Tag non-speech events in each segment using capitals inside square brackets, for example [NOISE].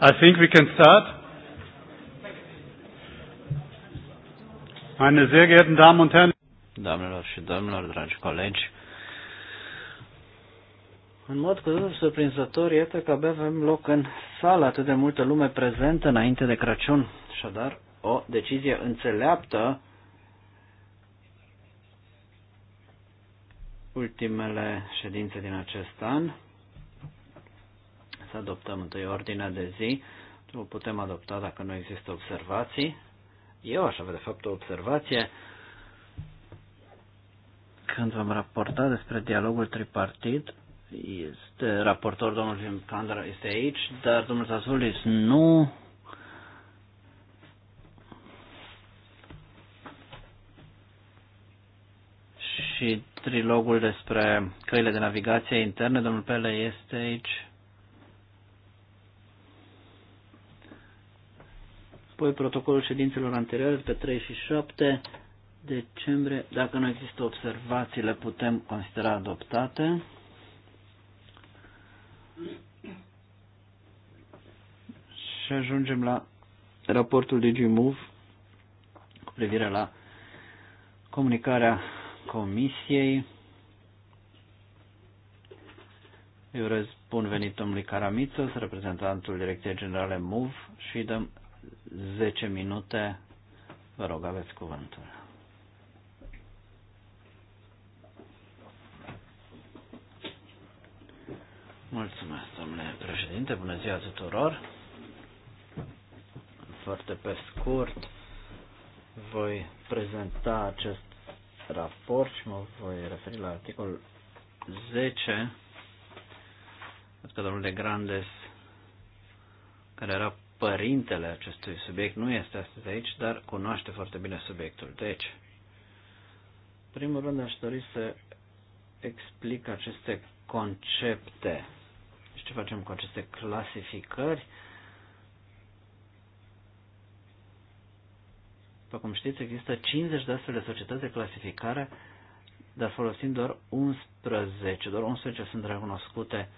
I think we can start. Meine sehr geehrten Damen und Herren. Doamnelor și domnilor, dragi colegi, în mod cu totul surprinzător, iată că abia avem loc în sală atât de multă lume prezentă înainte de Crăciun. Așadar, o decizie înțeleaptă ultimele ședințe din acest an să adoptăm întâi ordinea de zi. O putem adopta dacă nu există observații. Eu aș avea, de fapt, o observație. Când vom raporta despre dialogul tripartit, este raportor domnul Jim Pandra este aici, dar domnul Zazulis nu și trilogul despre căile de navigație interne. Domnul Pele este aici. apoi protocolul ședințelor anterioare pe 3 și 7 decembrie. Dacă nu există observații, le putem considera adoptate. Și ajungem la raportul DigiMove cu privire la comunicarea Comisiei. Eu urez bun venit domnului Caramitos, reprezentantul Direcției Generale MOV și dăm 10 minute. Vă rog, aveți cuvântul. Mulțumesc, domnule președinte. Bună ziua tuturor. Foarte pe scurt voi prezenta acest raport și mă voi referi la articolul 10. Văd că domnul de Grandes, care era părintele acestui subiect, nu este astăzi aici, dar cunoaște foarte bine subiectul. Deci, primul rând aș dori să explic aceste concepte și ce facem cu aceste clasificări. După cum știți, există 50 de astfel de societăți de clasificare, dar folosim doar 11, doar 11 sunt recunoscute.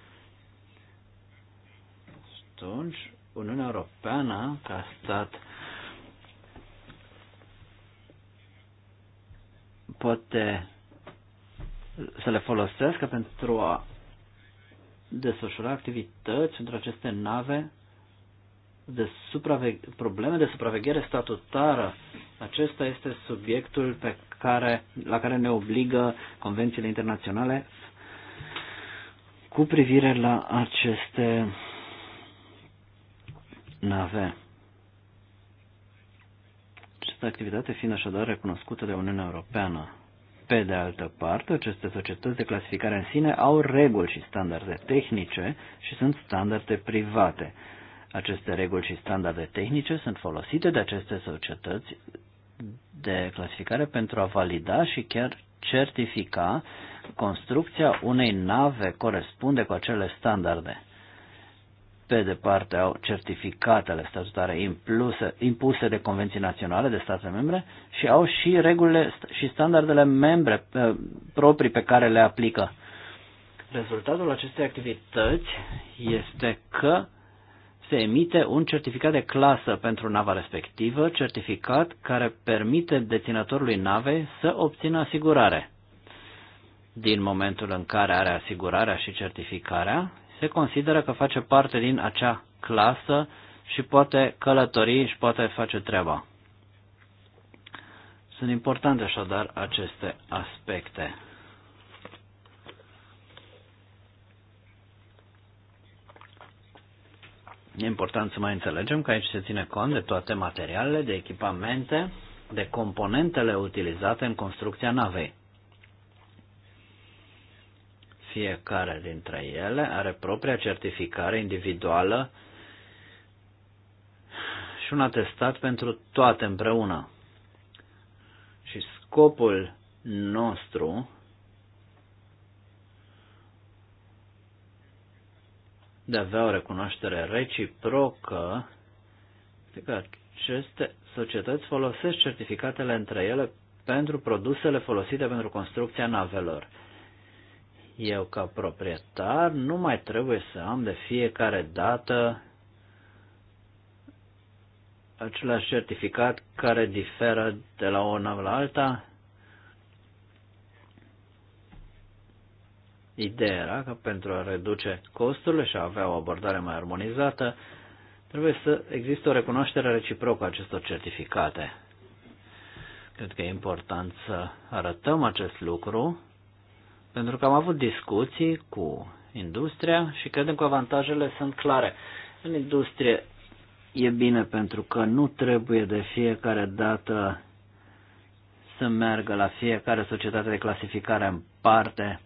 Atunci, Uniunea Europeană, ca stat, poate să le folosească pentru a desfășura activități pentru aceste nave de probleme de supraveghere statutară. Acesta este subiectul pe care, la care ne obligă convențiile internaționale cu privire la aceste nave. Această activitate fiind așadar recunoscută de Uniunea Europeană. Pe de altă parte, aceste societăți de clasificare în sine au reguli și standarde tehnice și sunt standarde private. Aceste reguli și standarde tehnice sunt folosite de aceste societăți de clasificare pentru a valida și chiar certifica construcția unei nave corespunde cu acele standarde pe de parte au certificatele statutare impluse, impuse de convenții naționale de state membre și au și regulile și standardele membre proprii pe care le aplică. Rezultatul acestei activități este că se emite un certificat de clasă pentru nava respectivă, certificat care permite deținătorului navei să obțină asigurare. Din momentul în care are asigurarea și certificarea, se consideră că face parte din acea clasă și poate călători și poate face treaba. Sunt importante așadar aceste aspecte. E important să mai înțelegem că aici se ține cont de toate materialele, de echipamente, de componentele utilizate în construcția navei. Fiecare dintre ele are propria certificare individuală și un atestat pentru toate împreună. Și scopul nostru de a avea o recunoaștere reciprocă, că aceste societăți folosesc certificatele între ele pentru produsele folosite pentru construcția navelor eu ca proprietar nu mai trebuie să am de fiecare dată același certificat care diferă de la o navă la alta? Ideea era că pentru a reduce costurile și a avea o abordare mai armonizată, trebuie să există o recunoaștere reciprocă a acestor certificate. Cred că e important să arătăm acest lucru pentru că am avut discuții cu industria și credem că avantajele sunt clare. În industrie e bine pentru că nu trebuie de fiecare dată să meargă la fiecare societate de clasificare în parte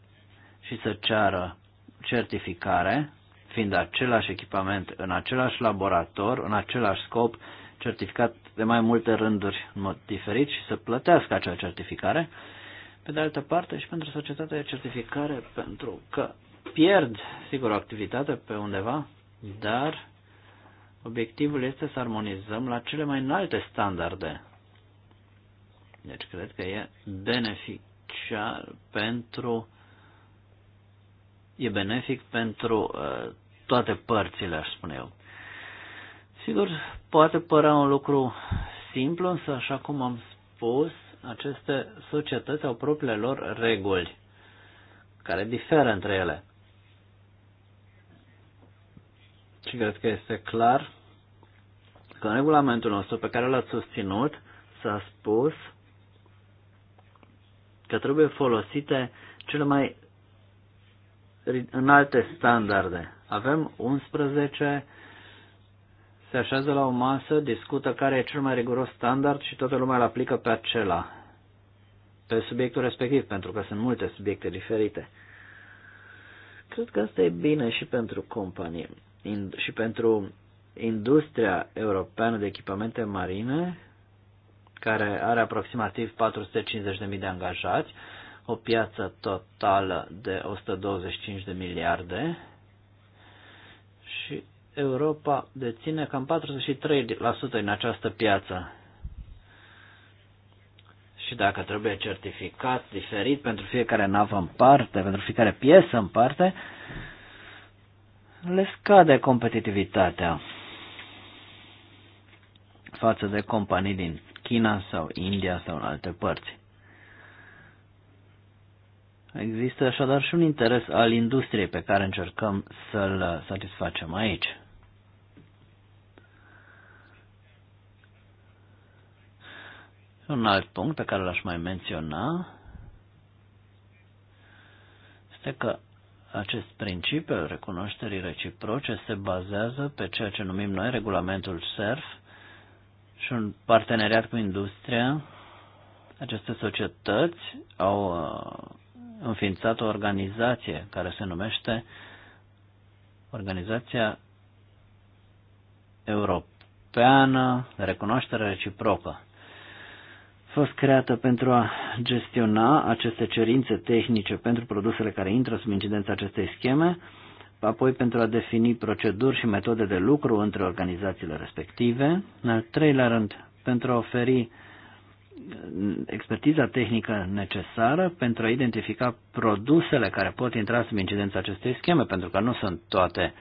și să ceară certificare, fiind același echipament în același laborator, în același scop, certificat de mai multe rânduri în mod diferit și să plătească acea certificare. Pe de altă parte, și pentru societatea e certificare, pentru că pierd, sigur, o activitate pe undeva, dar obiectivul este să armonizăm la cele mai înalte standarde. Deci cred că e beneficiar pentru e benefic pentru uh, toate părțile, aș spune eu. Sigur, poate părea un lucru simplu, însă așa cum am spus, aceste societăți au propriile lor reguli, care diferă între ele. Și cred că este clar că în regulamentul nostru pe care l-ați susținut s-a spus că trebuie folosite cele mai înalte standarde. Avem 11 se așează la o masă, discută care e cel mai riguros standard și toată lumea îl aplică pe acela, pe subiectul respectiv, pentru că sunt multe subiecte diferite. Cred că asta e bine și pentru companie, și pentru industria europeană de echipamente marine, care are aproximativ 450.000 de angajați, o piață totală de 125 de miliarde și Europa deține cam 43% în această piață. Și dacă trebuie certificat diferit pentru fiecare navă în parte, pentru fiecare piesă în parte, le scade competitivitatea față de companii din China sau India sau în alte părți. Există așadar și un interes al industriei pe care încercăm să-l satisfacem aici. Un alt punct pe care l-aș mai menționa este că acest principiu al recunoașterii reciproce se bazează pe ceea ce numim noi regulamentul SERF și un parteneriat cu industria. Aceste societăți au uh, înființat o organizație care se numește Organizația Europeană de Recunoaștere Reciprocă fost creată pentru a gestiona aceste cerințe tehnice pentru produsele care intră sub incidența acestei scheme, apoi pentru a defini proceduri și metode de lucru între organizațiile respective, în al treilea rând pentru a oferi mm, expertiza tehnică necesară pentru a identifica produsele care pot intra sub incidența acestei scheme, pentru că nu sunt toate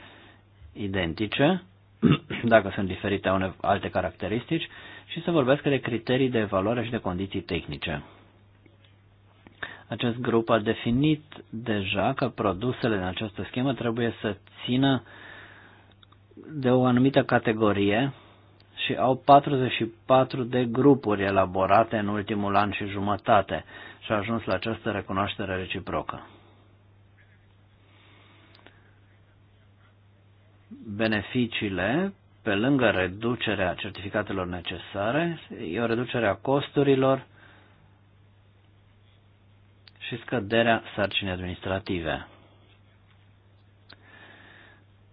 identice, [CLEARS THROAT] dacă sunt diferite, au alte caracteristici, și să vorbească de criterii de evaluare și de condiții tehnice. Acest grup a definit deja că produsele în această schemă trebuie să țină de o anumită categorie și au 44 de grupuri elaborate în ultimul an și jumătate și a ajuns la această recunoaștere reciprocă. Beneficiile pe lângă reducerea certificatelor necesare, e o reducere a costurilor și scăderea sarcinii administrative.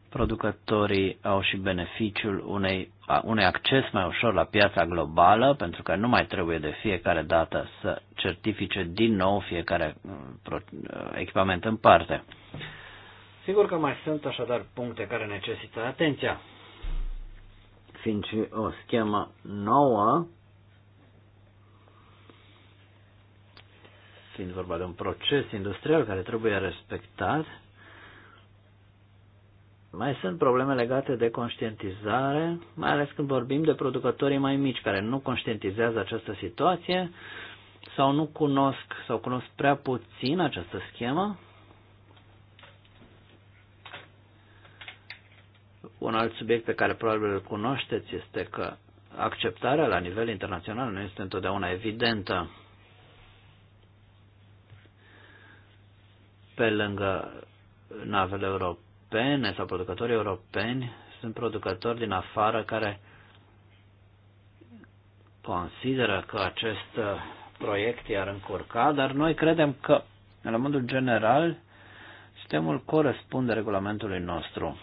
Producătorii au și beneficiul unei, a, unei acces mai ușor la piața globală, pentru că nu mai trebuie de fiecare dată să certifice din nou fiecare uh, uh, echipament în parte. Sigur că mai sunt așadar puncte care necesită atenția fiindcă o schemă nouă, fiind vorba de un proces industrial care trebuie respectat, mai sunt probleme legate de conștientizare, mai ales când vorbim de producătorii mai mici care nu conștientizează această situație sau nu cunosc sau cunosc prea puțin această schemă. Un alt subiect pe care probabil îl cunoașteți este că acceptarea la nivel internațional nu este întotdeauna evidentă. Pe lângă navele europene sau producătorii europeni, sunt producători din afară care consideră că acest proiect i-ar încurca, dar noi credem că, în modul general, sistemul corespunde regulamentului nostru.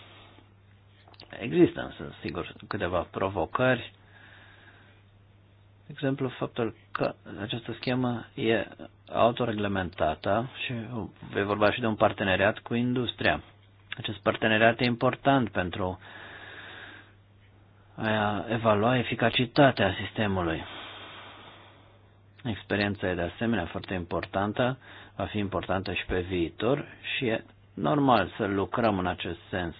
Există însă, sigur, câteva provocări. De exemplu, faptul că această schemă e autoreglementată și vei vorba și de un parteneriat cu industria. Acest parteneriat e important pentru a evalua eficacitatea sistemului. Experiența e de asemenea foarte importantă, va fi importantă și pe viitor și e normal să lucrăm în acest sens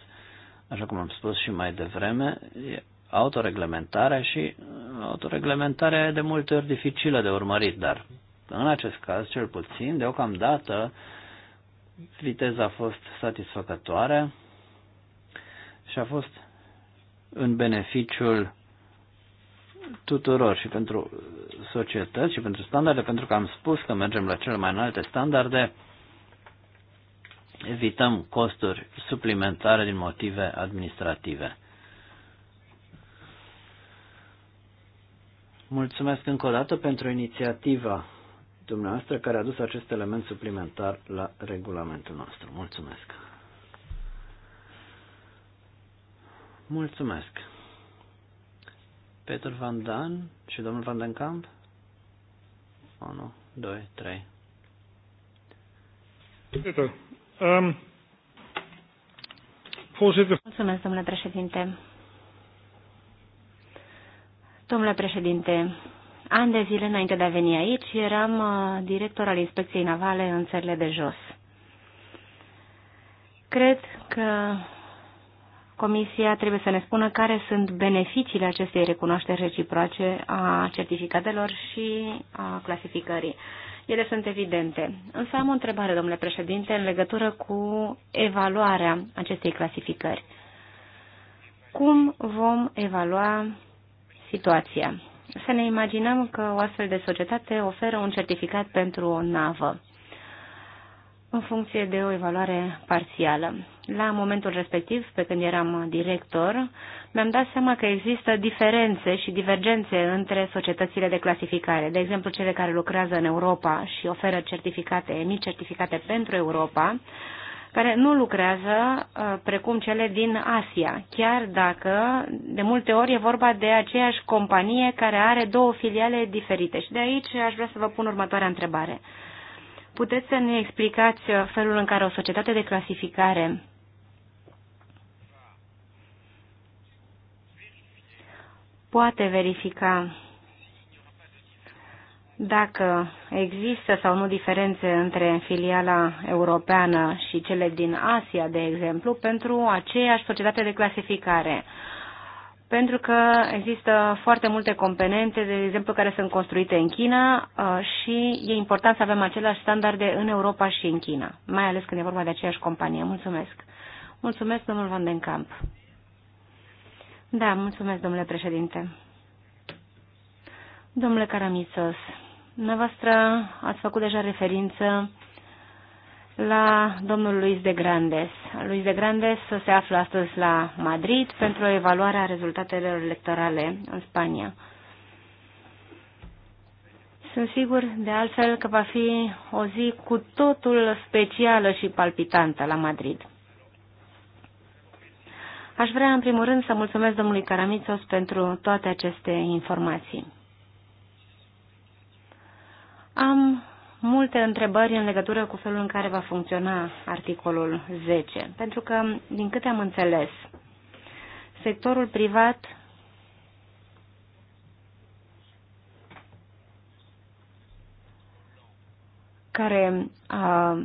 așa cum am spus și mai devreme, e autoreglementarea și autoreglementarea e de multe ori dificilă de urmărit, dar în acest caz, cel puțin, deocamdată, viteza a fost satisfăcătoare și a fost în beneficiul tuturor și pentru societăți și pentru standarde, pentru că am spus că mergem la cele mai înalte standarde, evităm costuri suplimentare din motive administrative. Mulțumesc încă o dată pentru inițiativa dumneavoastră care a adus acest element suplimentar la regulamentul nostru. Mulțumesc! Mulțumesc! Peter Van Dan și domnul Van Den Camp? 1, 2, 3. Peter. Um, Mulțumesc, domnule președinte. Domnule președinte, ani de zile înainte de a veni aici, eram uh, director al Inspecției Navale în țările de jos. Cred că Comisia trebuie să ne spună care sunt beneficiile acestei recunoașteri reciproce a certificatelor și a clasificării. Ele sunt evidente. Însă am o întrebare, domnule președinte, în legătură cu evaluarea acestei clasificări. Cum vom evalua situația? Să ne imaginăm că o astfel de societate oferă un certificat pentru o navă în funcție de o evaluare parțială la momentul respectiv, pe când eram director, mi-am dat seama că există diferențe și divergențe între societățile de clasificare. De exemplu, cele care lucrează în Europa și oferă certificate, emit certificate pentru Europa, care nu lucrează uh, precum cele din Asia, chiar dacă de multe ori e vorba de aceeași companie care are două filiale diferite. Și de aici aș vrea să vă pun următoarea întrebare. Puteți să ne explicați felul în care o societate de clasificare poate verifica dacă există sau nu diferențe între filiala europeană și cele din Asia, de exemplu, pentru aceeași societate de clasificare. Pentru că există foarte multe componente, de exemplu, care sunt construite în China uh, și e important să avem aceleași standarde în Europa și în China, mai ales când e vorba de aceeași companie. Mulțumesc! Mulțumesc, domnul Van den Camp. Da, mulțumesc, domnule președinte. Domnule Caramisos, dumneavoastră ați făcut deja referință la domnul Luis de Grandes. Luis de Grandes se află astăzi la Madrid pentru evaluarea rezultatelor electorale în Spania. Sunt sigur, de altfel, că va fi o zi cu totul specială și palpitantă la Madrid. Aș vrea, în primul rând, să mulțumesc domnului Caramițos pentru toate aceste informații. Am multe întrebări în legătură cu felul în care va funcționa articolul 10, pentru că, din câte am înțeles, sectorul privat care a,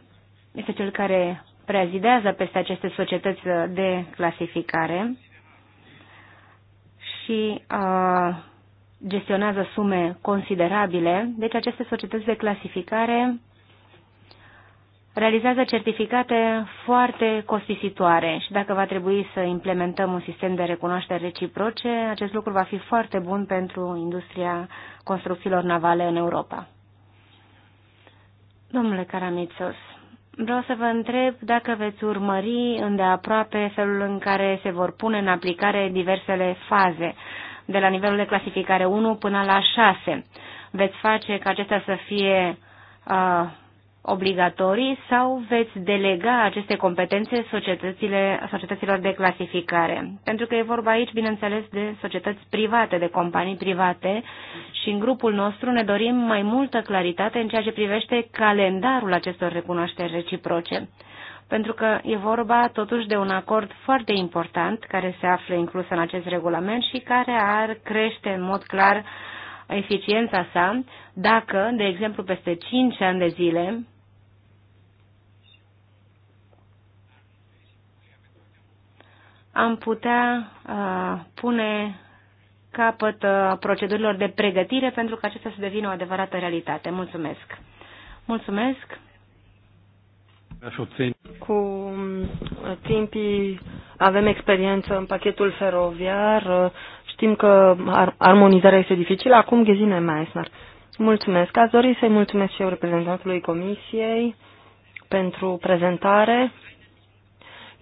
este cel care prezidează peste aceste societăți de clasificare și uh, gestionează sume considerabile. Deci aceste societăți de clasificare realizează certificate foarte costisitoare și dacă va trebui să implementăm un sistem de recunoaștere reciproce, acest lucru va fi foarte bun pentru industria construcțiilor navale în Europa. Domnule Karamitsos, Vreau să vă întreb dacă veți urmări îndeaproape felul în care se vor pune în aplicare diversele faze, de la nivelul de clasificare 1 până la 6. Veți face ca acestea să fie uh, obligatorii sau veți delega aceste competențe societățile, societăților de clasificare? Pentru că e vorba aici, bineînțeles, de societăți private, de companii private și în grupul nostru ne dorim mai multă claritate în ceea ce privește calendarul acestor recunoașteri reciproce. Pentru că e vorba totuși de un acord foarte important care se află inclus în acest regulament și care ar crește în mod clar eficiența sa dacă, de exemplu, peste 5 ani de zile, am putea uh, pune capăt uh, procedurilor de pregătire pentru că acestea să devină o adevărată realitate. Mulțumesc! Mulțumesc! Cu timpii avem experiență în pachetul feroviar, știm că ar armonizarea este dificilă. Acum Ghezine Meissner. Mulțumesc. Ați dori să-i mulțumesc și eu reprezentantului Comisiei pentru prezentare.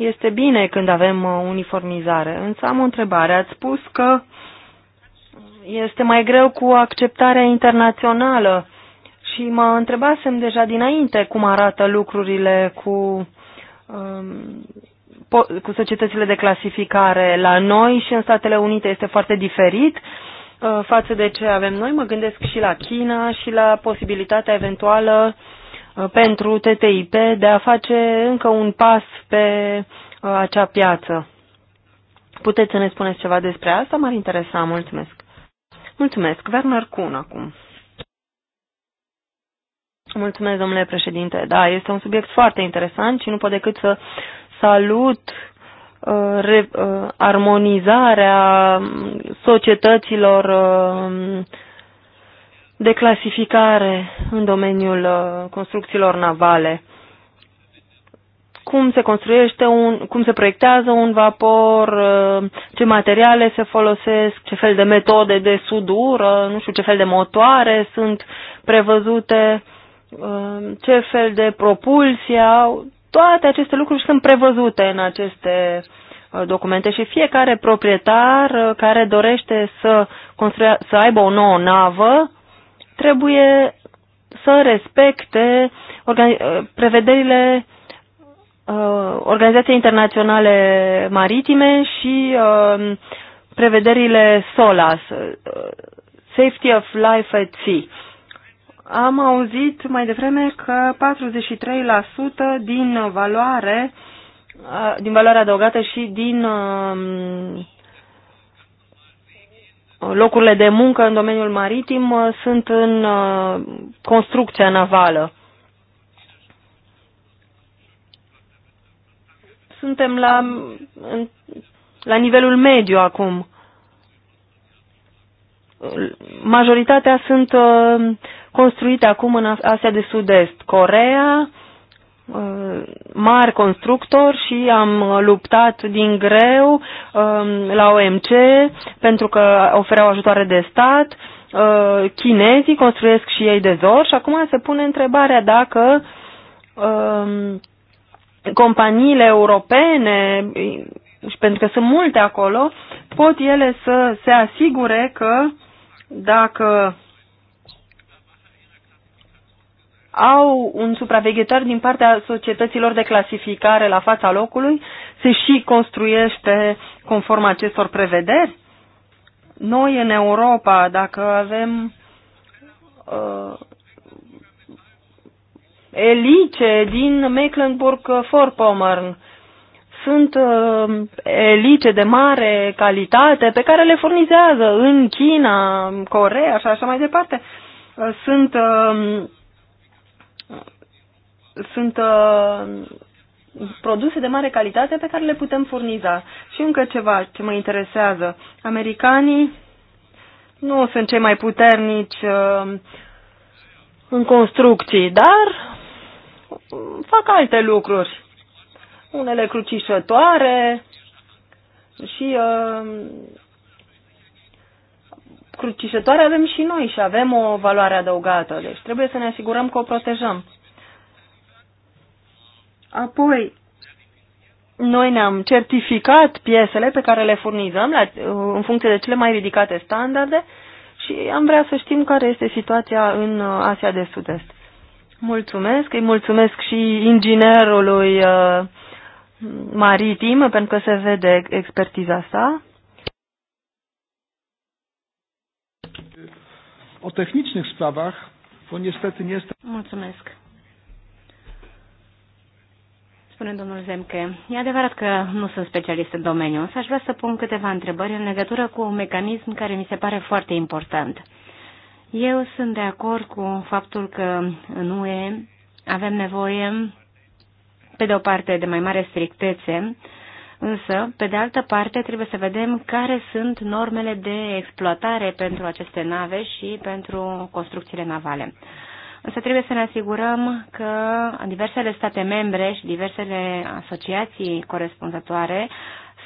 Este bine când avem uh, uniformizare, însă am o întrebare. Ați spus că este mai greu cu acceptarea internațională și mă întrebasem deja dinainte cum arată lucrurile cu, um, cu societățile de clasificare la noi și în Statele Unite este foarte diferit uh, față de ce avem noi. Mă gândesc și la China și la posibilitatea eventuală Uh, pentru TTIP de a face încă un pas pe uh, acea piață. Puteți să ne spuneți ceva despre asta? M-ar interesa. Mulțumesc. Mulțumesc. Werner Kuhn acum. Mulțumesc, domnule președinte. Da, este un subiect foarte interesant și nu pot decât să salut uh, re, uh, armonizarea societăților uh, de clasificare în domeniul uh, construcțiilor navale. Cum se construiește, un, cum se proiectează un vapor, uh, ce materiale se folosesc, ce fel de metode de sudură, nu știu ce fel de motoare sunt prevăzute, uh, ce fel de propulsie au. Toate aceste lucruri sunt prevăzute în aceste documente și fiecare proprietar care dorește să, să aibă o nouă navă, trebuie să respecte prevederile uh, Organizației Internaționale Maritime și uh, prevederile SOLAS, uh, Safety of Life at Sea. Am auzit mai devreme că 43% din valoare, din valoarea adăugată și din um, locurile de muncă în domeniul maritim uh, sunt în uh, construcția navală. Suntem la, la nivelul mediu acum. Majoritatea sunt uh, construite acum în Asia de Sud-Est. Corea, Uh, mari constructori și am luptat din greu um, la OMC pentru că ofereau ajutoare de stat. Uh, chinezii construiesc și ei de zor și acum se pune întrebarea dacă um, companiile europene, și pentru că sunt multe acolo, pot ele să se asigure că dacă au un supraveghetor din partea societăților de clasificare la fața locului? Se și construiește conform acestor prevederi? Noi în Europa, dacă avem uh, elice din Mecklenburg-Vorpommern, sunt uh, elice de mare calitate pe care le furnizează în China, Corea și așa mai departe. Uh, sunt uh, sunt uh, produse de mare calitate pe care le putem furniza. Și încă ceva ce mă interesează. Americanii nu sunt cei mai puternici uh, în construcții, dar uh, fac alte lucruri. Unele crucișătoare și uh, crucișătoare avem și noi și avem o valoare adăugată. Deci trebuie să ne asigurăm că o protejăm. Apoi, noi ne-am certificat piesele pe care le furnizăm la, în funcție de cele mai ridicate standarde și am vrea să știm care este situația în uh, Asia de Sud-Est. Mulțumesc, îi mulțumesc și inginerului uh, maritim pentru că se vede expertiza sa. O tehnicznych sprawach, bo niestety nie jest... Mulțumesc spune domnul Zemke. E adevărat că nu sunt specialist în domeniu, însă aș vrea să pun câteva întrebări în legătură cu un mecanism care mi se pare foarte important. Eu sunt de acord cu faptul că în UE avem nevoie, pe de o parte, de mai mare strictețe, însă, pe de altă parte, trebuie să vedem care sunt normele de exploatare pentru aceste nave și pentru construcțiile navale. Însă trebuie să ne asigurăm că diversele state membre și diversele asociații corespunzătoare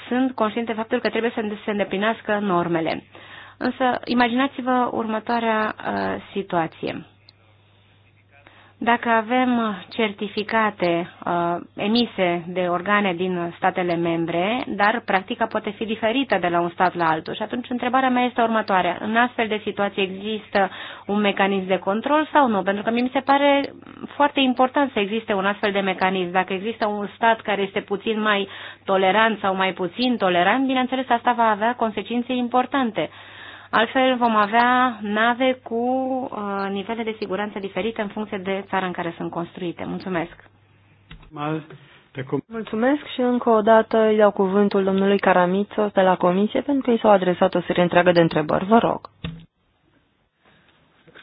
sunt conștiente de faptul că trebuie să se îndeplinească normele. Însă, imaginați-vă următoarea uh, situație. Dacă avem certificate uh, emise de organe din statele membre, dar practica poate fi diferită de la un stat la altul. Și atunci întrebarea mea este următoarea. În astfel de situații există un mecanism de control sau nu? Pentru că mi se pare foarte important să existe un astfel de mecanism. Dacă există un stat care este puțin mai tolerant sau mai puțin tolerant, bineînțeles asta va avea consecințe importante. Uh, Altfel vom avea nave cu uh, nivele de siguranță diferite în funcție de țara în care sunt construite. Mulțumesc! Mulțumesc și încă o dată îi dau cuvântul domnului Caramițos de la Comisie pentru că i s-au adresat o serie întreagă de întrebări. Vă rog!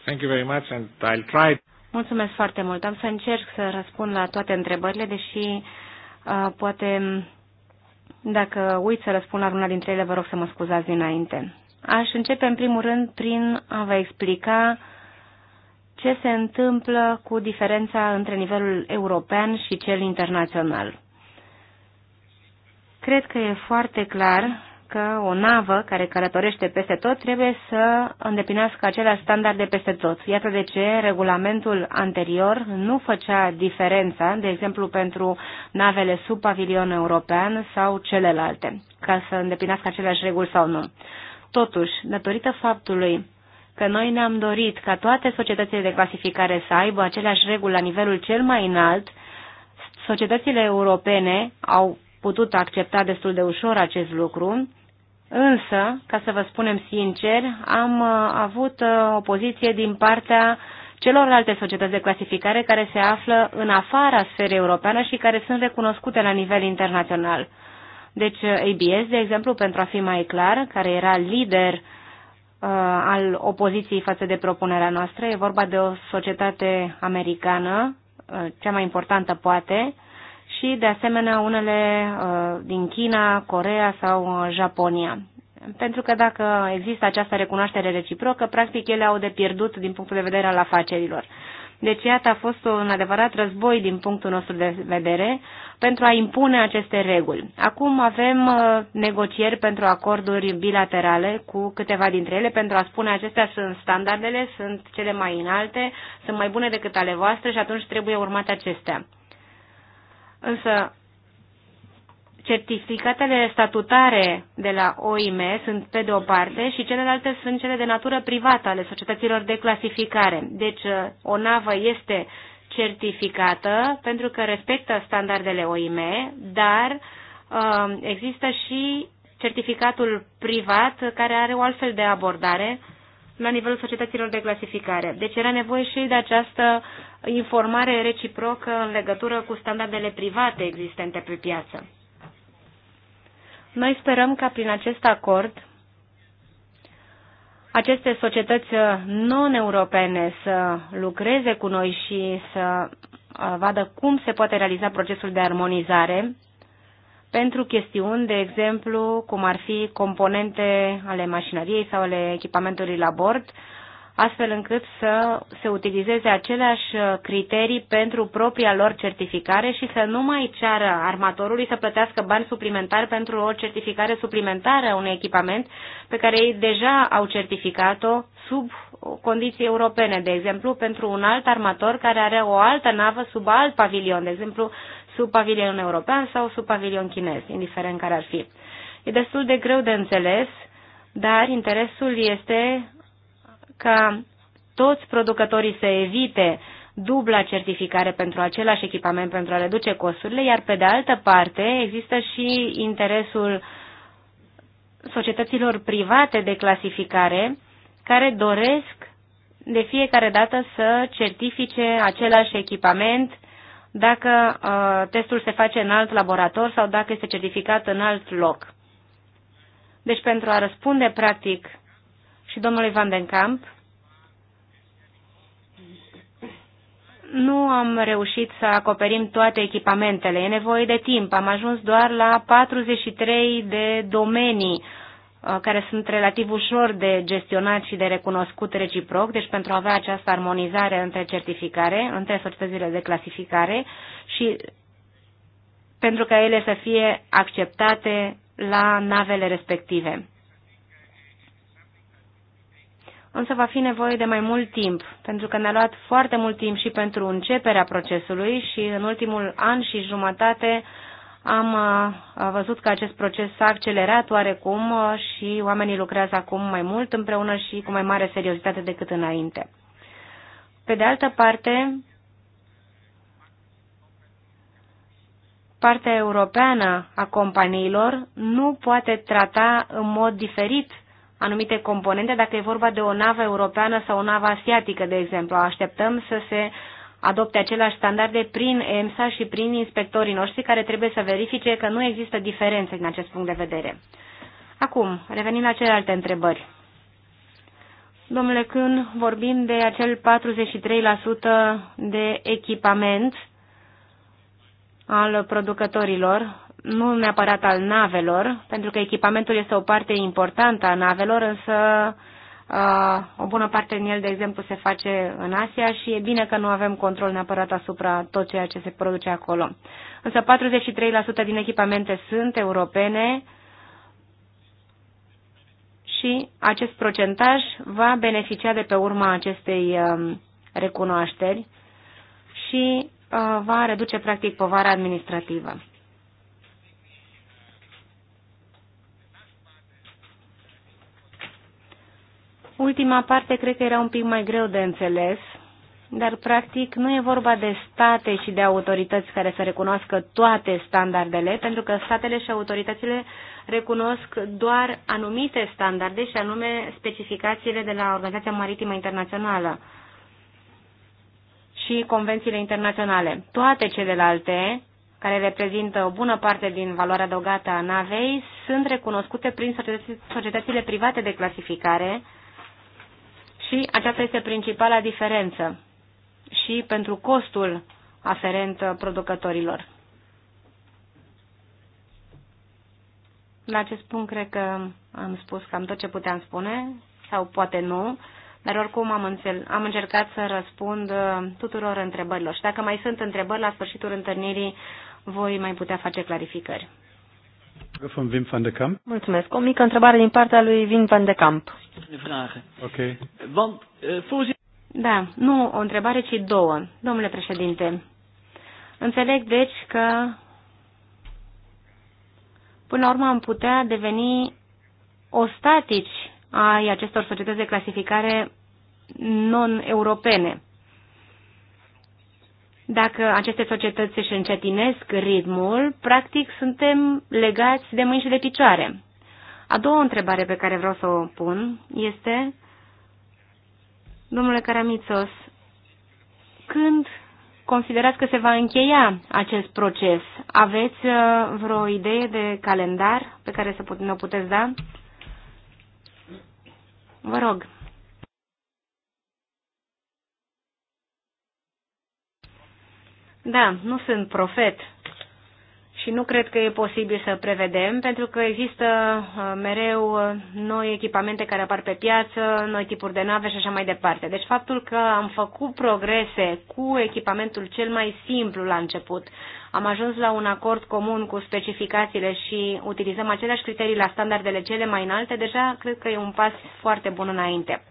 Thank you very much and I'll try. Mulțumesc foarte mult. Am să încerc să răspund la toate întrebările, deși uh, poate dacă uit să răspund la una dintre ele, vă rog să mă scuzați dinainte. Aș începe în primul rând prin a vă explica ce se întâmplă cu diferența între nivelul european și cel internațional. Cred că e foarte clar că o navă care călătorește peste tot trebuie să îndeplinească aceleași standarde peste tot. Iată de ce regulamentul anterior nu făcea diferența, de exemplu, pentru navele sub pavilion european sau celelalte, ca să îndeplinească aceleași reguli sau nu. Totuși, datorită faptului că noi ne-am dorit ca toate societățile de clasificare să aibă aceleași reguli la nivelul cel mai înalt, societățile europene au putut accepta destul de ușor acest lucru, însă, ca să vă spunem sincer, am uh, avut uh, opoziție din partea celorlalte societăți de clasificare care se află în afara sferei europeană și care sunt recunoscute la nivel internațional. Deci eh, ABS, de exemplu, pentru a fi mai clar, care era lider uh, al opoziției față de propunerea noastră, e vorba de o societate americană, uh, cea mai importantă poate, și de asemenea unele uh, din China, Corea sau Japonia. Pentru că dacă există această recunoaștere reciprocă, practic ele au de pierdut din punctul de vedere al afacerilor. Deci, iată, a fost un adevărat război din punctul nostru de vedere pentru a impune aceste reguli. Acum avem uh, negocieri pentru acorduri bilaterale cu câteva dintre ele pentru a spune acestea sunt standardele, sunt cele mai înalte, sunt mai bune decât ale voastre și atunci trebuie urmate acestea. Însă, certificatele statutare de la OIM sunt pe de o parte și celelalte sunt cele de natură privată ale societăților de clasificare. Deci uh, o navă este certificată pentru că respectă standardele OIM, dar uh, există și certificatul privat care are o altfel de abordare la nivelul societăților de clasificare. Deci era nevoie și de această informare reciprocă în legătură cu standardele private existente pe piață. Noi sperăm ca prin acest acord aceste societăți non-europene să lucreze cu noi și să uh, vadă cum se poate realiza procesul de armonizare pentru chestiuni, de exemplu, cum ar fi componente ale mașinăriei sau ale echipamentului la bord, astfel încât să se utilizeze aceleași uh, criterii pentru propria lor certificare și să nu mai ceară armatorului să plătească bani suplimentari pentru o certificare suplimentară a unui echipament pe care ei deja au certificat-o sub condiții europene, de exemplu, pentru un alt armator care are o altă navă sub alt pavilion, de exemplu, sub pavilion european sau sub pavilion chinez, indiferent care ar fi. E destul de greu de înțeles, dar interesul este ca toți producătorii să evite dubla certificare pentru același echipament pentru a reduce costurile, iar pe de altă parte există și interesul societăților private de clasificare care doresc de fiecare dată să certifice același echipament dacă uh, testul se face în alt laborator sau dacă este certificat în alt loc. Deci pentru a răspunde practic și domnului Van den Kamp. Nu am reușit să acoperim toate echipamentele. E nevoie de timp. Am ajuns doar la 43 de domenii uh, care sunt relativ ușor de gestionat și de recunoscut reciproc, deci pentru a avea această armonizare între certificare, între societățile de clasificare și pentru ca ele să fie acceptate la navele respective însă va fi nevoie de mai mult timp, pentru că ne-a luat foarte mult timp și pentru începerea procesului și în ultimul an și jumătate am uh, văzut că acest proces s-a accelerat oarecum uh, și oamenii lucrează acum mai mult împreună și cu mai mare seriozitate decât înainte. Pe de altă parte, partea europeană a companiilor nu poate trata în mod diferit anumite componente, dacă e vorba de o navă europeană sau o navă asiatică, de exemplu. Așteptăm să se adopte aceleași standarde prin EMSA și prin inspectorii noștri care trebuie să verifice că nu există diferențe din acest punct de vedere. Acum, revenind la celelalte întrebări. Domnule când vorbim de acel 43% de echipament al producătorilor nu neapărat al navelor, pentru că echipamentul este o parte importantă a navelor, însă uh, o bună parte din el, de exemplu, se face în Asia și e bine că nu avem control neapărat asupra tot ceea ce se produce acolo. Însă 43% din echipamente sunt europene și acest procentaj va beneficia de pe urma acestei um, recunoașteri și uh, va reduce practic povara administrativă. Ultima parte cred că era un pic mai greu de înțeles, dar practic nu e vorba de state și de autorități care să recunoască toate standardele, pentru că statele și autoritățile recunosc doar anumite standarde și anume specificațiile de la Organizația Maritimă Internațională și convențiile internaționale. Toate celelalte, care reprezintă o bună parte din valoarea adăugată a navei, sunt recunoscute prin societățile private de clasificare, și aceasta este principala diferență și pentru costul aferent producătorilor. La acest punct cred că am spus cam tot ce puteam spune, sau poate nu, dar oricum am, înțel- am încercat să răspund uh, tuturor întrebărilor și dacă mai sunt întrebări, la sfârșitul întâlnirii voi mai putea face clarificări. From Wim van de Kamp. Mulțumesc. O mică întrebare din partea lui Wim van de Kamp. Ok. Eh, da, nu o întrebare, ci două. Domnule președinte, înțeleg deci că până la urmă am putea deveni ostatici ai acestor societăți de clasificare non-europene. Dacă aceste societăți își încetinesc ritmul, practic suntem legați de mâini și de picioare. A doua întrebare pe care vreau să o pun este, domnule Caramițos, când considerați că se va încheia acest proces? Aveți uh, vreo idee de calendar pe care să ne o puteți da? Vă rog. Da, nu sunt profet și nu cred că e posibil să prevedem, pentru că există uh, mereu uh, noi echipamente care apar pe piață, noi tipuri de nave și așa mai departe. Deci faptul că am făcut progrese cu echipamentul cel mai simplu la început, am ajuns la un acord comun cu specificațiile și utilizăm aceleași criterii la standardele cele mai înalte, deja cred că e un pas foarte bun înainte.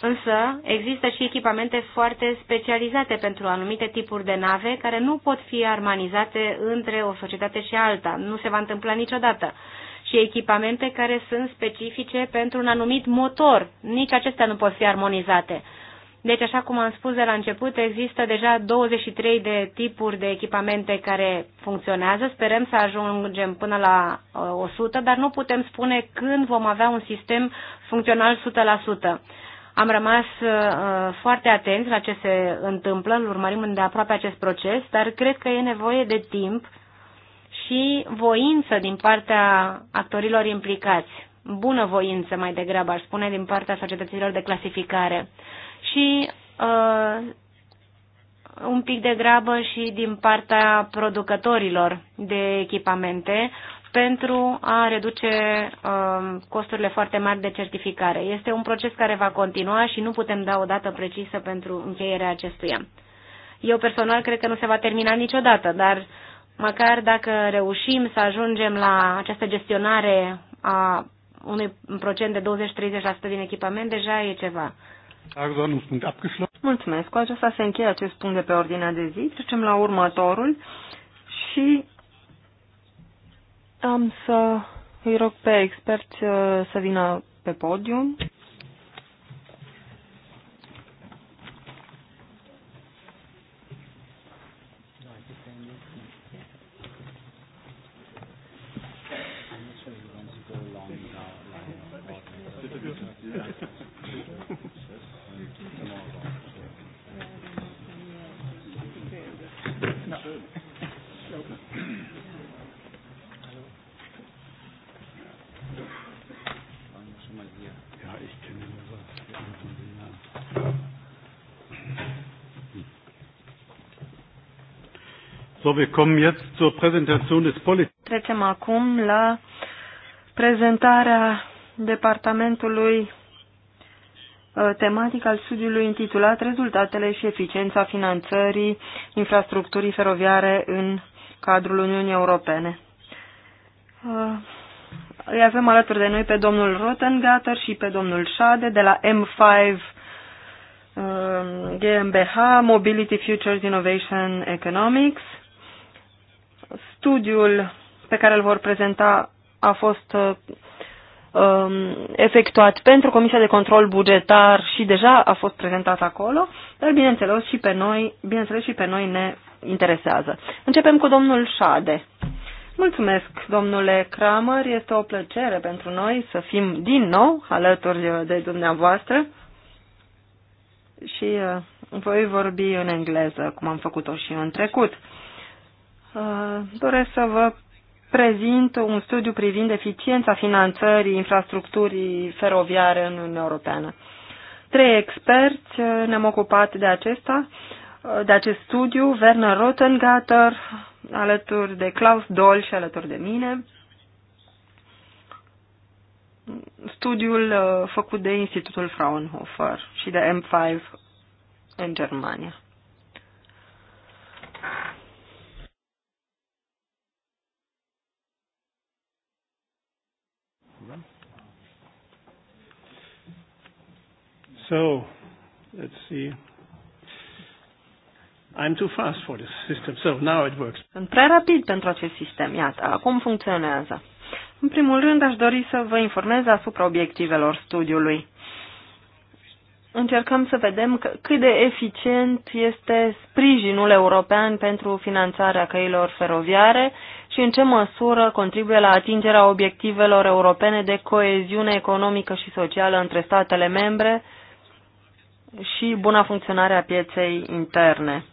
Însă există și echipamente foarte specializate pentru anumite tipuri de nave care nu pot fi armonizate între o societate și alta. Nu se va întâmpla niciodată. Și echipamente care sunt specifice pentru un anumit motor. Nici acestea nu pot fi armonizate. Deci, așa cum am spus de la început, există deja 23 de tipuri de echipamente care funcționează. Sperăm să ajungem până la 100, uh, dar nu putem spune când vom avea un sistem funcțional 100%. Am rămas uh, foarte atenți la ce se întâmplă, îl urmărim îndeaproape acest proces, dar cred că e nevoie de timp și voință din partea actorilor implicați. Bună voință, mai degrabă, aș spune, din partea societăților de clasificare. Și uh, un pic de grabă și din partea producătorilor de echipamente pentru a reduce um, costurile foarte mari de certificare. Este un proces care va continua și nu putem da o dată precisă pentru încheierea acestuia. Eu personal cred că nu se va termina niciodată, dar măcar dacă reușim să ajungem la această gestionare a unui procent de 20-30% din echipament, deja e ceva. Mulțumesc. Cu aceasta se încheie acest punct de pe ordinea de zi. Trecem la următorul și am să îi rog pe experți să vină pe podium. Thank you. Trecem acum la prezentarea departamentului uh, tematic al studiului intitulat Rezultatele și eficiența finanțării infrastructurii feroviare în cadrul Uniunii Europene. Uh, îi avem alături de noi pe domnul Rotengatter și pe domnul Șade de la M5 uh, GmbH, Mobility Futures Innovation Economics. Studiul pe care îl vor prezenta a fost uh, um, efectuat pentru Comisia de Control Bugetar și deja a fost prezentat acolo, dar bineînțeles și pe noi, bineînțeles și pe noi ne interesează. Începem cu domnul Șade. Mulțumesc, domnule Kramer, este o plăcere pentru noi să fim din nou alături de dumneavoastră și uh, voi vorbi în engleză, cum am făcut-o și în trecut. Uh, doresc să vă prezint un studiu privind eficiența finanțării infrastructurii feroviare în Uniunea Europeană. Trei experți uh, ne-am ocupat de acesta, uh, de acest studiu, Werner Rottengatter, alături de Klaus Doll și alături de mine. Studiul făcut de Institutul Fraunhofer și de M5 în Germania. So, let's see. I'm too fast for this system, so now it works. Sunt prea rapid pentru acest sistem, iată, acum funcționează. În primul rând, aș dori să vă informez asupra obiectivelor studiului. Încercăm să vedem cât de eficient este sprijinul european pentru finanțarea căilor feroviare și în ce măsură contribuie la atingerea obiectivelor europene de coeziune economică și socială între statele membre, și buna funcționare a pieței interne.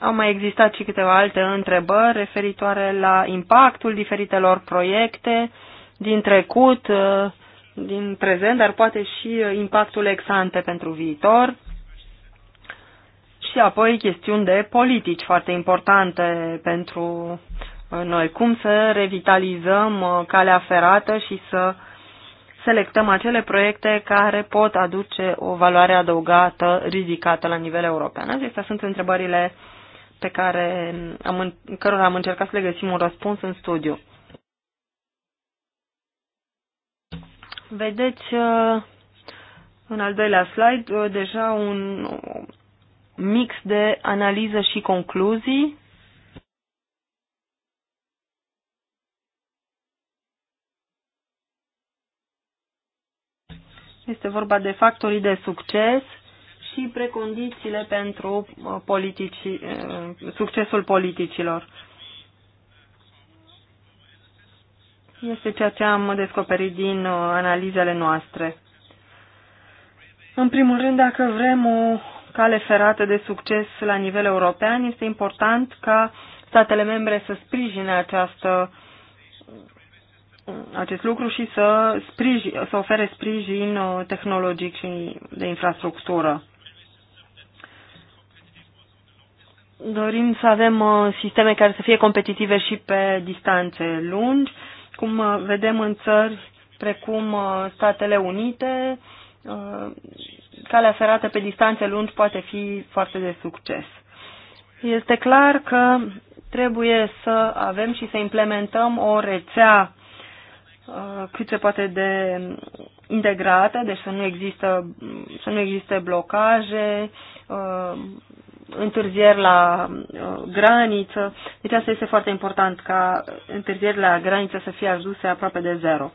Au mai existat și câteva alte întrebări referitoare la impactul diferitelor proiecte din trecut, din prezent, dar poate și impactul exante pentru viitor. Și apoi chestiuni de politici foarte importante pentru noi. Cum să revitalizăm calea ferată și să selectăm acele proiecte care pot aduce o valoare adăugată ridicată la nivel european. Acestea sunt întrebările pe care am, cărora am încercat să le găsim un răspuns în studiu. Vedeți uh, în al doilea slide uh, deja un mix de analiză și concluzii Este vorba de factorii de succes și precondițiile pentru uh, politici, uh, succesul politicilor. Este ceea ce am descoperit din uh, analizele noastre. În primul rând, dacă vrem o cale ferată de succes la nivel european, este important ca statele membre să sprijine această uh, acest lucru și să, sprijin, să ofere sprijin uh, tehnologic și de infrastructură. Dorim să avem uh, sisteme care să fie competitive și pe distanțe lungi, cum uh, vedem în țări precum Statele Unite, calea ferată pe distanțe lungi poate fi foarte de succes. Este clar că trebuie să avem și să implementăm o rețea Uh, cât se poate de integrată, deci să nu, există, să nu existe blocaje, uh, întârzieri la uh, graniță. Deci asta este foarte important, ca întârzieri la graniță să fie ajuse aproape de zero.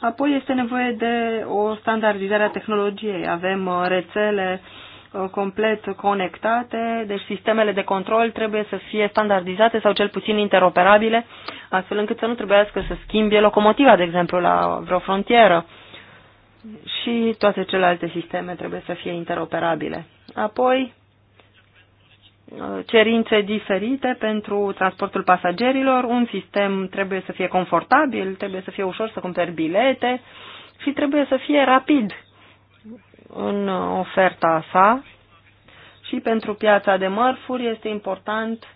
Apoi este nevoie de o standardizare a tehnologiei. Avem rețele uh, Uh, complet conectate, deci sistemele de control trebuie să fie standardizate sau cel puțin interoperabile, astfel încât să nu trebuiască să schimbe locomotiva, de exemplu, la vreo frontieră. Și toate celelalte sisteme trebuie să fie interoperabile. Apoi, cerințe diferite pentru transportul pasagerilor, un sistem trebuie să fie confortabil, trebuie să fie ușor să cumperi bilete și trebuie să fie rapid în oferta sa și pentru piața de mărfuri este important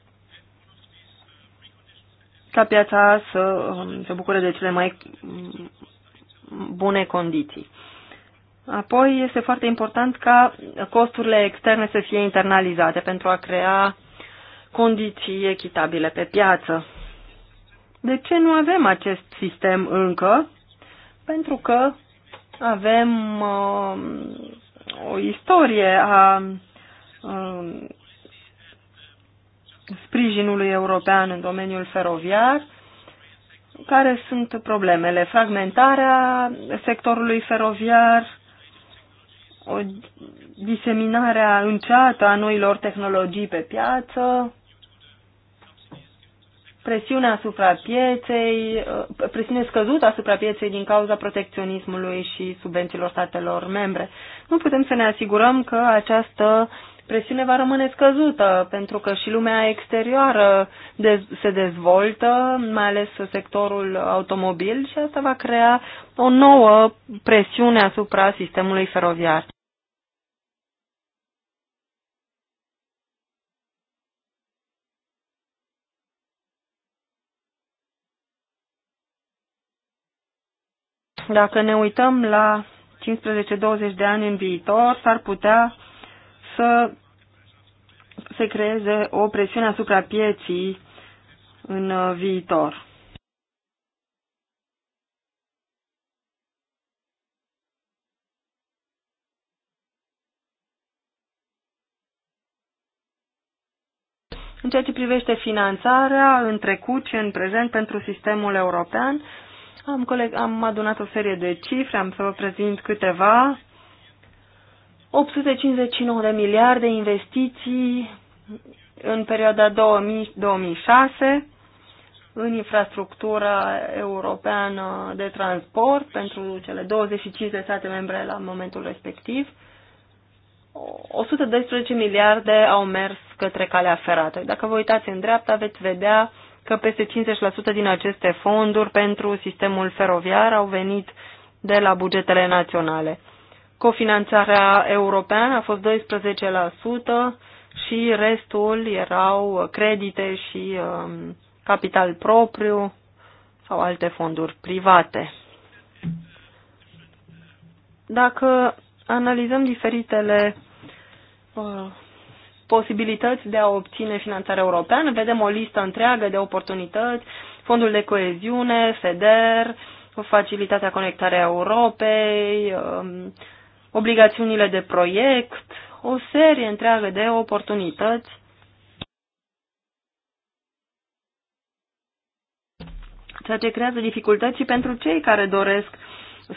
ca piața să um, se bucure de cele mai mm, bune condiții. Apoi este foarte important ca costurile externe să fie internalizate pentru a crea condiții echitabile pe piață. De ce nu avem acest sistem încă? Pentru că avem uh, o istorie a uh, sprijinului european în domeniul feroviar. Care sunt problemele? Fragmentarea sectorului feroviar, o diseminare înceată a noilor tehnologii pe piață, presiune asupra pieței, uh, presiune scăzută asupra pieței din cauza protecționismului și subvențiilor statelor membre. Nu putem să ne asigurăm că această presiune va rămâne scăzută, pentru că și lumea exterioară se dezvoltă, mai ales sectorul automobil și asta va crea o nouă presiune asupra sistemului feroviar. Dacă ne uităm la 15-20 de ani în viitor, s-ar putea să se creeze o presiune asupra pieții în uh, viitor. În ceea ce privește finanțarea în trecut și în prezent pentru sistemul european, am, coleg, am adunat o serie de cifre, am să vă prezint câteva. 859 de miliarde investiții în perioada 2000-2006 în infrastructura europeană de transport pentru cele 25 de state membre la momentul respectiv. 112 miliarde au mers către calea ferată. Dacă vă uitați în dreapta, veți vedea că peste 50% din aceste fonduri pentru sistemul feroviar au venit de la bugetele naționale. Cofinanțarea europeană a fost 12% și restul erau credite și um, capital propriu sau alte fonduri private. Dacă analizăm diferitele uh, posibilități de a obține finanțare europeană. Vedem o listă întreagă de oportunități, fondul de coeziune, FEDER, facilitatea conectarea Europei, um, obligațiunile de proiect, o serie întreagă de oportunități ceea ce creează dificultăți pentru cei care doresc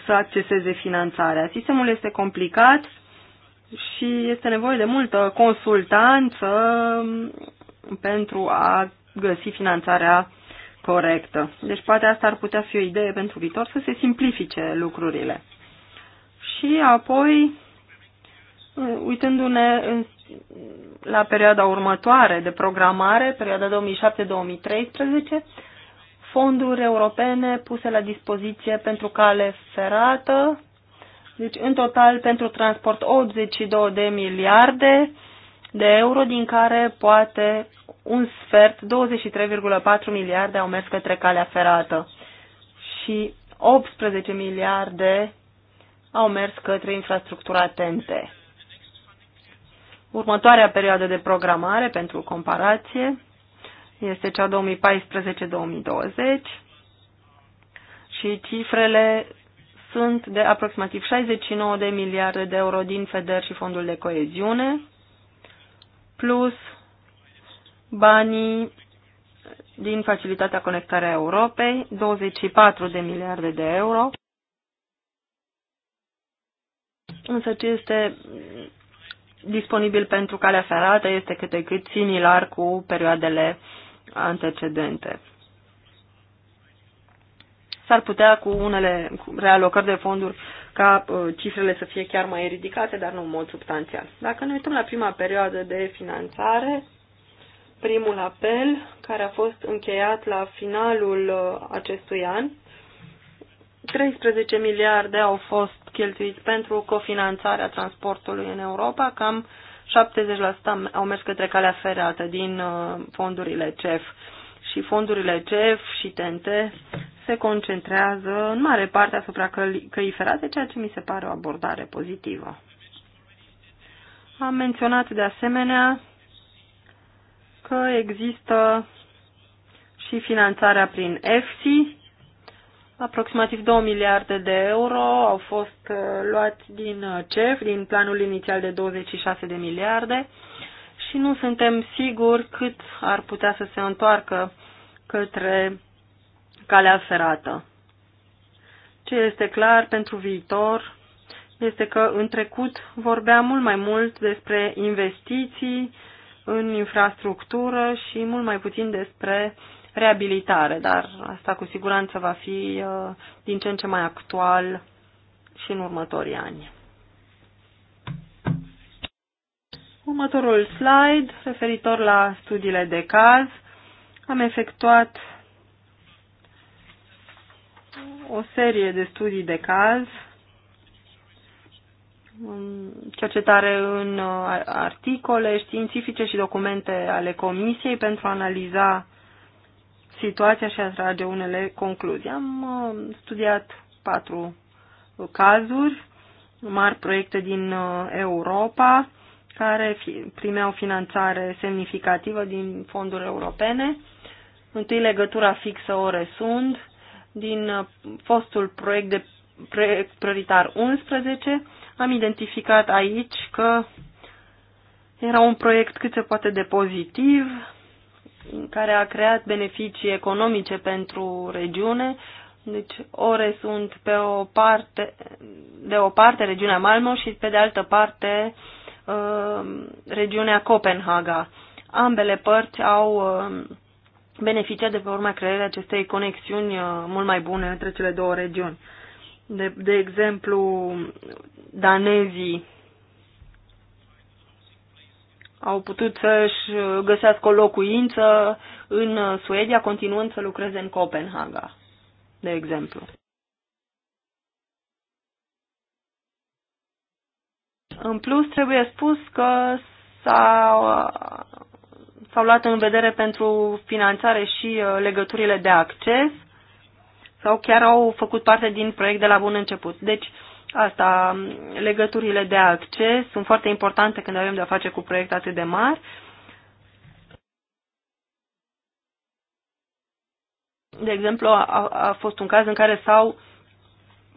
să acceseze finanțarea. Sistemul este complicat, și este nevoie de multă consultanță um, pentru a găsi finanțarea corectă. Deci poate asta ar putea fi o idee pentru viitor să se simplifice lucrurile. Și apoi, uh, uitându-ne la perioada următoare de programare, perioada 2007-2013, fonduri europene puse la dispoziție pentru cale ferată, deci, în total, pentru transport, 82 de miliarde de euro, din care poate un sfert, 23,4 miliarde, au mers către calea ferată și 18 miliarde au mers către infrastructura atente. Următoarea perioadă de programare, pentru comparație, este cea 2014-2020 și cifrele sunt de aproximativ 69 de miliarde de euro din FEDER și Fondul de Coeziune, plus banii din Facilitatea Conectarea Europei, 24 de miliarde de euro. Însă ce este disponibil pentru calea ferată este câte cât similar cu perioadele antecedente s-ar putea cu unele realocări de fonduri ca uh, cifrele să fie chiar mai ridicate, dar nu în mod substanțial. Dacă ne uităm la prima perioadă de finanțare, primul apel care a fost încheiat la finalul uh, acestui an, 13 miliarde au fost cheltuiți pentru cofinanțarea transportului în Europa, cam 70% au mers către calea ferată din uh, fondurile CEF și fondurile CEF și TNT se concentrează în mare parte asupra căi ferate, ceea ce mi se pare o abordare pozitivă. Am menționat de asemenea că există și finanțarea prin EFSI. Aproximativ 2 miliarde de euro au fost uh, luați din uh, CEF, din planul inițial de 26 de miliarde și nu suntem siguri cât ar putea să se întoarcă către calea ferată. Ce este clar pentru viitor este că în trecut vorbea mult mai mult despre investiții în infrastructură și mult mai puțin despre reabilitare, dar asta cu siguranță va fi uh, din ce în ce mai actual și în următorii ani. Următorul slide referitor la studiile de caz. Am efectuat o serie de studii de caz, cercetare în uh, articole științifice și documente ale comisiei pentru a analiza situația și a trage unele concluzii. Am uh, studiat patru cazuri, mari proiecte din uh, Europa, care primeau finanțare semnificativă din fonduri europene. Întâi legătura fixă Oresund din uh, fostul proiect de proiect prioritar 11. Am identificat aici că era un proiect cât se poate de pozitiv, care a creat beneficii economice pentru regiune, deci ore sunt pe o parte, de o parte regiunea Malmo și pe de altă parte Uh, regiunea Copenhaga. Ambele părți au uh, beneficiat de pe urma creării acestei conexiuni uh, mult mai bune între cele două regiuni. De, de exemplu, danezii au putut să-și găsească o locuință în Suedia, continuând să lucreze în Copenhaga, de exemplu. În plus, trebuie spus că s-au, s-au luat în vedere pentru finanțare și uh, legăturile de acces sau chiar au făcut parte din proiect de la bun început. Deci, asta, legăturile de acces sunt foarte importante când avem de-a face cu proiecte atât de mari. De exemplu, a, a fost un caz în care s-au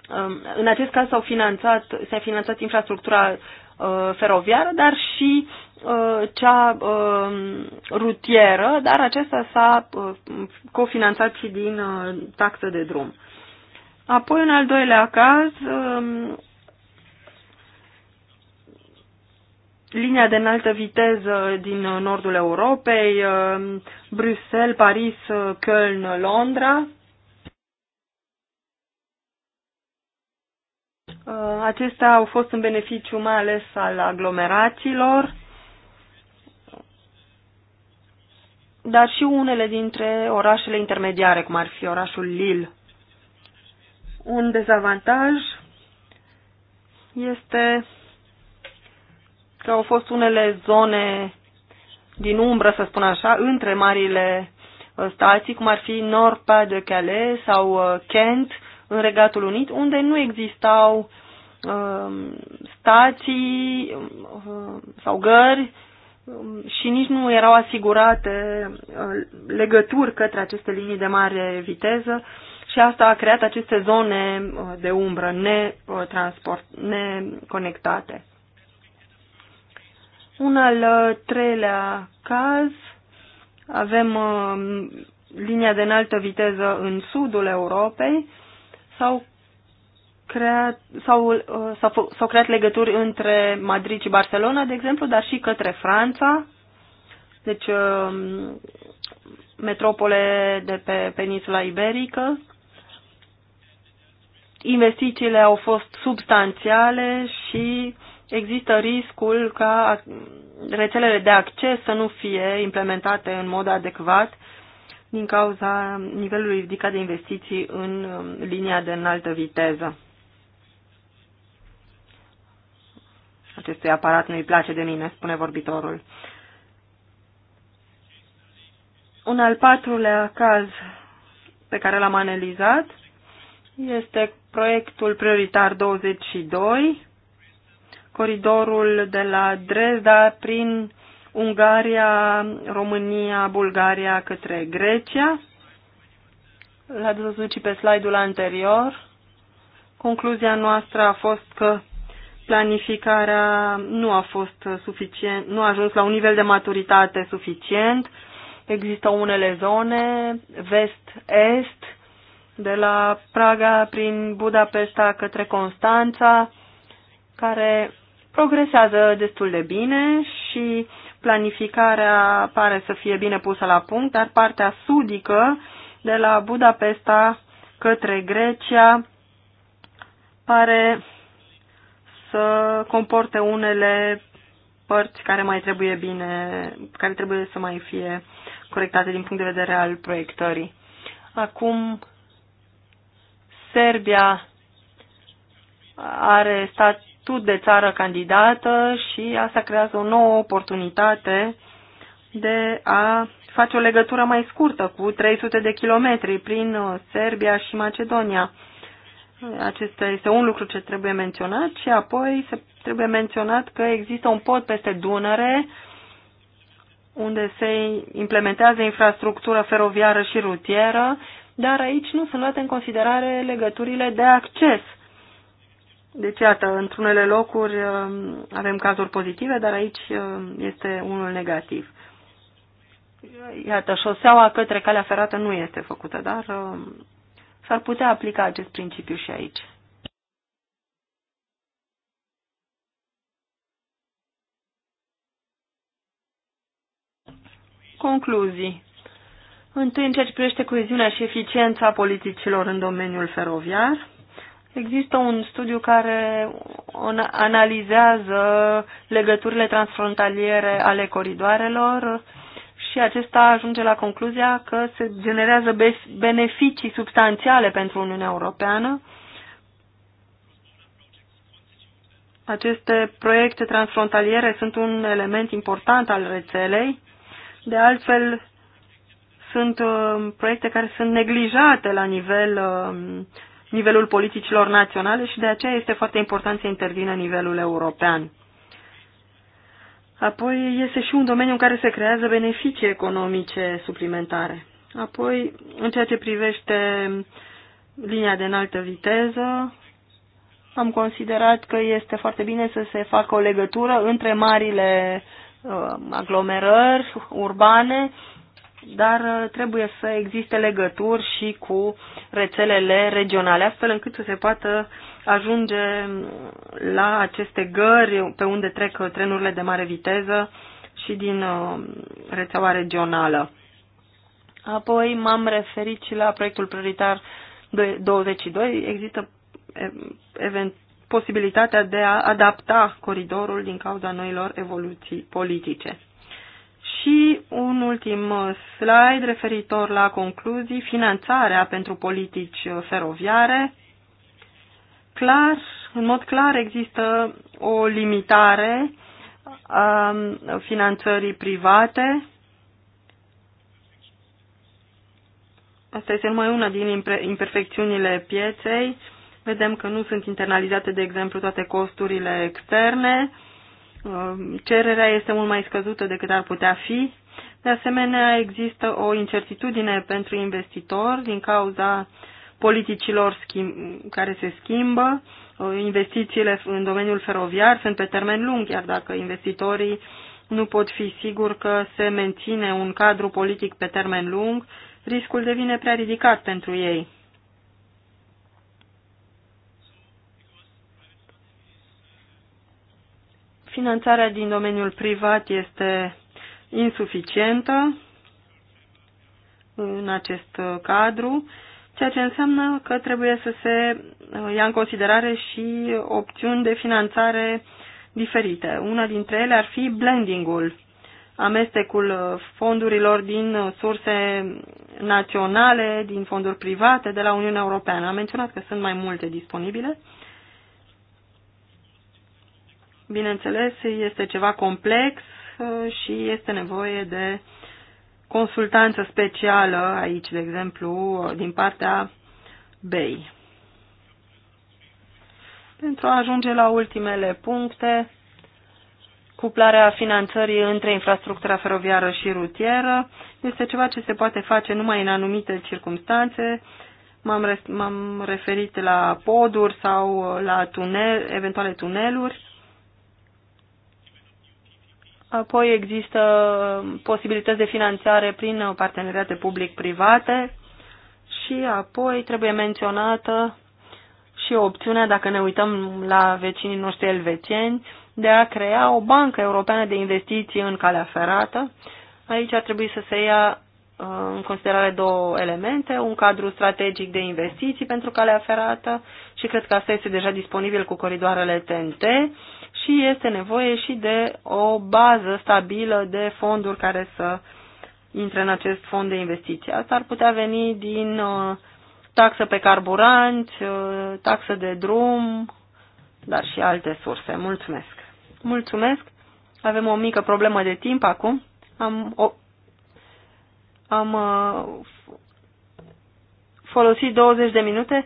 Um, în acest caz s-a finanțat, s-a finanțat infrastructura uh, feroviară, dar și uh, cea um, rutieră, dar acesta s-a uh, cofinanțat și din taxă de drum. Apoi, în al doilea caz, um, linia de înaltă viteză din nordul Europei, Bruxelles, Paris, Köln, Londra, Uh, acestea au fost în beneficiu mai ales al aglomerațiilor, dar și unele dintre orașele intermediare, cum ar fi orașul Lille. Un dezavantaj este că au fost unele zone din umbră, să spun așa, între marile uh, stații, cum ar fi Nord-Pas-de-Calais sau uh, Kent, în Regatul Unit, unde nu existau um, stații um, sau gări um, și nici nu erau asigurate uh, legături către aceste linii de mare viteză și asta a creat aceste zone uh, de umbră neconectate. Un al uh, treilea caz, avem linia de înaltă viteză în sudul Europei, S-au creat, s-au, uh, s-au, s-au creat legături între Madrid și Barcelona, de exemplu, dar și către Franța, deci um, metropole de pe peninsula iberică. Investițiile au fost substanțiale și există riscul ca rețelele de acces să nu fie implementate în mod adecvat din cauza nivelului ridicat de investiții în um, linia de înaltă viteză. Acestui aparat nu-i place de mine, spune vorbitorul. Un al patrulea caz pe care l-am analizat este proiectul prioritar 22, coridorul de la Dresda prin Ungaria, România, Bulgaria către Grecia. L-ați văzut și pe slide-ul anterior. Concluzia noastră a fost că planificarea nu a fost suficient, nu a ajuns la un nivel de maturitate suficient. Există unele zone, vest-est, de la Praga prin Budapesta către Constanța, care progresează destul de bine și Planificarea pare să fie bine pusă la punct, dar partea sudică de la Budapesta către Grecia pare să comporte unele părți care mai trebuie bine, care trebuie să mai fie corectate din punct de vedere al proiectării. Acum Serbia are stat, statut de țară candidată și asta creează o nouă oportunitate de a face o legătură mai scurtă cu 300 de kilometri prin uh, Serbia și Macedonia. Acesta este un lucru ce trebuie menționat și apoi se trebuie menționat că există un pod peste Dunăre unde se implementează infrastructură feroviară și rutieră, dar aici nu sunt luate în considerare legăturile de acces deci, iată, într-unele locuri um, avem cazuri pozitive, dar aici um, este unul negativ. Iată, șoseaua către calea ferată nu este făcută, dar um, s-ar putea aplica acest principiu și aici. Concluzii. Întâi, în ceea ce privește coeziunea și eficiența politicilor în domeniul feroviar, Există un studiu care analizează legăturile transfrontaliere ale coridoarelor și acesta ajunge la concluzia că se generează beneficii substanțiale pentru Uniunea Europeană. Aceste proiecte transfrontaliere sunt un element important al rețelei. De altfel, sunt uh, proiecte care sunt neglijate la nivel uh, nivelul politicilor naționale și de aceea este foarte important să intervină nivelul european. Apoi este și un domeniu în care se creează beneficii economice suplimentare. Apoi, în ceea ce privește linia de înaltă viteză, am considerat că este foarte bine să se facă o legătură între marile uh, aglomerări urbane dar uh, trebuie să existe legături și cu rețelele regionale, astfel încât să se poată ajunge la aceste gări pe unde trec trenurile de mare viteză și din uh, rețeaua regională. Apoi m-am referit și la proiectul prioritar 22. Există event, posibilitatea de a adapta coridorul din cauza noilor evoluții politice. Și un ultim slide referitor la concluzii, finanțarea pentru politici feroviare. Clar, în mod clar există o limitare a finanțării private. Asta este numai una din imperfecțiunile pieței. Vedem că nu sunt internalizate, de exemplu, toate costurile externe Um, cererea este mult mai scăzută decât ar putea fi. De asemenea, există o incertitudine pentru investitori din cauza politicilor care se schimbă. Uh, investițiile în domeniul feroviar sunt pe termen lung, iar dacă investitorii nu pot fi siguri că se menține un cadru politic pe termen lung, riscul devine prea ridicat pentru ei. Finanțarea din domeniul privat este insuficientă în acest cadru, ceea ce înseamnă că trebuie să se uh, ia în considerare și opțiuni de finanțare diferite. Una dintre ele ar fi blendingul, amestecul uh, fondurilor din uh, surse naționale, din fonduri private, de la Uniunea Europeană. Am menționat că sunt mai multe disponibile Bineînțeles, este ceva complex uh, și este nevoie de consultanță specială aici, de exemplu, din partea BEI. Pentru a ajunge la ultimele puncte, cuplarea finanțării între infrastructura feroviară și rutieră este ceva ce se poate face numai în anumite circunstanțe. M-am, referit la poduri sau la tunel, eventuale tuneluri Apoi există uh, posibilități de finanțare prin uh, parteneriate public-private și apoi trebuie menționată și opțiunea, dacă ne uităm la vecinii noștri elvețieni, de a crea o bancă europeană de investiții în calea ferată. Aici ar trebui să se ia uh, în considerare două elemente, un cadru strategic de investiții pentru calea ferată și cred că asta este deja disponibil cu coridoarele TNT și este nevoie și de o bază stabilă de fonduri care să intre în acest fond de investiții. Asta ar putea veni din uh, taxă pe carburant, uh, taxă de drum, dar și alte surse. Mulțumesc! Mulțumesc! Avem o mică problemă de timp acum. Am, o, am uh, folosit 20 de minute.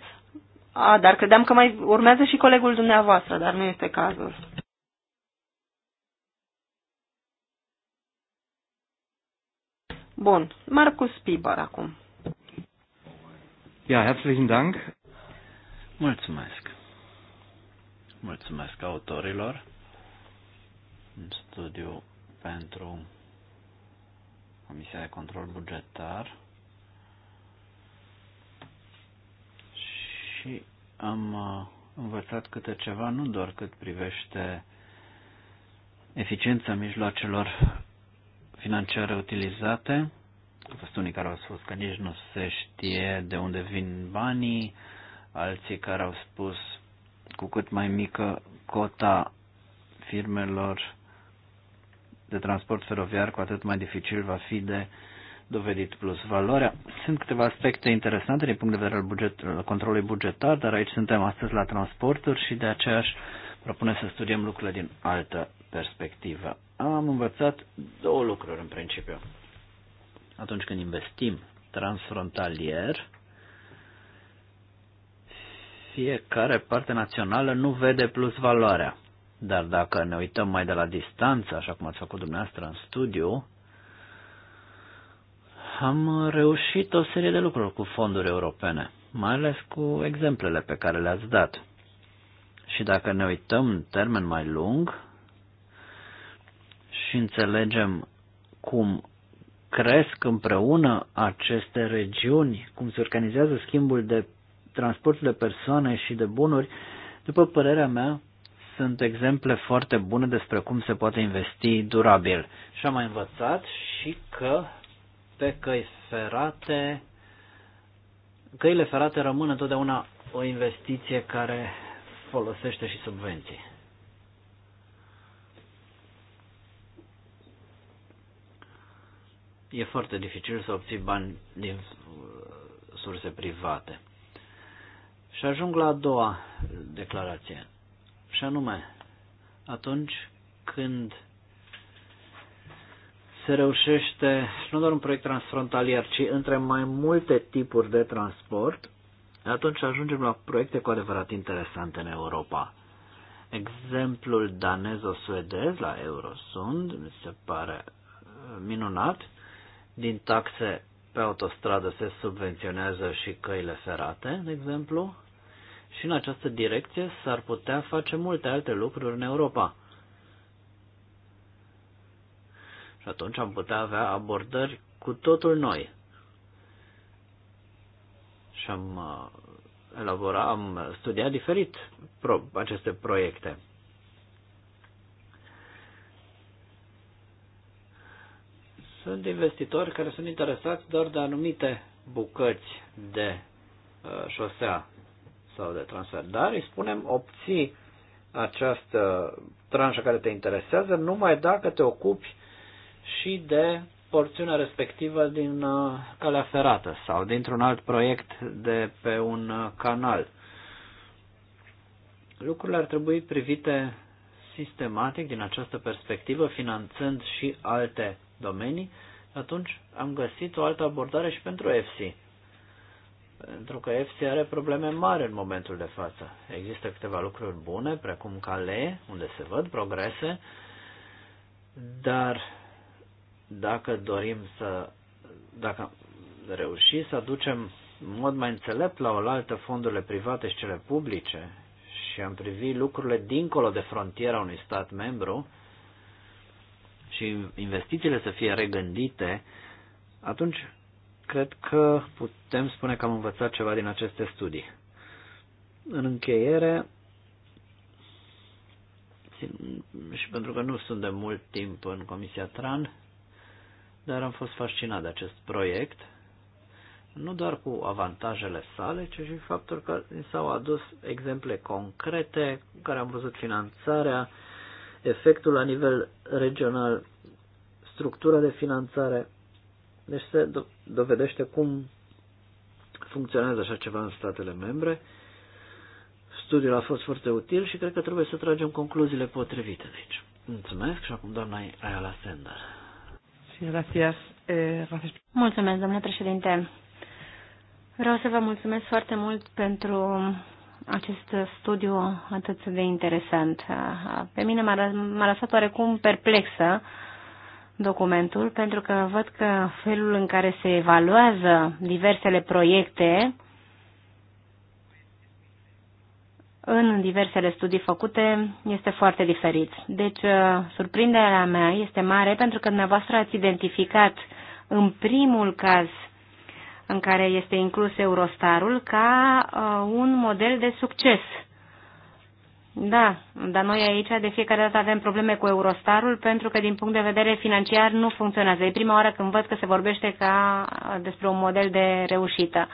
A, dar credeam că mai urmează și colegul dumneavoastră, dar nu este cazul. Bun. Marcus Pibar acum. Ja, herzlichen Dank. Mulțumesc. Mulțumesc autorilor. în studiu pentru Comisia de Control Bugetar. Și am uh, învățat câte ceva, nu doar cât privește eficiența mijloacelor financiare utilizate. Au fost unii care au spus că nici nu se știe de unde vin banii, alții care au spus cu cât mai mică cota firmelor de transport feroviar, cu atât mai dificil va fi de dovedit plus valoarea. Sunt câteva aspecte interesante din punct de vedere al, buget, controlului bugetar, dar aici suntem astăzi la transporturi și de aceea propune să studiem lucrurile din altă perspectivă. Am învățat două lucruri în principiu. Atunci când investim transfrontalier, fiecare parte națională nu vede plus valoarea. Dar dacă ne uităm mai de la distanță, așa cum ați făcut dumneavoastră în studiu, am reușit o serie de lucruri cu fonduri europene, mai ales cu exemplele pe care le-ați dat. Și dacă ne uităm în termen mai lung, și înțelegem cum cresc împreună aceste regiuni, cum se organizează schimbul de transportul de persoane și de bunuri, după părerea mea, sunt exemple foarte bune despre cum se poate investi durabil. Și am mai învățat și că pe căi ferate, căile ferate rămân întotdeauna o investiție care folosește și subvenții. e foarte dificil să obții bani din uh, surse private. Și ajung la a doua declarație. Și anume, atunci când se reușește nu doar un proiect transfrontalier, ci între mai multe tipuri de transport, atunci ajungem la proiecte cu adevărat interesante în Europa. Exemplul danezo-suedez la Eurosund mi se pare uh, minunat din taxe pe autostradă se subvenționează și căile ferate, de exemplu, și în această direcție s-ar putea face multe alte lucruri în Europa. Și atunci am putea avea abordări cu totul noi. Și am uh, elaborat, am studiat diferit pro, aceste proiecte. Sunt investitori care sunt interesați doar de anumite bucăți de uh, șosea sau de transfer, dar îi spunem obții această tranșă care te interesează numai dacă te ocupi și de porțiunea respectivă din uh, calea ferată sau dintr-un alt proiect de pe un uh, canal. Lucrurile ar trebui privite sistematic din această perspectivă, finanțând și alte domenii, atunci am găsit o altă abordare și pentru FC. Pentru că FC are probleme mari în momentul de față. Există câteva lucruri bune, precum Cale, unde se văd progrese, dar dacă dorim să, dacă reuși să aducem în mod mai înțelept la oaltă fondurile private și cele publice și am privit lucrurile dincolo de frontiera unui stat membru, și investițiile să fie regândite, atunci cred că putem spune că am învățat ceva din aceste studii. În încheiere, și pentru că nu sunt de mult timp în Comisia Tran, dar am fost fascinat de acest proiect, nu doar cu avantajele sale, ci și faptul că ni s-au adus exemple concrete care am văzut finanțarea, efectul la nivel regional, structura de finanțare. Deci se dovedește cum funcționează așa ceva în statele membre. Studiul a fost foarte util și cred că trebuie să tragem concluziile potrivite de aici. Mulțumesc și acum doamna Ayala Sender. Eh, mulțumesc, domnule președinte. Vreau să vă mulțumesc foarte mult pentru acest studiu atât de interesant. Pe mine m-a lăsat oarecum perplexă documentul, pentru că văd că felul în care se evaluează diversele proiecte în diversele studii făcute este foarte diferit. Deci, uh, surprinderea mea este mare pentru că dumneavoastră ați identificat în primul caz în care este inclus Eurostarul ca uh, un model de succes. Da, dar noi aici de fiecare dată avem probleme cu Eurostarul pentru că din punct de vedere financiar nu funcționează. E prima oară când văd că se vorbește ca uh, despre un model de reușită.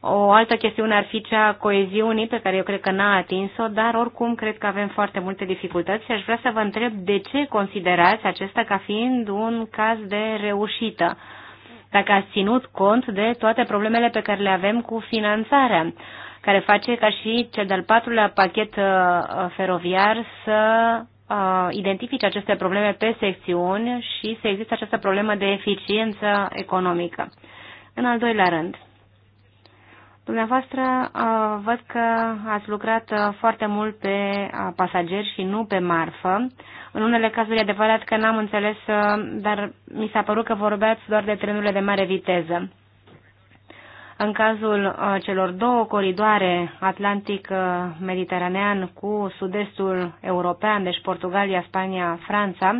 O altă chestiune ar fi cea a coeziunii, pe care eu cred că n-a atins-o, dar oricum cred că avem foarte multe dificultăți și aș vrea să vă întreb de ce considerați acesta ca fiind un caz de reușită. Uh, dacă ați ținut cont de toate problemele pe care le avem cu finanțarea, care face ca și cel de-al patrulea pachet uh, feroviar să uh, identifice aceste probleme pe secțiuni și să există această problemă de eficiență economică. În al doilea rând, Dumneavoastră uh, văd că ați lucrat uh, foarte mult pe uh, pasageri și nu pe marfă. În unele cazuri adevărat că n-am înțeles, dar mi s-a părut că vorbeați doar de trenurile de mare viteză. În cazul celor două coridoare, Atlantic-Mediteranean cu sud-estul european, deci Portugalia, Spania, Franța,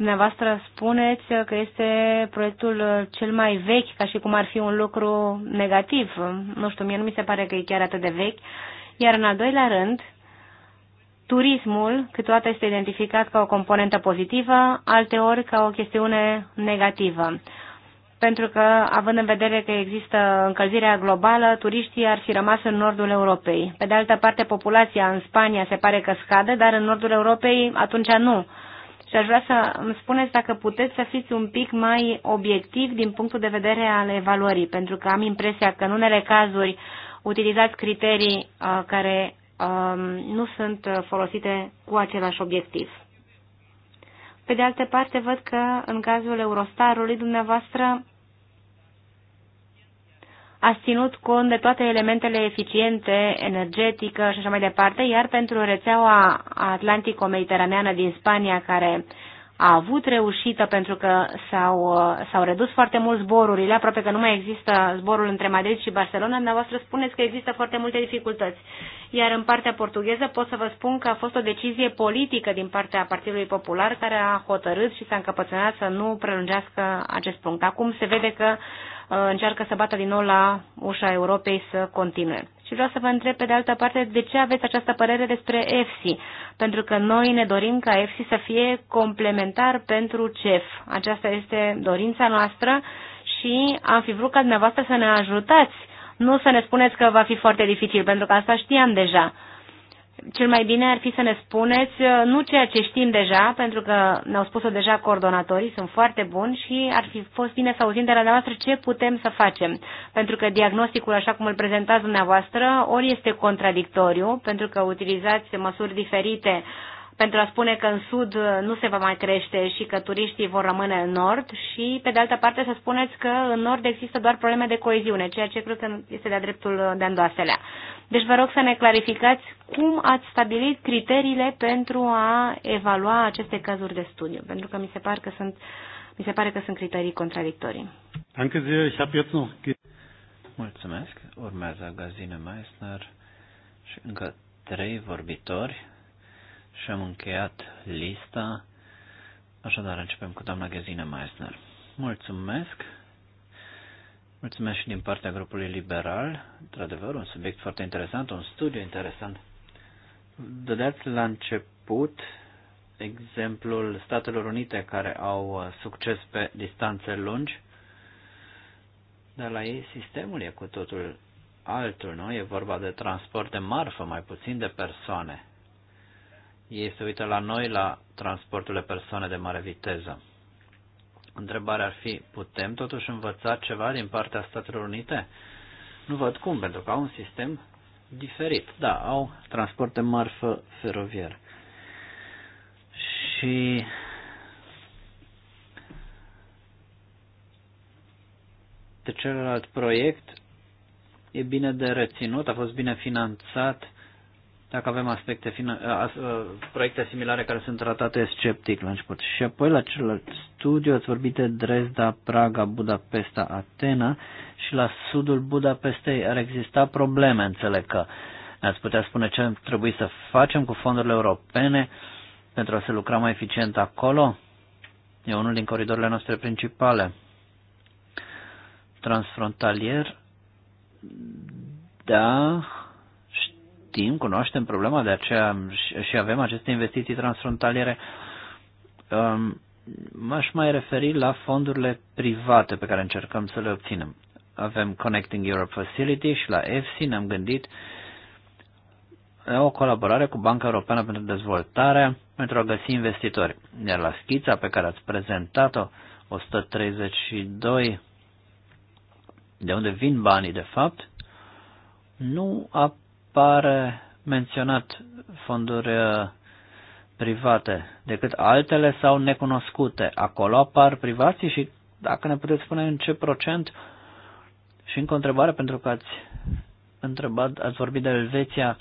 Dumneavoastră spuneți că este proiectul cel mai vechi, ca și cum ar fi un lucru negativ. Nu știu, mie nu mi se pare că e chiar atât de vechi. Iar în al doilea rând, turismul câteodată este identificat ca o componentă pozitivă, alteori ca o chestiune negativă. Pentru că, având în vedere că există încălzirea globală, turiștii ar fi rămas în nordul Europei. Pe de altă parte, populația în Spania se pare că scade, dar în nordul Europei atunci nu și aș vrea să îmi spuneți dacă puteți să fiți un pic mai obiectiv din punctul de vedere al evaluării, pentru că am impresia că în unele cazuri utilizați criterii uh, care uh, nu sunt uh, folosite cu același obiectiv. Pe de altă parte, văd că în cazul Eurostarului dumneavoastră a ținut cont de toate elementele eficiente, energetică și așa mai departe, iar pentru rețeaua atlantico-mediteraneană din Spania, care a avut reușită pentru că s-au, uh, s-au redus foarte mult zborurile, aproape că nu mai există zborul între Madrid și Barcelona, dumneavoastră spuneți că există foarte multe dificultăți. Iar în partea portugheză pot să vă spun că a fost o decizie politică din partea Partidului Popular care a hotărât și s-a încăpățânat să nu prelungească acest punct. Acum se vede că încearcă să bată din nou la ușa Europei să continue. Și vreau să vă întreb pe de altă parte de ce aveți această părere despre EFSI, pentru că noi ne dorim ca EFSI să fie complementar pentru CEF. Aceasta este dorința noastră și am fi vrut ca dumneavoastră să ne ajutați, nu să ne spuneți că va fi foarte dificil, pentru că asta știam deja cel mai bine ar fi să ne spuneți uh, nu ceea ce știm deja, pentru că ne-au spus-o deja coordonatorii, sunt foarte buni și ar fi fost bine să auzim de la dumneavoastră ce putem să facem. Pentru că diagnosticul, așa cum îl prezentați dumneavoastră, ori este contradictoriu, pentru că utilizați măsuri diferite uh, pentru a spune că în sud uh, nu se va mai crește și că turiștii vor rămâne în nord și, pe de altă parte, să spuneți că în nord există doar probleme de coeziune, ceea ce cred că este de-a dreptul uh, de îndoaselea. Deci vă rog să ne clarificați cum ați stabilit criteriile pentru a evalua aceste cazuri de studiu, pentru că mi se, par că sunt, mi se pare că sunt criterii contradictorii. Mulțumesc. Urmează Gazine Meissner și încă trei vorbitori și am încheiat lista. Așadar, începem cu doamna Ghezine Meissner. Mulțumesc! Mulțumesc și din partea grupului liberal. Într-adevăr, un subiect foarte interesant, un studiu interesant. Dădeați la început exemplul Statelor Unite care au uh, succes pe distanțe lungi, dar la ei sistemul e cu totul altul, nu? E vorba de transport de marfă, mai puțin de persoane ei se uită la noi la transportul de persoane de mare viteză. Întrebarea ar fi, putem totuși învăța ceva din partea Statelor Unite? Nu văd cum, pentru că au un sistem diferit. Da, au transport de marfă feroviar. Și de celălalt proiect e bine de reținut, a fost bine finanțat dacă avem aspecte proiecte similare care sunt tratate sceptic la început. Și apoi la celălalt studiu ați vorbit de Dresda, Praga, Budapesta, Atena și la sudul Budapestei ar exista probleme, înțeleg că ați putea spune ce trebuie să facem cu fondurile europene pentru a se lucra mai eficient acolo? E unul din coridorile noastre principale. Transfrontalier, da, știm, cunoaștem problema, de aceea și avem aceste investiții transfrontaliere. Um, m-aș mai referi la fondurile private pe care încercăm să le obținem. Avem Connecting Europe Facility și la EFSI ne-am gândit o colaborare cu Banca Europeană pentru Dezvoltare pentru a găsi investitori. Iar la schița pe care ați prezentat-o, 132, de unde vin banii de fapt, nu a pare menționat fonduri uh, private decât altele sau necunoscute. Acolo apar privații și dacă ne puteți spune în ce procent și încă o întrebare pentru că ați întrebat, ați vorbit de Elveția.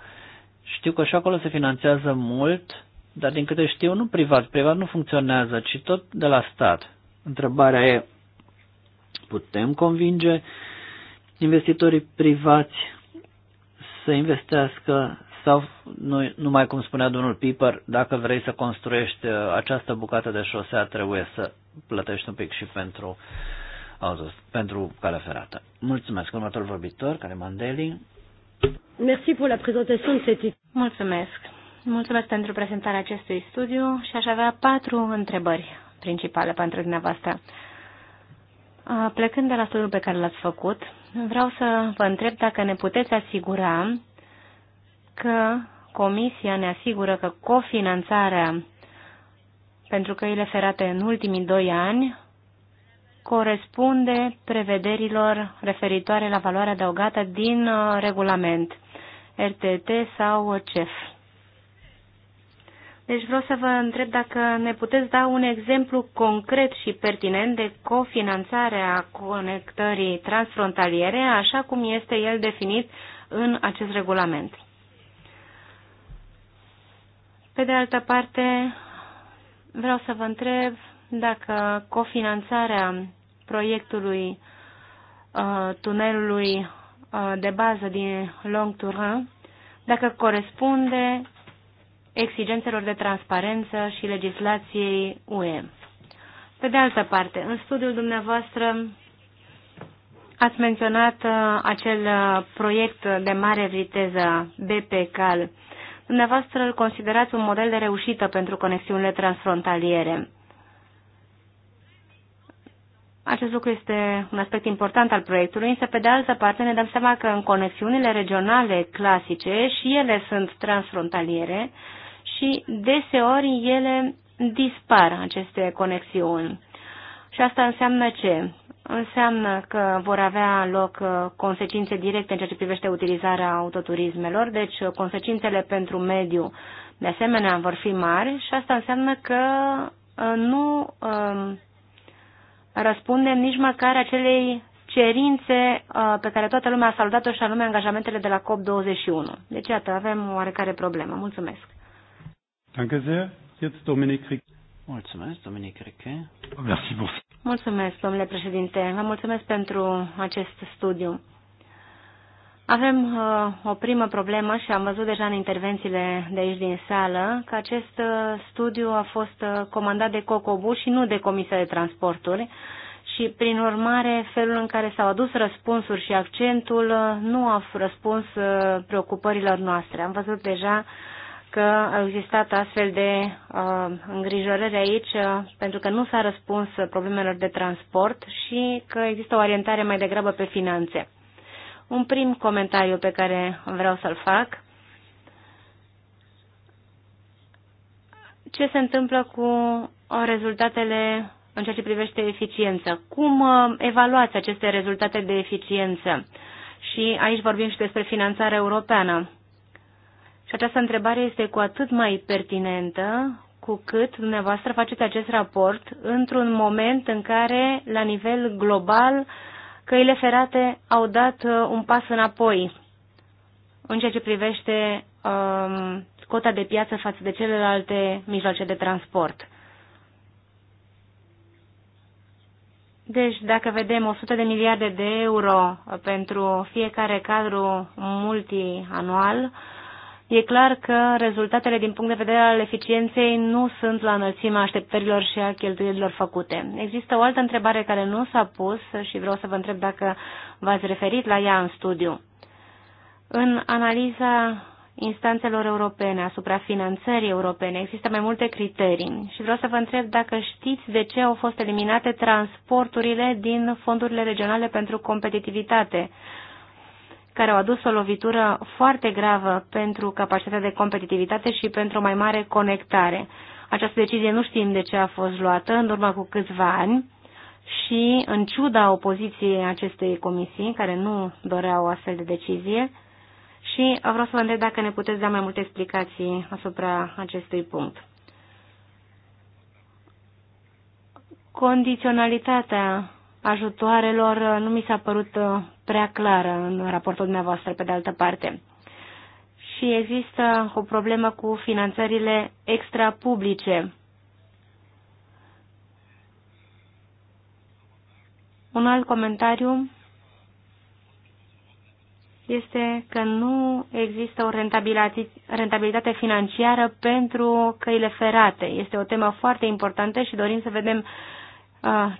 Știu că și acolo se finanțează mult, dar din câte știu nu privat. Privat nu funcționează, ci tot de la stat. Întrebarea e, putem convinge investitorii privați să investească sau, nu, numai cum spunea domnul Piper, dacă vrei să construiești uh, această bucată de șosea, trebuie să plătești un pic și pentru autost, pentru calea ferată. Mulțumesc. Următorul vorbitor, care Mandeli. Merci pour la présentation de cette Mulțumesc. Mulțumesc pentru prezentarea acestui studiu și aș avea patru întrebări principale pentru dumneavoastră. Plecând de la studiul pe care l-ați făcut, vreau să vă întreb dacă ne puteți asigura că Comisia ne asigură că cofinanțarea pentru căile ferate în ultimii doi ani corespunde prevederilor referitoare la valoarea adăugată din uh, regulament RTT sau CEF. Deci vreau să vă întreb dacă ne puteți da un exemplu concret și pertinent de cofinanțare a conectării transfrontaliere, așa cum este el definit în acest regulament. Pe de altă parte, vreau să vă întreb dacă cofinanțarea proiectului uh, tunelului uh, de bază din Long Turin, dacă corespunde exigențelor de transparență și legislației UE. Pe de altă parte, în studiul dumneavoastră ați menționat uh, acel uh, proiect de mare viteză Cal. Dumneavoastră îl considerați un model de reușită pentru conexiunile transfrontaliere. Acest lucru este un aspect important al proiectului, însă pe de altă parte ne dăm seama că în conexiunile regionale clasice și ele sunt transfrontaliere și deseori ele dispar aceste conexiuni. Și asta înseamnă ce? Înseamnă că vor avea loc uh, consecințe directe în ceea ce privește utilizarea autoturismelor, deci uh, consecințele pentru mediu de asemenea vor fi mari și asta înseamnă că uh, nu um, răspundem nici măcar acelei cerințe pe care toată lumea a salutat-o și anume angajamentele de la COP21. Deci, iată, avem oarecare problemă. Mulțumesc. Danke sehr. Jetzt Mulțumesc, Dominic Riquet. Merci Mulțumesc, domnule președinte. Vă mulțumesc pentru acest studiu. Avem uh, o primă problemă și am văzut deja în intervențiile de aici din sală că acest uh, studiu a fost uh, comandat de COCOBU și nu de Comisia de Transporturi și, prin urmare, felul în care s-au adus răspunsuri și accentul uh, nu a răspuns uh, preocupărilor noastre. Am văzut deja uh, că au existat astfel de uh, îngrijorări aici uh, pentru că nu s-a răspuns problemelor de transport și că există o orientare mai degrabă pe finanțe. Un prim comentariu pe care vreau să-l fac. Ce se întâmplă cu uh, rezultatele în ceea ce privește eficiența? Cum uh, evaluați aceste rezultate de eficiență? Și aici vorbim și despre finanțarea europeană și această întrebare este cu atât mai pertinentă cu cât dumneavoastră faceți acest raport într-un moment în care, la nivel global, căile ferate au dat uh, un pas înapoi în ceea ce privește um, cota de piață față de celelalte mijloace de transport. Deci, dacă vedem 100 de miliarde de euro pentru fiecare cadru multianual, uh, E clar că rezultatele din punct de vedere al eficienței nu sunt la înălțimea așteptărilor și a cheltuielilor făcute. Există o altă întrebare care nu s-a pus și vreau să vă întreb dacă v-ați referit la ea în studiu. În analiza instanțelor europene asupra finanțării europene există mai multe criterii și vreau să vă întreb dacă știți de ce au fost eliminate transporturile din fondurile regionale pentru competitivitate care au adus o lovitură foarte gravă pentru capacitatea de competitivitate și pentru o mai mare conectare. Această decizie nu știm de ce a fost luată în urma cu câțiva ani și, în ciuda opoziției acestei comisii, care nu dorea o astfel de decizie, și vreau să vă întreb dacă ne puteți da mai multe explicații asupra acestui punct. Condiționalitatea ajutoarelor uh, nu mi s-a părut uh, prea clară în raportul dumneavoastră, pe de altă parte. Și există o problemă cu finanțările extrapublice. Un alt comentariu este că nu există o rentabilitate financiară pentru căile ferate. Este o temă foarte importantă și dorim să vedem uh,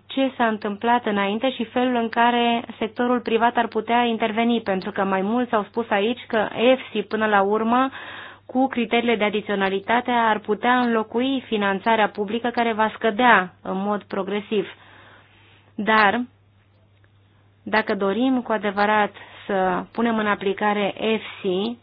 ce s-a întâmplat înainte și felul în care sectorul privat ar putea interveni, pentru că mai mulți au spus aici că EFSI până la urmă cu criteriile de adiționalitate ar putea înlocui finanțarea publică care va scădea în mod progresiv. Dar, dacă dorim cu adevărat să punem în aplicare EFSI,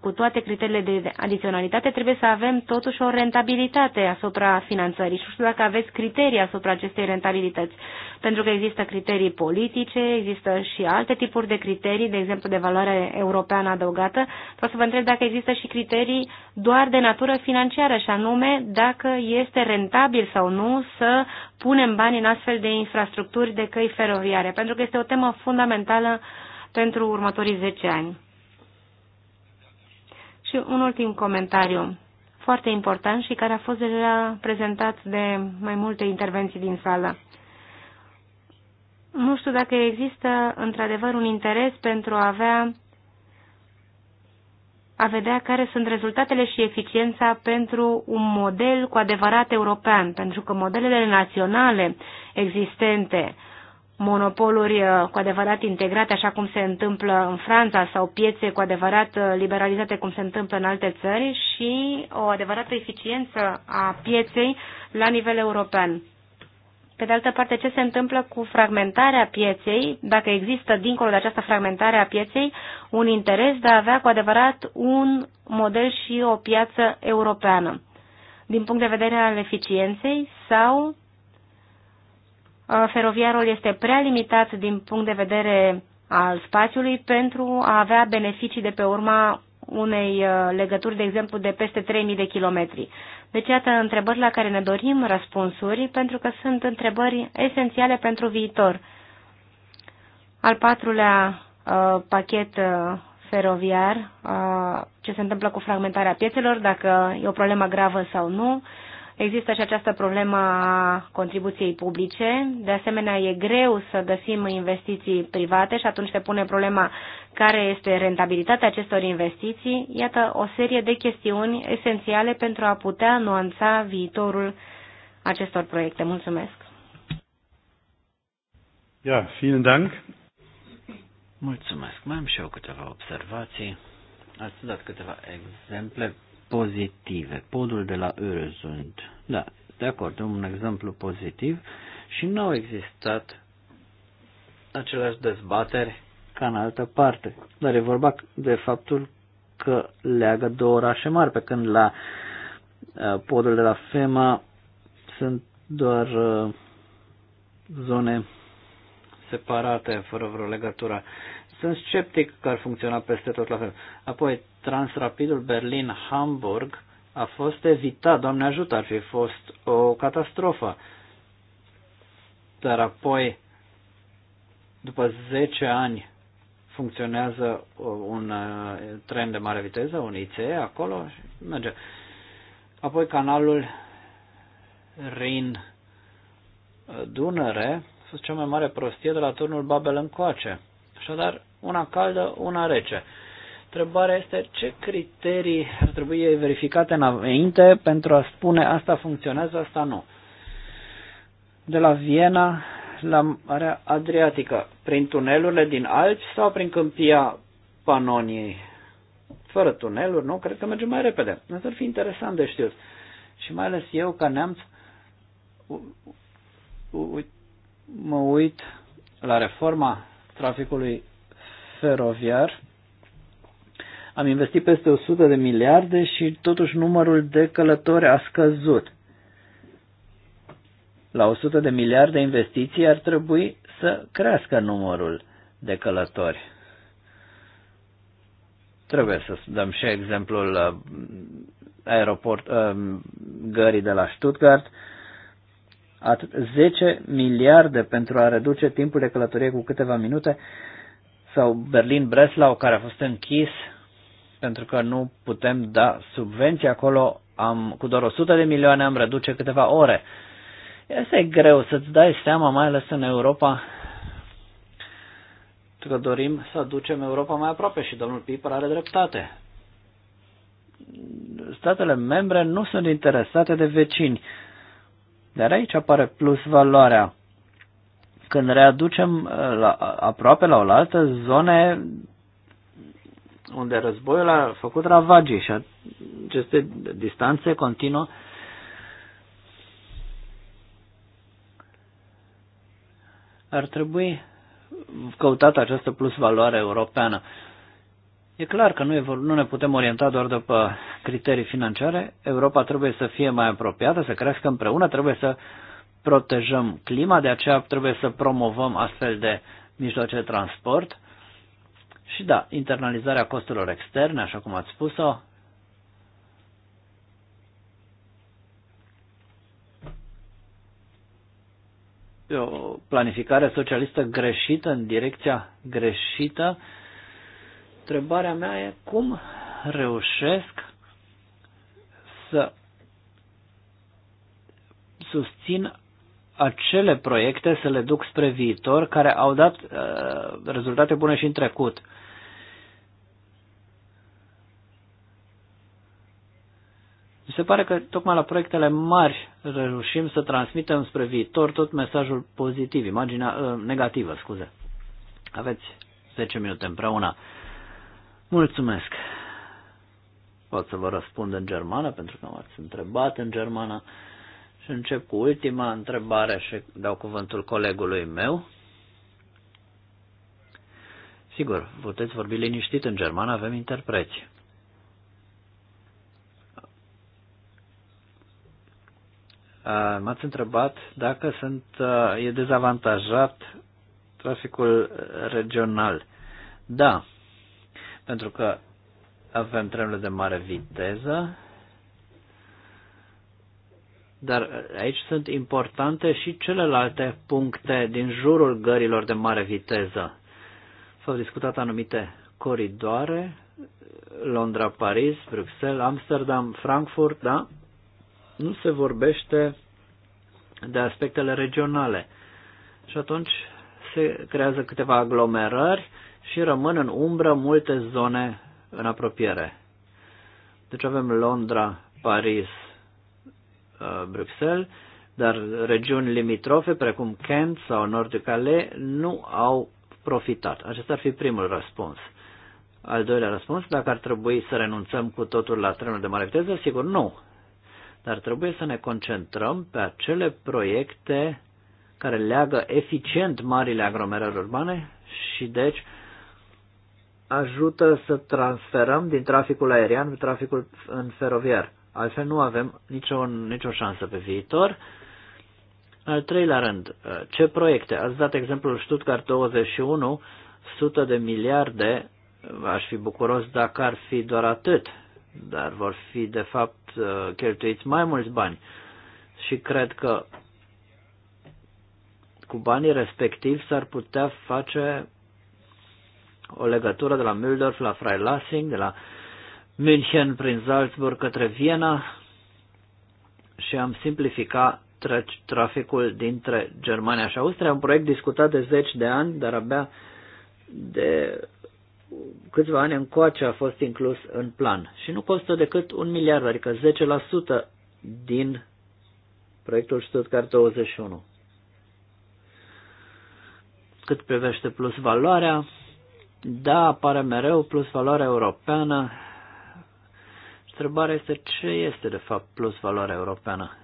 cu toate criteriile de adiționalitate, trebuie să avem totuși o rentabilitate asupra finanțării. Și nu știu dacă aveți criterii asupra acestei rentabilități, pentru că există criterii politice, există și alte tipuri de criterii, de exemplu de valoare europeană adăugată. Vreau să vă întreb dacă există și criterii doar de natură financiară, și anume dacă este rentabil sau nu să punem bani în astfel de infrastructuri de căi feroviare, pentru că este o temă fundamentală pentru următorii 10 ani. Și un ultim comentariu, foarte important și care a fost deja prezentat de mai multe intervenții din sală. Nu știu dacă există într-adevăr un interes pentru a avea a vedea care sunt rezultatele și eficiența pentru un model cu adevărat european, pentru că modelele naționale existente monopoluri uh, cu adevărat integrate, așa cum se întâmplă în Franța, sau piețe cu adevărat uh, liberalizate, cum se întâmplă în alte țări, și o adevărată eficiență a pieței la nivel european. Pe de altă parte, ce se întâmplă cu fragmentarea pieței, dacă există, dincolo de această fragmentare a pieței, un interes de a avea cu adevărat un model și o piață europeană, din punct de vedere al eficienței sau Uh, feroviarul este prea limitat din punct de vedere al spațiului pentru a avea beneficii de pe urma unei uh, legături, de exemplu, de peste 3000 de kilometri. Deci, iată întrebări la care ne dorim răspunsuri, pentru că sunt întrebări esențiale pentru viitor. Al patrulea uh, pachet uh, feroviar, uh, ce se întâmplă cu fragmentarea piețelor, dacă e o problemă gravă sau nu, Există și această problemă a contribuției publice. De asemenea, e greu să găsim investiții private și atunci se pune problema care este rentabilitatea acestor investiții. Iată o serie de chestiuni esențiale pentru a putea nuanța viitorul acestor proiecte. Mulțumesc! Ja, vielen Dank. Mulțumesc. Mai am și eu câteva observații. Ați dat câteva exemple pozitive. Podul de la Öresund. Da, de acord, un exemplu pozitiv și nu au existat aceleași dezbateri ca în altă parte. Dar e vorba de faptul că leagă două orașe mari, pe când la uh, podul de la FEMA sunt doar uh, zone separate, fără vreo legătură. Sunt sceptic că ar funcționa peste tot la fel. Apoi, Transrapidul Berlin-Hamburg a fost evitat, Doamne ajută, ar fi fost o catastrofă. Dar apoi, după 10 ani, funcționează un uh, tren de mare viteză, un ICE acolo și merge. Apoi canalul Rin-Dunăre a fost cea mai mare prostie de la turnul Babel încoace. Așadar, una caldă, una rece. Întrebarea este ce criterii ar trebui verificate înainte pentru a spune asta funcționează, asta nu. De la Viena la Marea Adriatică, prin tunelurile din Alpi sau prin câmpia Panoniei? Fără tuneluri, nu? Cred că mergem mai repede. Asta ar fi interesant de știut. Și mai ales eu, ca neamț, mă uit la reforma traficului feroviar am investit peste 100 de miliarde și totuși numărul de călători a scăzut. La 100 de miliarde investiții ar trebui să crească numărul de călători. Trebuie să dăm și exemplul uh, aeroport, uh, gării de la Stuttgart. 10 miliarde pentru a reduce timpul de călătorie cu câteva minute sau Berlin-Breslau care a fost închis pentru că nu putem da subvenții acolo, am, cu doar 100 de milioane am reduce câteva ore. Este greu să-ți dai seama, mai ales în Europa, că dorim să aducem Europa mai aproape și domnul Piper are dreptate. Statele membre nu sunt interesate de vecini, dar aici apare plus valoarea. Când readucem uh, la, aproape la oaltă zone unde războiul a făcut ravagii și aceste distanțe continuă. Ar trebui căutată această plus valoare europeană. E clar că nu, nu ne putem orienta doar după criterii financiare. Europa trebuie să fie mai apropiată, să crească împreună, trebuie să protejăm clima, de aceea trebuie să promovăm astfel de mijloace de transport și da, internalizarea costurilor externe, așa cum ați spus-o, o planificare socialistă greșită, în direcția greșită. Întrebarea mea e cum reușesc să susțin acele proiecte să le duc spre viitor care au dat uh, rezultate bune și în trecut. Mi se pare că tocmai la proiectele mari reușim să transmitem spre viitor tot mesajul pozitiv, imaginea uh, negativă, scuze. Aveți 10 minute împreună. Mulțumesc. Pot să vă răspund în germană pentru că m-ați întrebat în germană. Și încep cu ultima întrebare și dau cuvântul colegului meu. Sigur, puteți vorbi liniștit în germană, avem interpreți. M-ați întrebat dacă sunt, e dezavantajat traficul regional. Da, pentru că avem trenurile de mare viteză, dar aici sunt importante și celelalte puncte din jurul gărilor de mare viteză. S-au discutat anumite coridoare, Londra, Paris, Bruxelles, Amsterdam, Frankfurt, da? Nu se vorbește de aspectele regionale. Și atunci se creează câteva aglomerări și rămân în umbră multe zone în apropiere. Deci avem Londra, Paris, Uh, Bruxelles, dar regiuni limitrofe, precum Kent sau Nord de Calais, nu au profitat. Acesta ar fi primul răspuns. Al doilea răspuns, dacă ar trebui să renunțăm cu totul la trenul de mare viteză, sigur nu. Dar trebuie să ne concentrăm pe acele proiecte care leagă eficient marile aglomerări urbane și deci ajută să transferăm din traficul aerian în traficul în feroviar. Altfel nu avem nicio, nicio șansă pe viitor. Al treilea rând, ce proiecte? Ați dat exemplul Stuttgart 21, 100 de miliarde, aș fi bucuros dacă ar fi doar atât, dar vor fi de fapt cheltuiți mai mulți bani. Și cred că cu banii respectivi s-ar putea face o legătură de la Müldorf, la Freilassing, de la uh, München prin Salzburg către Viena și am simplificat traficul dintre Germania și Austria, un proiect discutat de zeci de ani, dar abia de câțiva ani încoace a fost inclus în plan și nu costă decât un miliard, adică 10% din proiectul Stuttgart 21. Cât privește plus valoarea, da, apare mereu plus valoarea europeană, întrebarea este ce este de fapt plus valoarea europeană.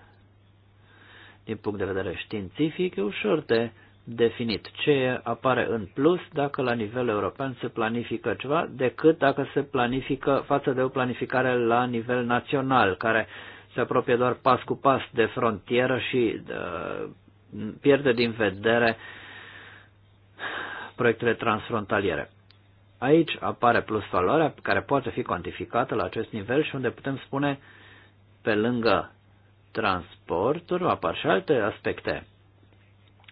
Din punct de vedere științific e ușor de definit ce apare în plus dacă la nivel european se planifică ceva decât dacă se planifică față de o planificare la nivel național care se apropie doar pas cu pas de frontieră și uh, pierde din vedere proiectele transfrontaliere. Aici apare plus valoarea care poate fi cuantificată la acest nivel și unde putem spune, pe lângă transporturi, apar și alte aspecte.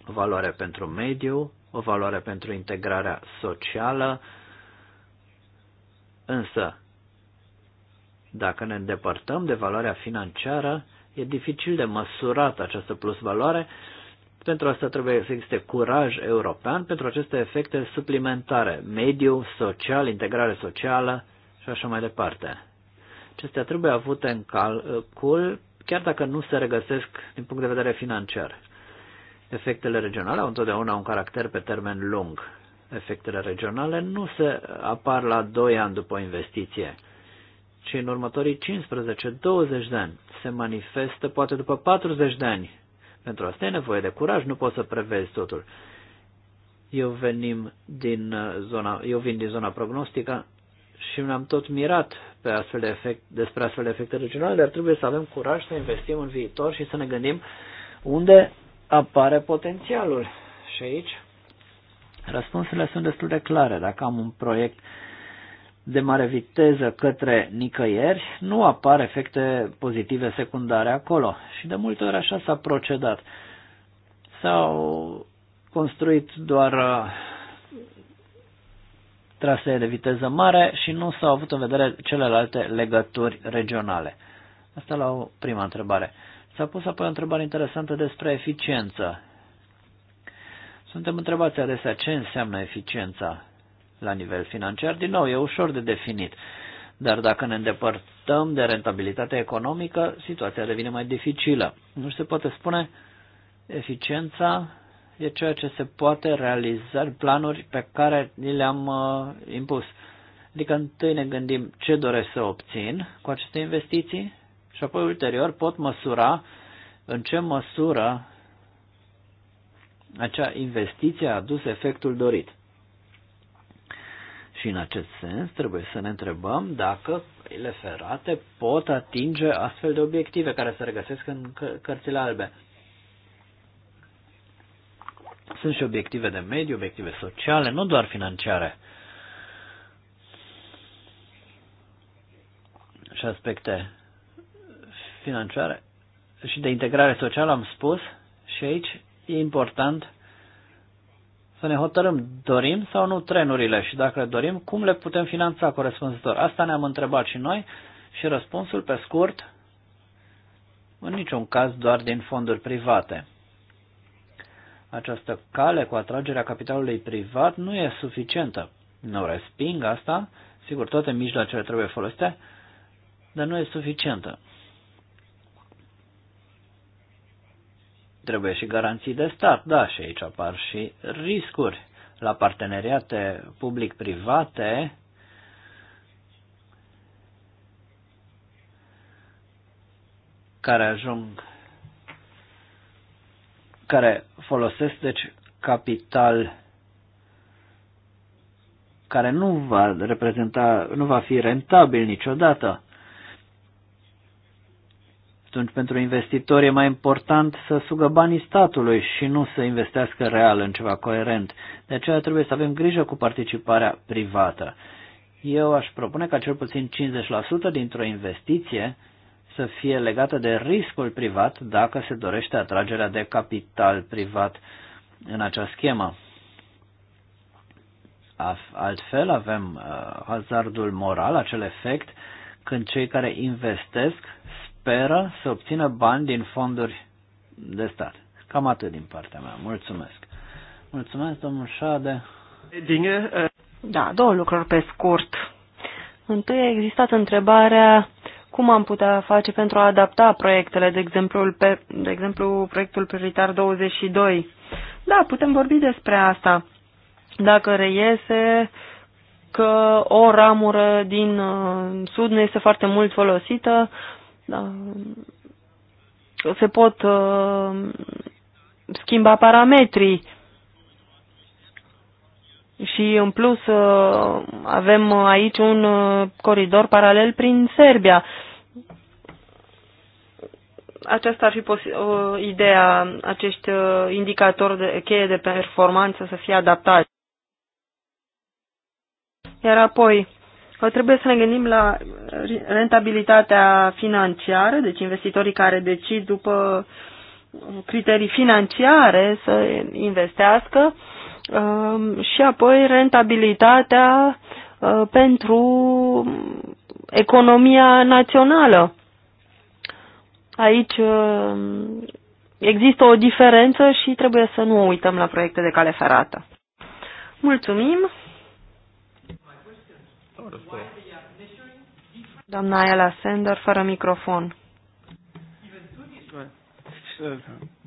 O valoare pentru mediu, o valoare pentru integrarea socială, însă dacă ne îndepărtăm de valoarea financiară, e dificil de măsurat această plus valoare pentru asta trebuie să existe curaj european pentru aceste efecte suplimentare, mediu, social, integrare socială și așa mai departe. Acestea trebuie avute în calcul, chiar dacă nu se regăsesc din punct de vedere financiar. Efectele regionale au întotdeauna un caracter pe termen lung. Efectele regionale nu se apar la 2 ani după investiție, ci în următorii 15-20 de ani. Se manifestă poate după 40 de ani pentru asta e nevoie de curaj, nu poți să prevezi totul. Eu, venim din uh, zona, eu vin din zona prognostică și ne-am tot mirat pe astfel de efect, despre astfel de efecte regionale, dar trebuie să avem curaj să investim în viitor și să ne gândim unde apare potențialul. Și aici răspunsurile sunt destul de clare. Dacă am un proiect uh, de mare viteză către nicăieri, nu apar efecte pozitive secundare acolo. Și de multe ori așa s-a procedat. S-au construit doar uh, trasee de viteză mare și nu s-au avut în vedere celelalte legături regionale. Asta la o prima întrebare. S-a pus apoi o întrebare interesantă despre eficiență. Suntem întrebați adesea ce înseamnă eficiența la nivel financiar, din nou, e ușor de definit. Dar dacă ne îndepărtăm de rentabilitatea economică, situația devine mai dificilă. Nu se poate spune eficiența e ceea ce se poate realiza în planuri pe care ni le-am uh, impus. Adică întâi ne gândim ce doresc să obțin cu aceste investiții și apoi ulterior pot măsura în ce măsură acea investiție a adus efectul dorit. Și în acest sens trebuie să ne întrebăm dacă căile ferate pot atinge astfel de obiective care se regăsesc în cărțile albe. Sunt și obiective de mediu, obiective sociale, nu doar financiare. Și aspecte financiare și de integrare socială am spus și aici e important să ne hotărâm, dorim sau nu trenurile și dacă le dorim, cum le putem finanța corespunzător. Asta ne-am întrebat și noi și răspunsul, pe scurt, în niciun caz doar din fonduri private. Această cale cu atragerea capitalului privat nu e suficientă. Nu resping asta, sigur toate mijloacele trebuie folosite, dar nu e suficientă. Trebuie și garanții de stat, da, și aici apar și riscuri. La parteneriate public-private, care ajung, care folosesc, deci, capital care nu va reprezenta, nu va fi rentabil niciodată. Atunci pentru investitori e mai important să sugă banii statului și nu să investească real în ceva coerent. De aceea trebuie să avem grijă cu participarea privată. Eu aș propune ca cel puțin 50% dintr-o investiție să fie legată de riscul privat dacă se dorește atragerea de capital privat în acea schemă. Altfel avem uh, hazardul moral, acel efect, când cei care investesc speră să obțină bani din fonduri de stat. Cam atât din partea mea. Mulțumesc. Mulțumesc, domnul Șade. Da, două lucruri pe scurt. Întâi a existat întrebarea cum am putea face pentru a adapta proiectele, de exemplu, pe, de exemplu proiectul prioritar 22. Da, putem vorbi despre asta. Dacă reiese că o ramură din uh, sud nu este foarte mult folosită, da. se pot uh, schimba parametrii și în plus uh, avem aici un uh, coridor paralel prin Serbia. Aceasta ar fi ideea, acești indicatori de cheie de performanță să fie adaptați. Iar apoi, Trebuie să ne gândim la rentabilitatea financiară, deci investitorii care decid după criterii financiare să investească um, și apoi rentabilitatea uh, pentru economia națională. Aici um, există o diferență și trebuie să nu uităm la proiecte de cale ferată. Mulțumim! Doamna Ayala Sender, fără microfon.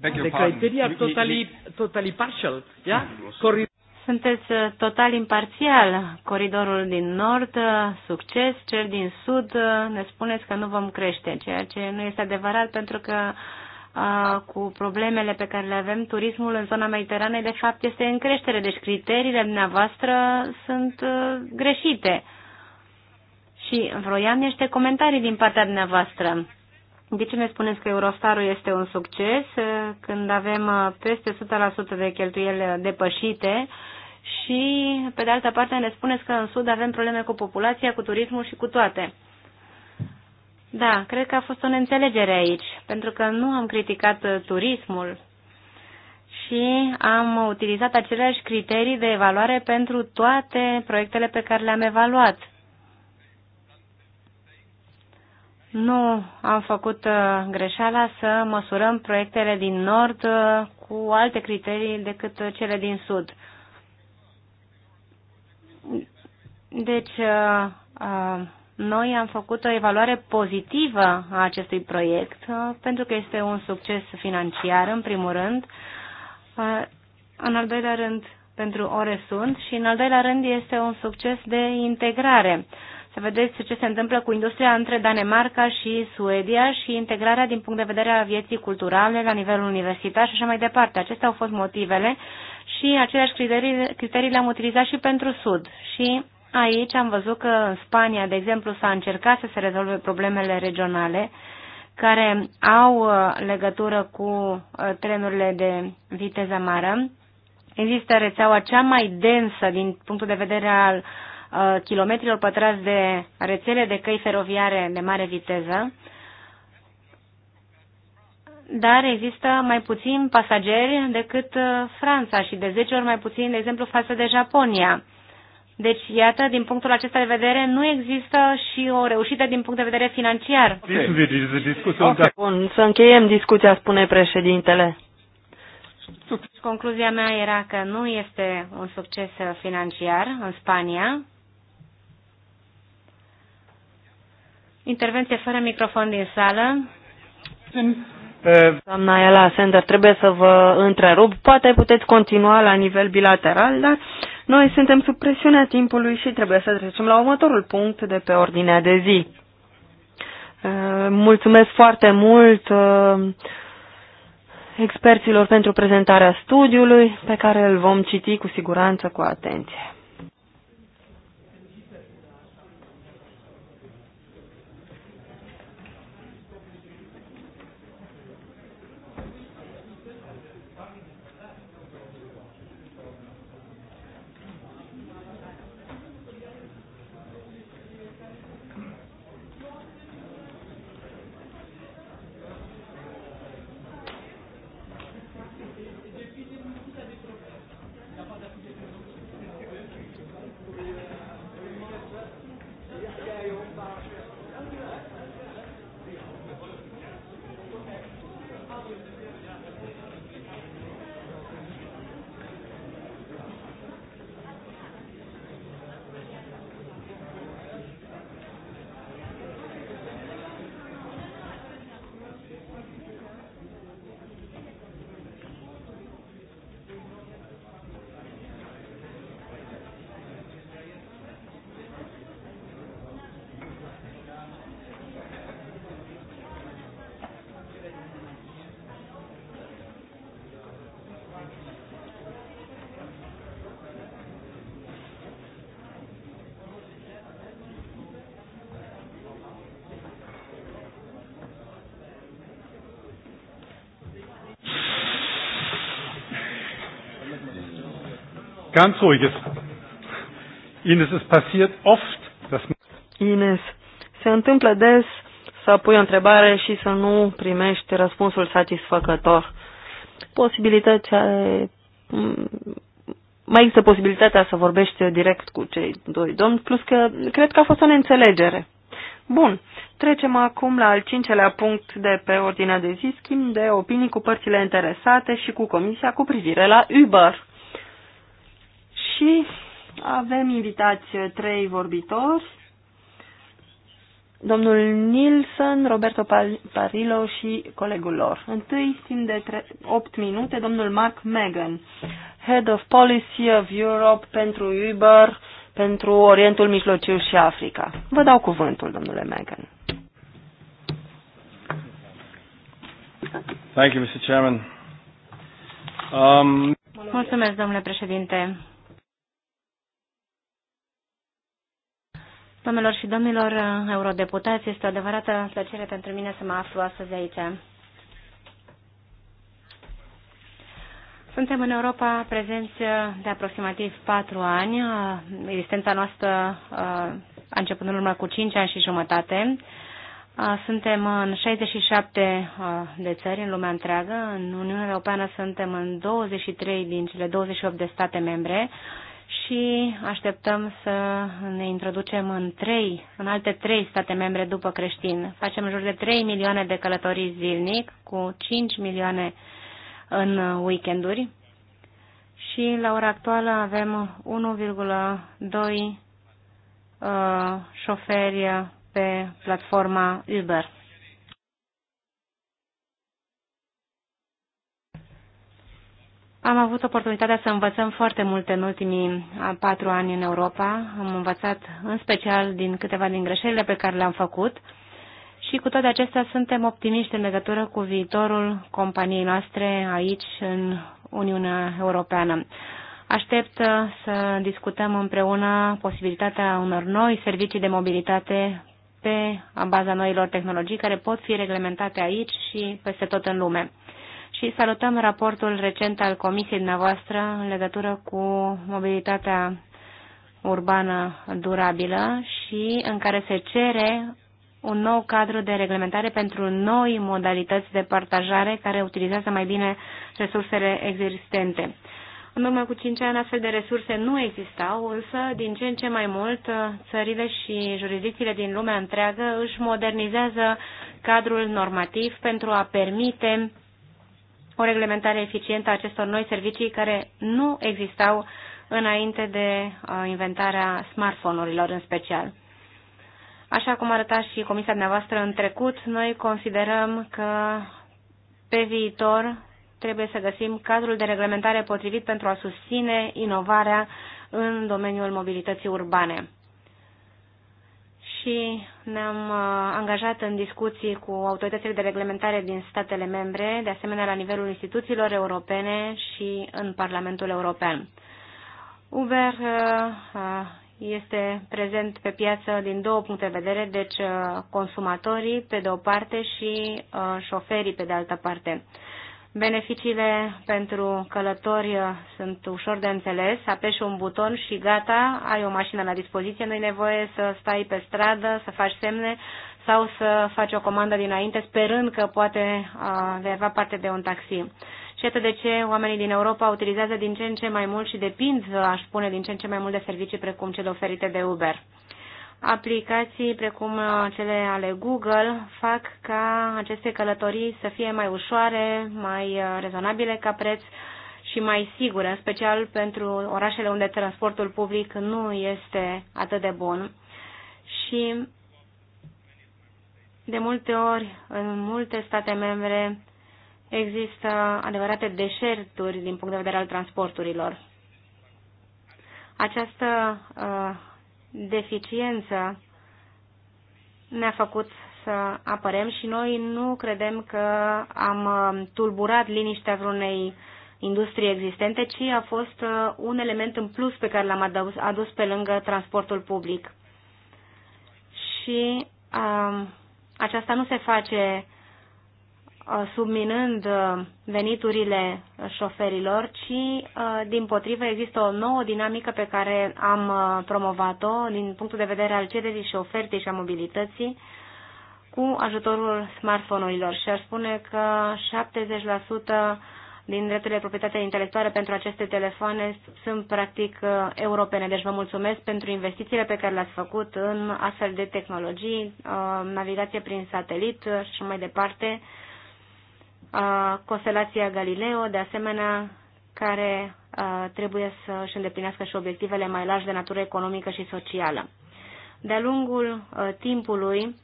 The criteria totally, totally partial, yeah? Mm, Sunteți uh, total imparțial. Coridorul din nord, uh, succes, cel din sud, uh, ne spuneți că nu vom crește, ceea ce nu este adevărat pentru că cu problemele pe care le avem, turismul în zona mediteranei de fapt este în creștere, deci criteriile dumneavoastră sunt greșite și vroiam niște comentarii din partea dumneavoastră. De ce ne spuneți că Eurostarul este un succes uh, când avem uh, peste 100% de cheltuieli uh, depășite și, pe de altă parte, ne spuneți că în Sud avem probleme cu populația, cu turismul și cu toate? Da, cred că a fost o neînțelegere aici, pentru că nu am criticat turismul și am utilizat aceleași criterii de evaluare pentru toate proiectele pe care le-am evaluat nu am făcut uh, greșeala să măsurăm proiectele din nord uh, cu alte criterii decât cele din sud. Deci, uh, noi am făcut o evaluare pozitivă a acestui proiect, pentru că este un succes financiar, în primul rând, în al doilea rând pentru Oresund și, în al doilea rând, este un succes de integrare să vedeți ce se întâmplă cu industria între Danemarca și Suedia și integrarea din punct de vedere a vieții culturale la nivelul universitar și așa mai departe. Acestea au fost motivele și aceleași criterii, criterii le-am utilizat și pentru Sud. Și aici am văzut că în Spania, de exemplu, s-a încercat să se rezolve problemele regionale care au uh, legătură cu uh, trenurile de viteză mare. Există rețeaua cea mai densă din punctul de vedere al uh, Uh, kilometrilor pătrați de rețele de căi feroviare de mare viteză, dar există mai puțin pasageri decât uh, Franța și de 10 ori mai puțin, de exemplu, față de Japonia. Deci, iată, din punctul acesta de vedere, nu există și o reușită din punct de vedere financiar. Okay. Bun, să încheiem discuția, spune președintele. Deci, concluzia mea era că nu este un succes uh, financiar în Spania, Intervenție fără microfon din sală. Eh, Doamna Ela Sender, trebuie să vă întrerup. Poate puteți continua la nivel bilateral, dar noi suntem sub presiunea timpului și trebuie să trecem la următorul punct de pe ordinea de zi. Eh, mulțumesc foarte mult eh, experților pentru prezentarea studiului, pe care îl vom citi cu siguranță cu atenție. ganz ist. Ines, es passiert oft, dass... Ines, se întâmplă des să pui o întrebare și să nu primești răspunsul satisfăcător. Posibilitatea mai există posibilitatea să vorbești direct cu cei doi domni, plus că cred că a fost o neînțelegere. Bun, trecem acum la al cincelea punct de pe ordinea de zi, schimb de opinii cu părțile interesate și cu comisia cu privire la Uber și avem invitați trei vorbitori, domnul Nilsson, Roberto Parillo și colegul lor. Întâi, timp de 8 minute, domnul Mark Megan, Head of Policy of Europe pentru Uber, pentru Orientul Mijlociu și Africa. Vă dau cuvântul, domnule Megan. Thank you, Mr. Chairman. Um... Mulțumesc, domnule președinte. Doamnelor și domnilor uh, eurodeputați, este o adevărată plăcere pentru mine să mă aflu astăzi aici. Suntem în Europa prezenți uh, de aproximativ patru ani. Uh, existența noastră a început în urmă cu cinci, ani și jumătate. Suntem în 67 de țări în lumea întreagă. În Uniunea Europeană suntem în 23 din cele 28 de state membre și așteptăm să ne introducem în trei, în alte trei state membre după creștin. Facem în jur de 3 milioane de călătorii zilnic, cu 5 milioane în weekenduri și la ora actuală avem 1,2 uh, șoferi pe platforma Uber. Am avut oportunitatea să învățăm foarte multe în ultimii patru ani în Europa. Am învățat în special din câteva din greșelile pe care le-am făcut și cu toate acestea suntem optimiști în legătură cu viitorul companiei noastre aici în Uniunea Europeană. Aștept să discutăm împreună posibilitatea unor noi servicii de mobilitate pe baza noilor tehnologii care pot fi reglementate aici și peste tot în lume și salutăm raportul recent al comisiei dumneavoastră în legătură cu mobilitatea urbană durabilă și în care se cere un nou cadru de reglementare pentru noi modalități de partajare care utilizează mai bine resursele existente. În urmă cu 5 ani astfel de resurse nu existau, însă din ce în ce mai mult țările și jurisdicțiile din lumea întreagă își modernizează cadrul normativ pentru a permite o reglementare eficientă a acestor noi servicii care nu existau înainte de uh, inventarea smartphone-urilor în special. Așa cum arăta și comisia dumneavoastră în trecut, noi considerăm că pe viitor trebuie să găsim cadrul de reglementare potrivit pentru a susține inovarea în domeniul mobilității urbane și ne-am uh, angajat în discuții cu autoritățile de reglementare din statele membre, de asemenea la nivelul instituțiilor europene și în Parlamentul European. Uber uh, uh, este prezent pe piață din două puncte de vedere, deci consumatorii pe de o parte și șoferii pe de altă parte. Beneficiile pentru călători uh, sunt ușor de înțeles. Apeși un buton și gata, ai o mașină la dispoziție, nu-i nevoie să stai pe stradă, să faci semne sau să faci o comandă dinainte, sperând că poate uh, vei avea parte de un taxi. Și atât de ce oamenii din Europa utilizează din ce în ce mai mult și depind, uh, aș spune, din ce în ce mai mult de servicii precum cele oferite de Uber aplicații precum uh, cele ale Google fac ca aceste călătorii să fie mai ușoare, mai uh, rezonabile ca preț și mai sigure, în special pentru orașele unde transportul public nu este atât de bun. Și de multe ori, în multe state membre, există adevărate deșerturi din punct de vedere al transporturilor. Această uh, deficiență ne-a făcut să apărem și noi nu credem că am uh, tulburat liniștea vreunei industrie existente, ci a fost uh, un element în plus pe care l-am adus, adus pe lângă transportul public. Și um, aceasta nu se face uh, subminând veniturile șoferilor, ci din potrivă există o nouă dinamică pe care am promovat-o din punctul de vedere al cererii și ofertei și a mobilității cu ajutorul smartphone-urilor și aș spune că 70% din drepturile de proprietate intelectuală pentru aceste telefoane sunt practic europene. Deci vă mulțumesc pentru investițiile pe care le-ați făcut în astfel de tehnologii, navigație prin satelit și mai departe, constelația Galileo, de asemenea, care trebuie să își îndeplinească și obiectivele mai largi de natură economică și socială. De-a lungul timpului,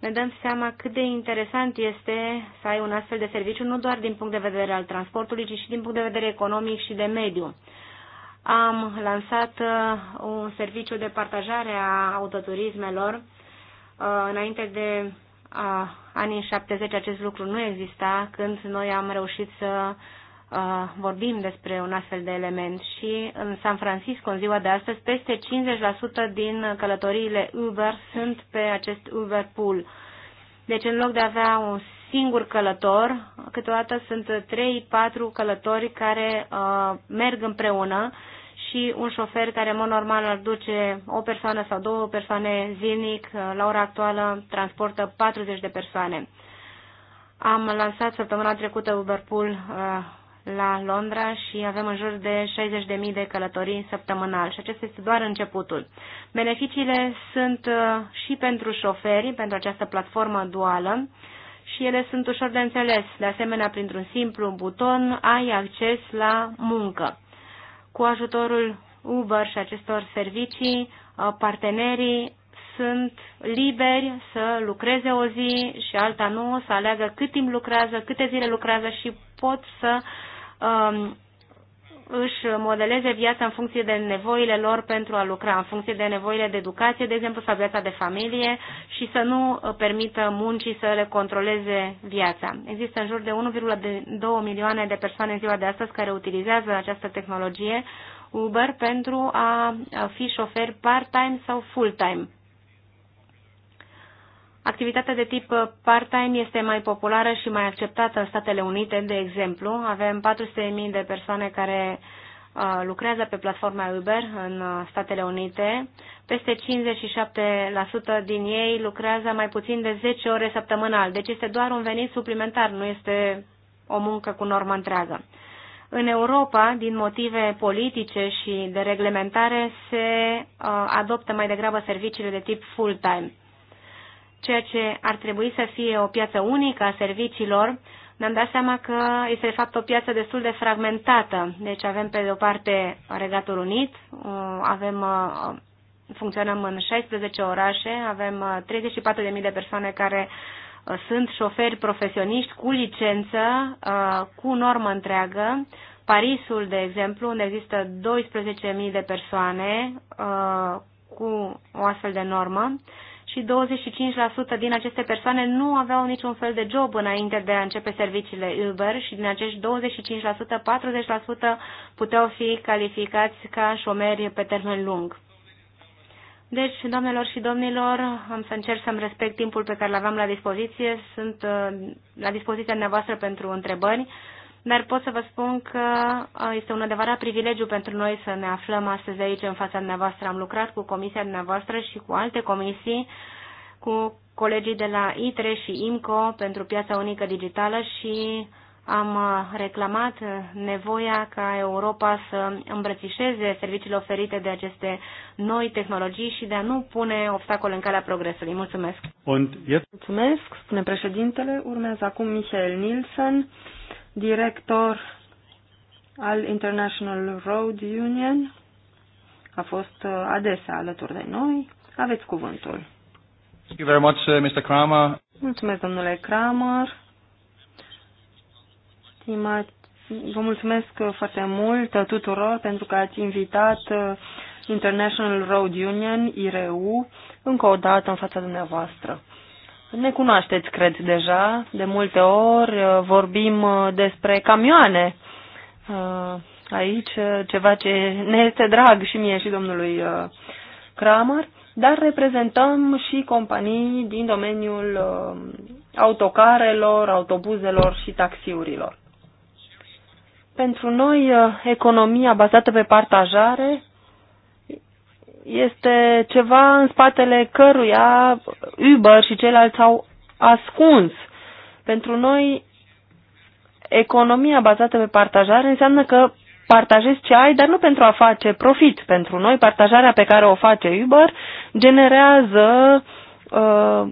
ne dăm seama cât de interesant este să ai un astfel de serviciu, nu doar din punct de vedere al transportului, ci și din punct de vedere economic și de mediu. Am lansat un serviciu de partajare a autoturismelor înainte de a, anii 70 acest lucru nu exista când noi am reușit să a, vorbim despre un astfel de element și în San Francisco, în ziua de astăzi, peste 50% din călătoriile Uber sunt pe acest Uber Pool. Deci în loc de a avea un singur călător, câteodată sunt 3-4 călători care uh, merg împreună și un șofer care, în mod normal, ar duce o persoană sau două persoane zilnic, uh, la ora actuală transportă 40 de persoane. Am lansat săptămâna trecută Uberpool uh, la Londra și avem în jur de 60.000 de călătorii săptămânal și acesta este doar începutul. Beneficiile sunt uh, și pentru șoferi, pentru această platformă duală și ele sunt ușor de înțeles. De asemenea, printr-un simplu buton ai acces la muncă cu ajutorul Uber și acestor servicii, uh, partenerii sunt liberi să lucreze o zi și alta nu, să aleagă cât timp lucrează, câte zile lucrează și pot să um, își modeleze viața în funcție de nevoile lor pentru a lucra, în funcție de nevoile de educație, de exemplu, sau viața de familie și să nu uh, permită muncii să le controleze viața. Există în jur de 1,2 milioane de persoane în ziua de astăzi care utilizează această tehnologie Uber pentru a fi șoferi part-time sau full-time. Activitatea de tip uh, part-time este mai populară și mai acceptată în Statele Unite, de exemplu. Avem 400.000 de persoane care uh, lucrează pe platforma Uber în uh, Statele Unite. Peste 57% din ei lucrează mai puțin de 10 ore săptămânal, deci este doar un venit suplimentar, nu este o muncă cu normă întreagă. În Europa, din motive politice și de reglementare, se adoptă mai degrabă serviciile de tip full-time ceea ce ar trebui să fie o piață unică a serviciilor, ne-am dat seama că este de fapt o piață destul de fragmentată. Deci avem pe de o parte Regatul Unit, uh, avem uh, funcționăm în 16 orașe, avem 34.000 uh, de persoane care sunt șoferi profesioniști cu licență, cu normă întreagă. Parisul, de exemplu, unde există 12.000 de persoane cu o astfel de normă și 25% din aceste persoane nu aveau niciun fel de job înainte de a începe serviciile Uber și din acești 25%, 40% puteau fi calificați ca șomeri pe termen lung. Deci, doamnelor și domnilor, am să încerc să-mi respect timpul pe care l-aveam la dispoziție. Sunt uh, la dispoziția dumneavoastră pentru întrebări dar pot să vă spun că este un adevărat privilegiu pentru noi să ne aflăm astăzi aici în fața dumneavoastră. Am lucrat cu comisia dumneavoastră și cu alte comisii, cu colegii de la ITRE și IMCO pentru piața unică digitală și am reclamat nevoia ca Europa să îmbrățișeze serviciile oferite de aceste noi tehnologii și de a nu pune obstacole în calea progresului. Mulțumesc! Mulțumesc, spune președintele. Urmează acum Michael Nielsen director al International Road Union. A fost uh, adesea alături de noi. Aveți cuvântul. Thank you very much, uh, Mr. Kramer. Mulțumesc, domnule Kramer. vă mulțumesc uh, foarte mult tuturor pentru că ați invitat International Road Union, IRU, încă o dată în fața dumneavoastră. Ne cunoașteți, cred, deja. De multe ori uh, vorbim uh, despre camioane. Uh, aici ceva ce ne este drag și mie și domnului Kramer, dar reprezentăm și companii din domeniul autocarelor, autobuzelor și taxiurilor. Pentru noi, economia bazată pe partajare este ceva în spatele căruia Uber și ceilalți au ascuns. Pentru noi, economia bazată pe partajare înseamnă că partajezi ce ai, dar nu pentru a face profit. Pentru noi, partajarea pe care o face Uber generează uh,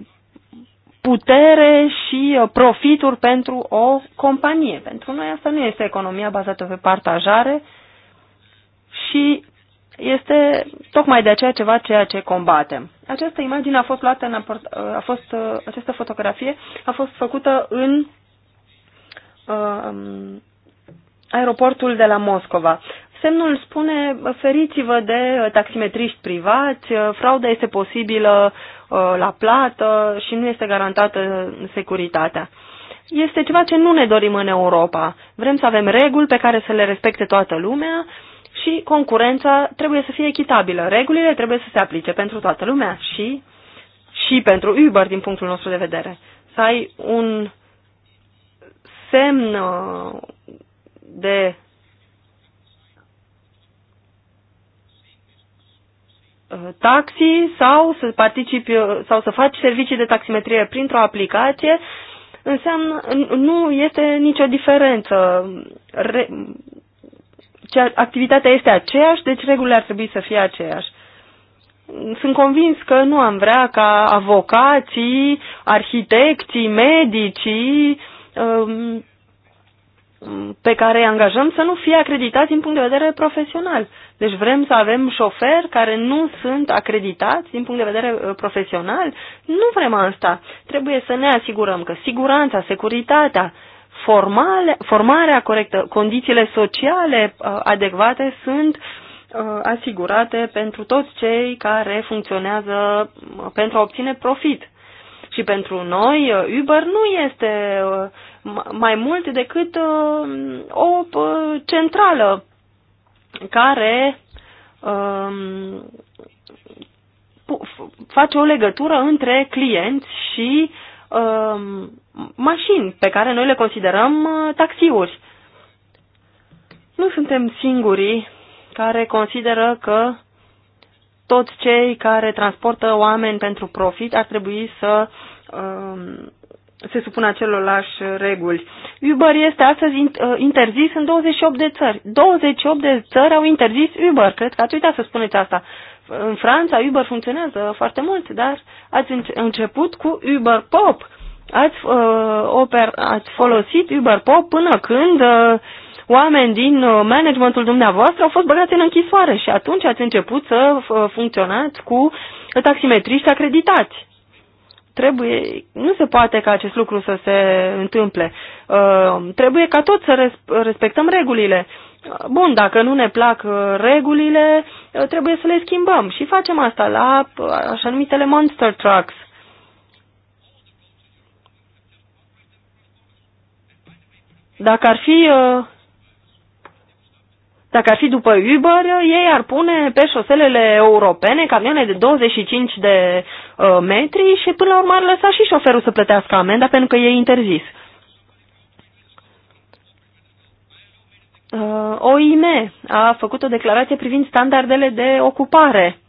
putere și uh, profituri pentru o companie. Pentru noi asta nu este economia bazată pe partajare și este tocmai de aceea ceva ceea ce combatem. Această imagine a fost luată în aport, uh, a fost, uh, această fotografie a fost făcută în uh, aeroportul de la Moscova. Semnul spune feriți-vă de taximetriști privați, uh, frauda este posibilă uh, la plată și nu este garantată securitatea. Este ceva ce nu ne dorim în Europa. Vrem să avem reguli pe care să le respecte toată lumea, uh, și concurența trebuie să fie echitabilă. Regulile trebuie să se aplice pentru toată lumea și, și pentru Uber din punctul nostru de vedere. Să ai un semn uh, de taxi sau să participi uh, sau să faci servicii de taximetrie printr-o aplicație, înseamnă nu este nicio diferență. Re, cea, activitatea este aceeași, deci regulile ar trebui să fie aceeași. Sunt convins că nu am vrea ca avocații, arhitecții, medicii um, pe care îi angajăm să nu fie acreditați din punct de vedere profesional. Deci vrem să avem șoferi care nu sunt acreditați din punct de vedere uh, profesional? Nu vrem asta. Trebuie să ne asigurăm că siguranța, securitatea, uh, formale, formarea corectă, condițiile sociale uh, adecvate sunt uh, asigurate pentru toți cei care funcționează uh, pentru a obține profit. Și pentru noi, Uber nu este mai mult decât o centrală care um, face o legătură între clienți și Um, mașini pe care noi le considerăm uh, taxiuri. Nu suntem singurii care consideră că toți cei care transportă oameni pentru profit ar trebui să um, se supună acelorlași reguli. Uber este astăzi uh, interzis în 28 de țări. 28 de țări au interzis Uber. Cred că ați uitat să spuneți asta. În Franța Uber funcționează foarte mult, dar ați început cu Uber Pop. Ați, uh, oper, ați folosit Uber Pop până când uh, oameni din uh, managementul dumneavoastră au fost băgați în închisoare și atunci ați început să uh, funcționați cu taximetriști acreditați. Trebuie, nu se poate ca acest lucru să se întâmple. Uh, trebuie ca toți să respectăm regulile. Bun, dacă nu ne plac uh, regulile, uh, trebuie să le schimbăm și facem asta la uh, așa numitele monster trucks. Dacă ar fi dacă ar fi după Uber, ei ar pune pe șoselele europene camioane de 25 de uh, metri și până la urmă ar lăsa și șoferul să plătească amenda pentru că e interzis. Uh, OIM a făcut o declarație privind standardele de ocupare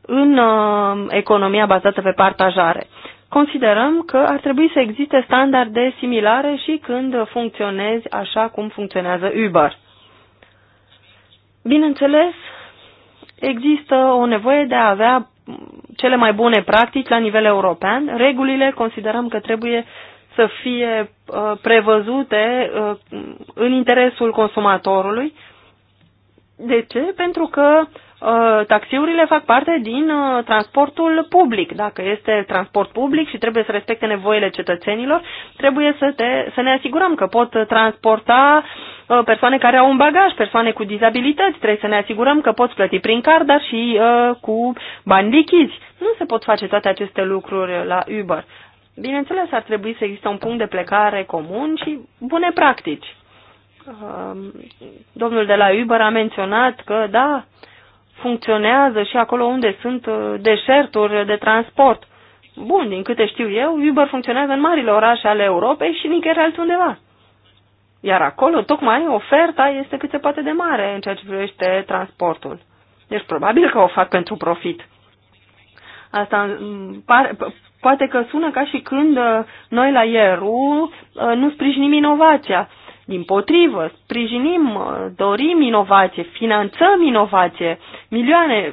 în uh, economia bazată pe partajare. Considerăm că ar trebui să existe standarde similare și când funcționezi așa cum funcționează Uber. Bineînțeles, există o nevoie de a avea cele mai bune practici la nivel european. Regulile considerăm că trebuie să fie uh, prevăzute uh, în interesul consumatorului. De ce? Pentru că uh, taxiurile fac parte din transportul public. Dacă este transport public și trebuie să respecte nevoile cetățenilor, trebuie să, te, să ne asigurăm că pot transporta persoane care au un bagaj, persoane cu dizabilități. Trebuie să ne asigurăm că poți plăti prin card, dar și uh, cu bani lichizi. Nu se pot face toate aceste lucruri la Uber. Bineînțeles, ar trebui să existe un punct de plecare comun și bune practici. Um, domnul de la Uber a menționat că, da, funcționează și acolo unde sunt uh, deșerturi de transport. Bun, din câte știu eu, Uber funcționează în marile orașe ale Europei și nicăieri altundeva. Iar acolo, tocmai, oferta este cât se poate de mare în ceea ce privește transportul. Deci probabil că o fac pentru profit. Asta Poate că sună ca și când uh, noi la IERU uh, nu sprijinim inovația. Din potrivă, sprijinim, uh, dorim inovație, finanțăm inovație, milioane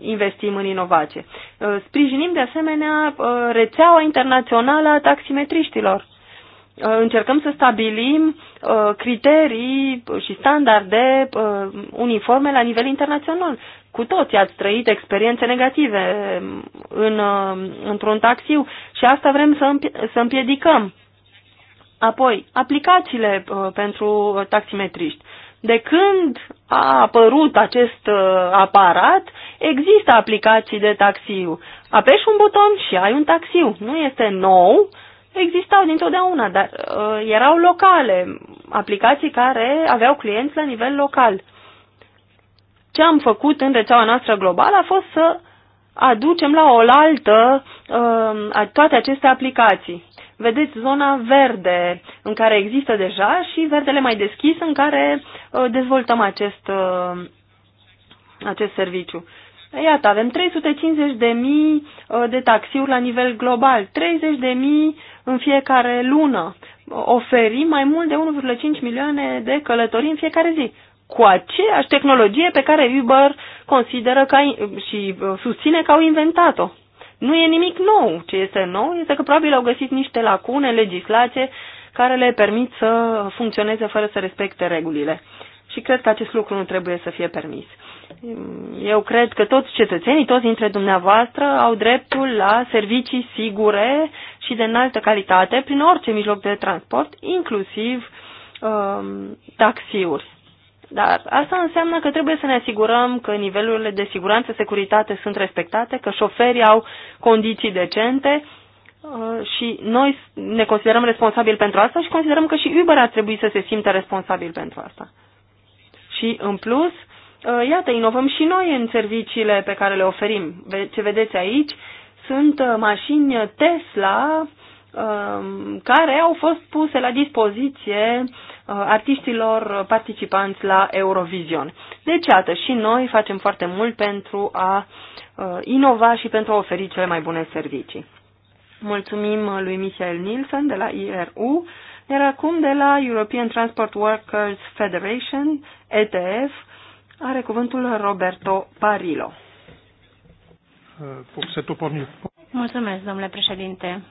investim în inovație. Sprijinim de asemenea rețeaua internațională a taximetriștilor. Uh, încercăm să stabilim uh, criterii și standarde uh, uniforme la nivel internațional. Cu toți ați trăit experiențe negative um, în, într-un taxiu și asta vrem să, împi să împiedicăm. Apoi, aplicațiile pentru taximetriști. De când a apărut acest aparat, există aplicații de taxiu. Apeși un buton și ai un taxiu. Nu este nou, existau dintotdeauna, dar uh, erau locale, aplicații care aveau clienți la nivel local. Ce am făcut în rețeaua noastră globală a fost să aducem la oaltă uh, toate aceste aplicații. Vedeți zona verde în care există deja și verdele mai deschis în care uh, dezvoltăm acest, uh, acest serviciu. Iată, avem 350.000 de uh, de taxiuri la nivel global, 30.000 în fiecare lună. Oferim mai mult de 1,5 milioane de călătorii în fiecare zi cu aceeași tehnologie pe care Uber consideră ca, și uh, susține că au inventat-o. Nu e nimic nou. Ce este nou este că probabil au găsit niște lacune legislație care le permit să funcționeze fără să respecte regulile. Și cred că acest lucru nu trebuie să fie permis. Eu cred că toți cetățenii, toți dintre dumneavoastră, au dreptul la servicii sigure și de înaltă calitate prin orice mijloc de transport, inclusiv um, taxiuri. Dar asta înseamnă că trebuie să ne asigurăm că nivelurile de siguranță, securitate sunt respectate, că șoferii au condiții decente uh, și noi ne considerăm responsabili pentru asta și considerăm că și Uber ar trebui să se simtă responsabil pentru asta. Și în plus, Uh, iată, inovăm și noi în serviciile pe care le oferim. Ce vedeți aici sunt uh, mașini Tesla um, care au fost puse la dispoziție uh, artiștilor participanți la Eurovision. Deci, iată, și noi facem foarte mult pentru a inova și pentru a oferi cele mai bune servicii. Mulțumim lui Michael Nielsen de la IRU, iar acum de la European Transport Workers Federation, ETF, are cuvântul Roberto Parilo. Mulțumesc, domnule președinte,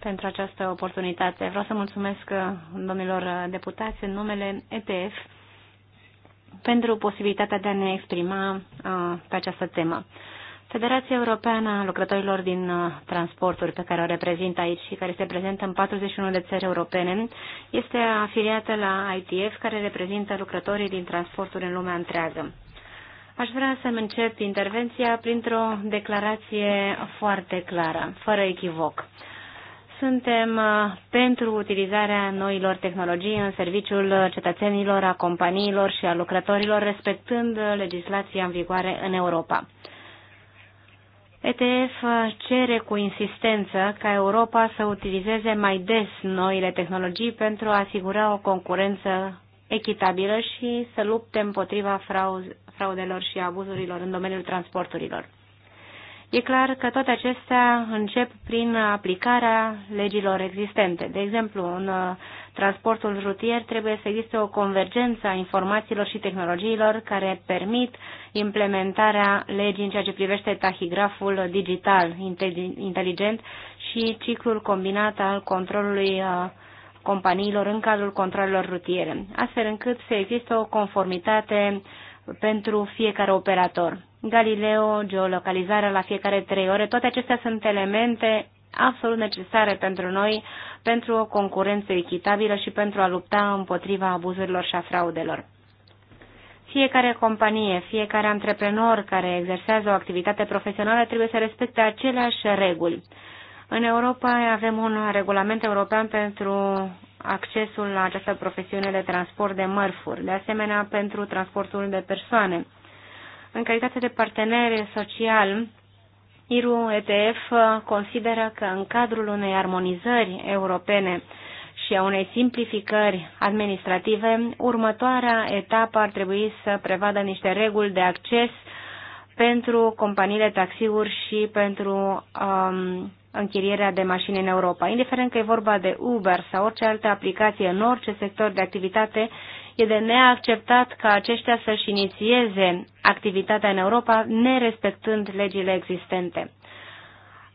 pentru această oportunitate. Vreau să mulțumesc domnilor deputați în numele ETF pentru posibilitatea de a ne exprima uh, pe această temă. Federația Europeană a Lucrătorilor din uh, Transporturi, pe care o reprezint aici și care se prezintă în 41 de țări europene, este afiliată la ITF, care reprezintă lucrătorii din transporturi în lumea întreagă. Aș vrea să-mi încep intervenția printr-o declarație foarte clară, fără echivoc. Suntem uh, pentru utilizarea noilor tehnologii în serviciul cetățenilor, a companiilor și a lucrătorilor, respectând legislația în vigoare în Europa. ETF cere cu insistență ca Europa să utilizeze mai des noile tehnologii pentru a asigura o concurență echitabilă și să lupte împotriva fraudelor și abuzurilor în domeniul transporturilor. E clar că toate acestea încep prin aplicarea legilor existente. De exemplu, în transportul rutier, trebuie să existe o convergență a informațiilor și tehnologiilor care permit implementarea legii în ceea ce privește tahigraful digital inteligent și ciclul combinat al controlului uh, companiilor în cadrul controlelor rutiere, astfel încât să există o conformitate pentru fiecare operator. Galileo, geolocalizarea la fiecare trei ore, toate acestea sunt elemente absolut necesare pentru noi pentru o concurență echitabilă și pentru a lupta împotriva abuzurilor și a fraudelor. Fiecare companie, fiecare antreprenor care exersează o activitate profesională trebuie să respecte aceleași reguli. În Europa avem un regulament european pentru accesul la această profesiune de transport de mărfuri, de asemenea pentru transportul de persoane. În calitate de partener social, IRU ETF consideră că în cadrul unei armonizări europene și a unei simplificări administrative, următoarea etapă ar trebui să prevadă niște reguli de acces pentru companiile taxiuri și pentru um, închirierea de mașini în Europa. Indiferent că e vorba de Uber sau orice altă aplicație în orice sector de activitate, E de neacceptat ca aceștia să-și inițieze activitatea în Europa nerespectând legile existente.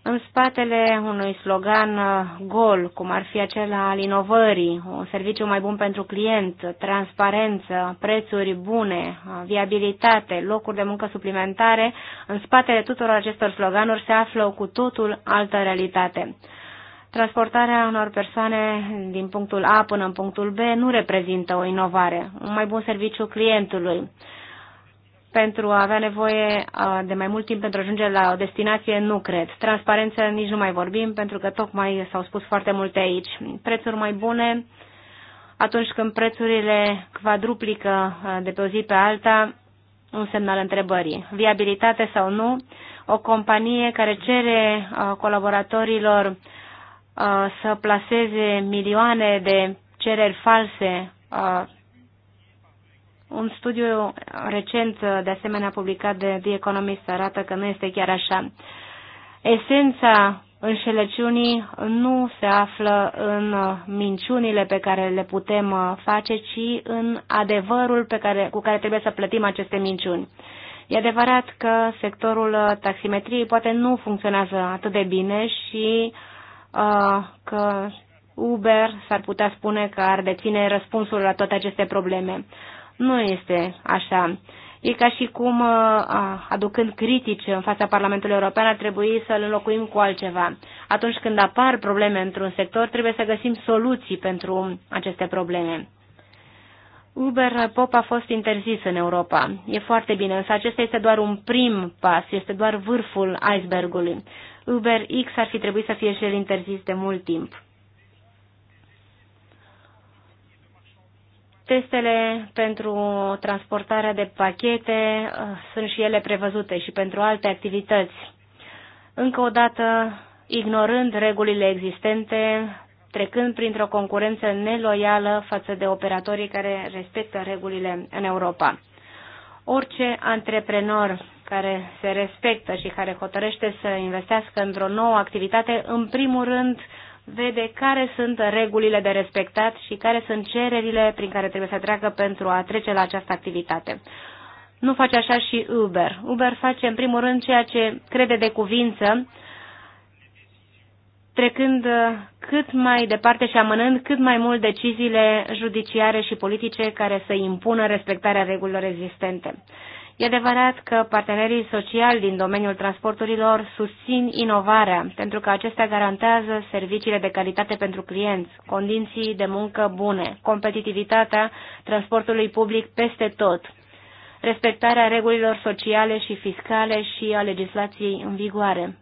În spatele unui slogan uh, gol, cum ar fi acela al inovării, un serviciu mai bun pentru client, transparență, prețuri bune, uh, viabilitate, locuri de muncă suplimentare, în spatele tuturor acestor sloganuri se află o cu totul altă realitate. Transportarea unor persoane din punctul A până în punctul B nu reprezintă o inovare, un mai bun serviciu clientului. Pentru a avea nevoie de mai mult timp pentru a ajunge la o destinație, nu cred. Transparență nici nu mai vorbim, pentru că tocmai s-au spus foarte multe aici. Prețuri mai bune, atunci când prețurile quadruplică de pe o zi pe alta, un semnal întrebării. Viabilitate sau nu, o companie care cere colaboratorilor Uh, să plaseze milioane de cereri false. Uh, un studiu recent, uh, de asemenea publicat de The Economist, arată că nu este chiar așa. Esența înșelăciunii nu se află în minciunile pe care le putem face, ci în adevărul pe care, cu care trebuie să plătim aceste minciuni. E adevărat că sectorul taximetriei poate nu funcționează atât de bine și Ah, că Uber s-ar putea spune că ar deține răspunsul la toate aceste probleme. Nu este așa. E ca și cum, ah, aducând critici în fața Parlamentului European, ar trebui să-l înlocuim cu altceva. Atunci când apar probleme într-un sector, trebuie să găsim soluții pentru aceste probleme. Uber Pop a fost interzis în Europa. E foarte bine, însă acesta este doar un prim pas, este doar vârful icebergului. Uber X ar fi trebuit să fie și el interzis de mult timp. Testele pentru transportarea de pachete uh, sunt și ele prevăzute și pentru alte activități. Încă o dată, ignorând regulile existente, trecând printr-o concurență neloială față de operatorii care respectă regulile în Europa. Orice antreprenor care se respectă și care hotărăște să investească într-o nouă activitate, în primul rând vede care sunt regulile de respectat și care sunt cererile prin care trebuie să treacă pentru a trece la această activitate. Nu face așa și Uber. Uber face în primul rând ceea ce crede de cuvință, trecând uh, cât mai departe și amânând cât mai mult deciziile judiciare și politice care să impună respectarea regulilor existente. E adevărat că partenerii sociali din domeniul transporturilor susțin inovarea, pentru că acestea garantează serviciile de calitate pentru clienți, condiții de muncă bune, competitivitatea transportului public peste tot, respectarea regulilor sociale și fiscale și a legislației în vigoare.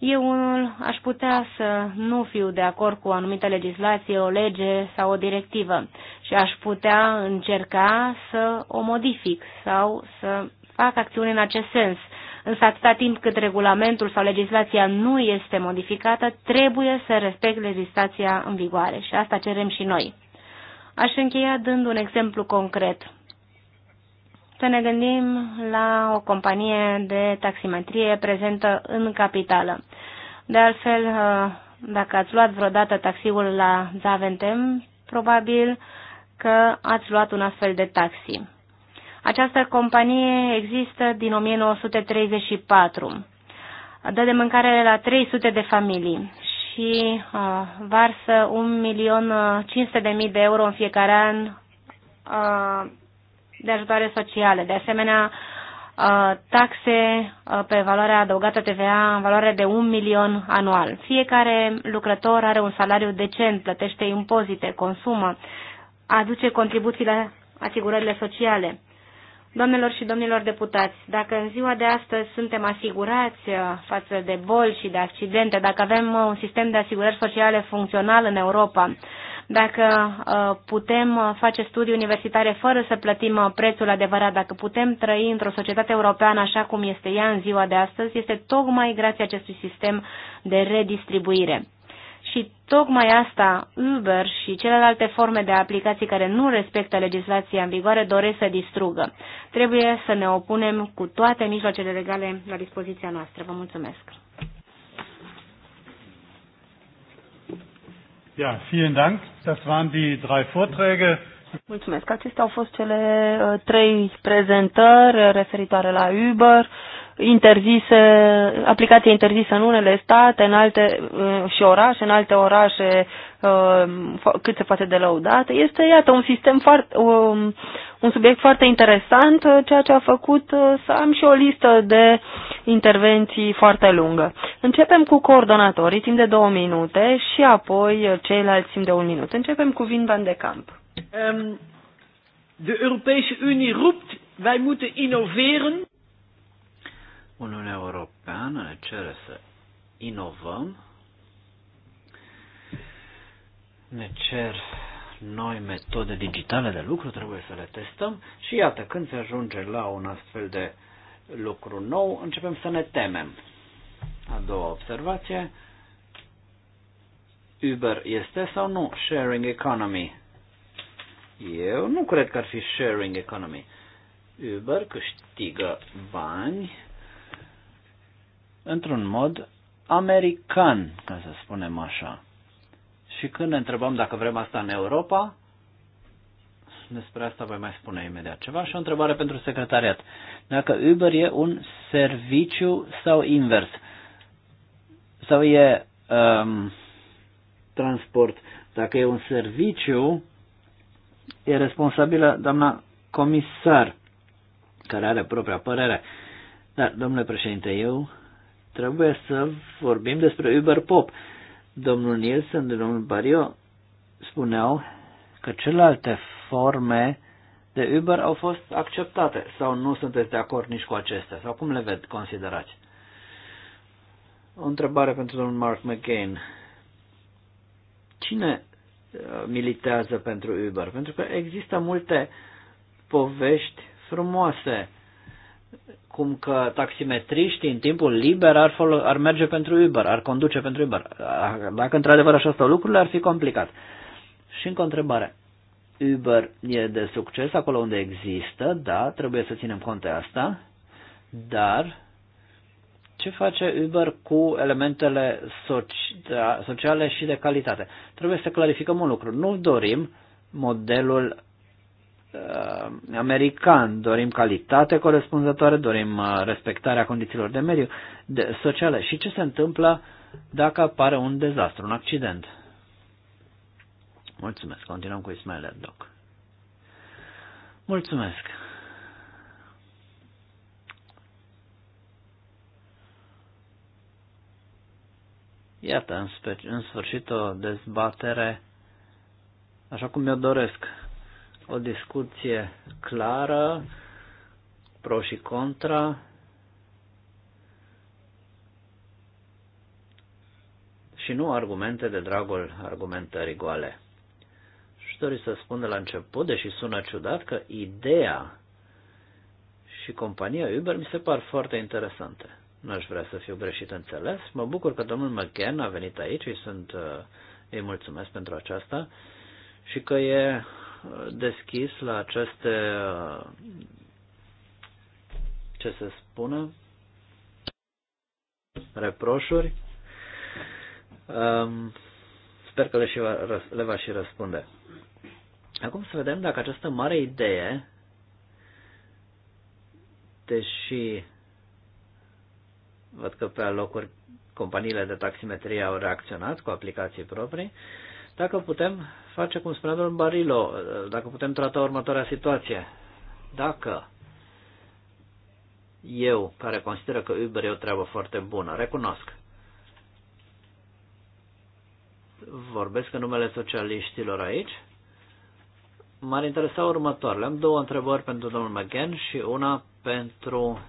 Eu unul aș putea să nu fiu de acord cu o anumită legislație, o lege sau o directivă și aș putea încerca să o modific sau să fac acțiuni în acest sens. Însă atâta timp cât regulamentul sau legislația nu este modificată, trebuie să respect legislația în vigoare și asta cerem și noi. Aș încheia dând un exemplu concret să ne gândim la o companie de taximetrie prezentă în capitală. De altfel, dacă ați luat vreodată taxiul la Zaventem, probabil că ați luat un astfel de taxi. Această companie există din 1934. Dă de mâncare la 300 de familii și uh, varsă 1.500.000 de euro în fiecare an uh, de ajutoare sociale. De asemenea, uh, taxe uh, pe valoarea adăugată TVA în valoare de 1 milion anual. Fiecare lucrător are un salariu decent, plătește impozite, consumă, aduce contribuții la asigurările sociale. Doamnelor și domnilor deputați, dacă în ziua de astăzi suntem asigurați uh, față de boli și de accidente, dacă avem un sistem de asigurări sociale funcțional în Europa, dacă uh, putem uh, face studii universitare fără să plătim uh, prețul adevărat, dacă putem trăi într-o societate europeană așa cum este ea în ziua de astăzi, este tocmai grație acestui sistem de redistribuire. Și tocmai asta Uber și celelalte forme de aplicații care nu respectă legislația în vigoare doresc să distrugă. Trebuie să ne opunem cu toate mijloacele legale la dispoziția noastră. Vă mulțumesc! Ja, vielen Dank. Das waren die drei Vorträge. Mulțumesc. Acestea au fost cele uh, trei prezentări uh, referitoare la Uber, interzise, aplicație interzisă în unele state în alte, uh, și orașe, în alte orașe uh, cât se poate de lăudată. Este, iată, un sistem foarte, um, un subiect foarte interesant, uh, ceea ce a făcut să am și o listă de intervenții foarte lungă. Începem cu coordonatorii, timp de două minute, și apoi ceilalți timp de un minut. Începem cu Vin Van de Camp. Um, ehm, de Europese Unie rupt, wij moeten innoveren. Uniunea Europeană ne cere să inovăm, ne cer noi metode digitale de lucru, trebuie să le testăm și iată, când se ajunge la un astfel de lucru nou, începem să ne temem. A doua observație, Uber este sau nu sharing economy? Eu nu cred că ar fi sharing economy. Uber câștigă bani într-un mod american, ca să spunem așa. Și când ne întrebăm dacă vrem asta în Europa, despre asta voi mai spune imediat ceva, și o întrebare pentru secretariat. Dacă Uber e un serviciu sau invers? Sau e um, transport? Dacă e un serviciu, e responsabilă doamna comisar, care are propria părere. Dar, domnule președinte, eu Trebuie să vorbim despre Uber Pop. Domnul Nielsen, domnul Barrio spuneau că celelalte forme de Uber au fost acceptate sau nu sunteți de acord nici cu acestea sau cum le ved, considerați? O întrebare pentru domnul Mark McGain. Cine uh, militează pentru Uber? Pentru că există multe povești frumoase cum că taximetriștii în timpul liber ar, fol- ar merge pentru Uber, ar conduce pentru Uber. Dacă într-adevăr așa stau lucrurile, ar fi complicat. Și încă o întrebare. Uber e de succes acolo unde există, da, trebuie să ținem cont de asta, dar ce face Uber cu elementele sociale și de calitate? Trebuie să clarificăm un lucru. Nu dorim modelul Uh, american. Dorim calitate corespunzătoare, dorim uh, respectarea condițiilor de mediu, de, sociale. Și ce se întâmplă dacă apare un dezastru, un accident? Mulțumesc. Continuăm cu Ismail Erdoc. Mulțumesc. Iată, în, în sfârșit o dezbatere așa cum mi-o doresc o discuție clară, pro și contra, și nu argumente de dragul argumentării goale. Și dori să spun de la început, deși sună ciudat, că ideea și compania Uber mi se par foarte interesante. Nu aș vrea să fiu greșit înțeles. Mă bucur că domnul McKenna a venit aici și sunt, uh, îi mulțumesc pentru aceasta și că e deschis la aceste, ce se spune, reproșuri. Um, sper că le, și va, le va și răspunde. Acum să vedem dacă această mare idee, deși văd că pe alocuri companiile de taximetrie au reacționat cu aplicații proprii, dacă putem face, cum spunea domnul Barilo, dacă putem trata următoarea situație, dacă eu, care consideră că Uber e o treabă foarte bună, recunosc, vorbesc în numele socialiștilor aici, m-ar interesa următoarele. Am două întrebări pentru domnul McGann și una pentru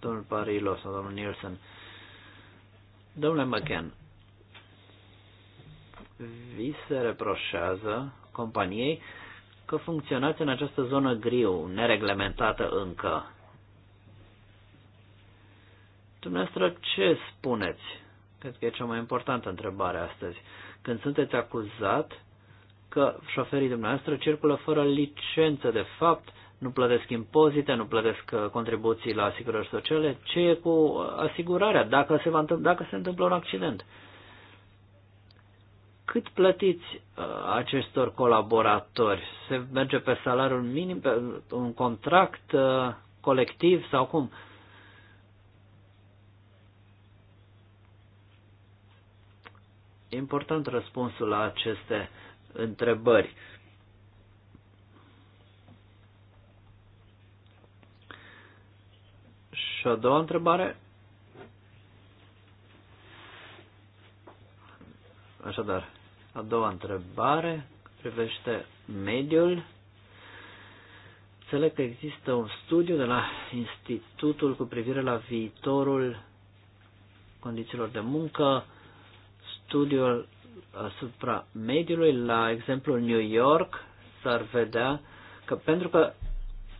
domnul Barilo sau domnul Nielsen. Domnule McGann, vi se reproșează companiei că funcționați în această zonă griu, nereglementată încă. Dumneavoastră ce spuneți? Cred că e cea mai importantă întrebare astăzi. Când sunteți acuzat că șoferii dumneavoastră circulă fără licență de fapt, nu plătesc impozite, nu plătesc uh, contribuții la asigurări sociale, ce e cu asigurarea dacă se, va întâmpl- dacă se întâmplă un accident? cât plătiți uh, acestor colaboratori? Se merge pe salariul minim, pe un contract uh, colectiv sau cum? E important răspunsul la aceste întrebări. Și a doua întrebare. Așadar, a doua întrebare privește mediul. Înțeleg că există un studiu de la Institutul cu privire la viitorul condițiilor de muncă, studiul asupra mediului, la exemplul New York, s-ar vedea că pentru că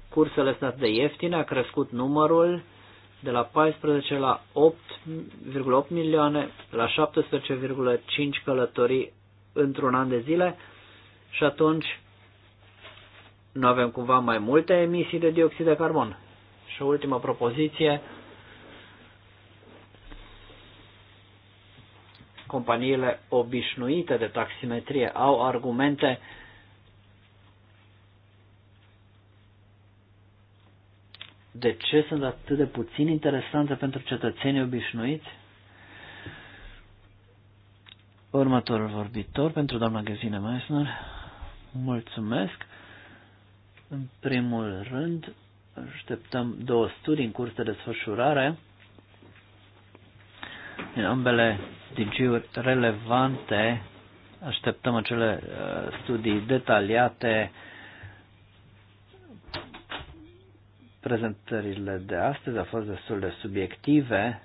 cursele sunt de ieftine, a crescut numărul de la 14 la 8,8 milioane la 17,5 călătorii într-un an de zile și atunci nu avem cumva mai multe emisii de dioxid de carbon. Și o ultimă propoziție, companiile obișnuite de taximetrie au argumente de ce sunt atât de puțin interesante pentru cetățenii obișnuiți? Următorul vorbitor pentru doamna Găzine Meissner. Mulțumesc. În primul rând, așteptăm două studii în curs de desfășurare din ambele digiuri relevante. Așteptăm acele uh, studii detaliate prezentările de astăzi au fost destul de subiective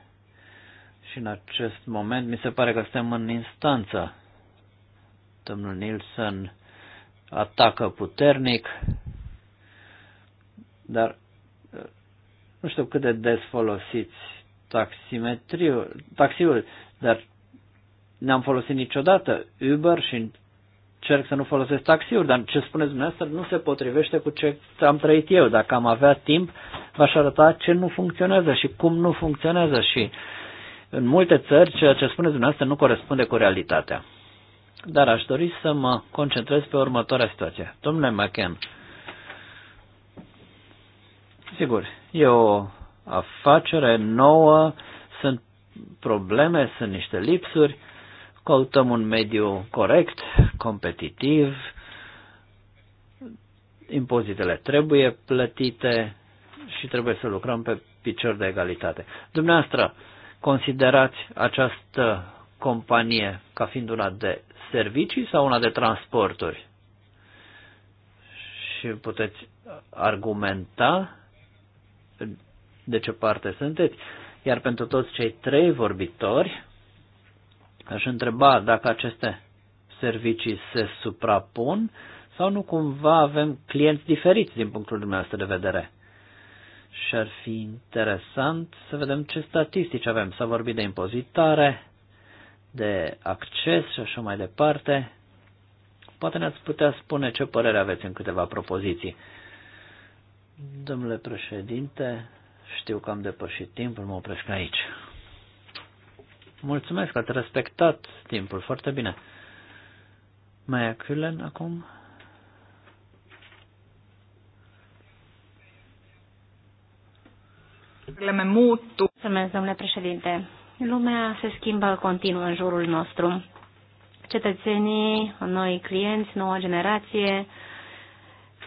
și în acest moment mi se pare că suntem în instanță. Domnul Nilsson atacă puternic, dar uh, nu știu cât de des folosiți taximetriul, taxiul, dar n-am folosit niciodată Uber și încerc să nu folosesc taxiuri, dar ce spuneți dumneavoastră nu se potrivește cu ce am trăit eu. Dacă am avea timp, v-aș arăta ce nu funcționează și cum nu funcționează și în multe țări, ceea ce spuneți dumneavoastră nu corespunde cu realitatea. Dar aș dori să mă concentrez pe următoarea situație. Domnule McCann, sigur, e o afacere nouă, sunt probleme, sunt niște lipsuri, căutăm un mediu corect, competitiv, impozitele trebuie plătite și trebuie să lucrăm pe picior de egalitate. Dumneavoastră, considerați această companie ca fiind una de servicii sau una de transporturi? Și puteți argumenta de ce parte sunteți. Iar pentru toți cei trei vorbitori, aș întreba dacă aceste servicii se suprapun sau nu cumva avem clienți diferiți din punctul dumneavoastră de vedere. Și ar fi interesant să vedem ce statistici avem. S-a vorbit de impozitare, de acces și așa mai departe. Poate ne-ați putea spune ce părere aveți în câteva propoziții. Domnule președinte, știu că am depășit timpul, mă opresc aici. Mulțumesc, că ați respectat timpul foarte bine. Maia Cullen acum? Mulțumesc, domnule președinte. Lumea se schimbă continuu în jurul nostru. Cetățenii, noi clienți, noua generație,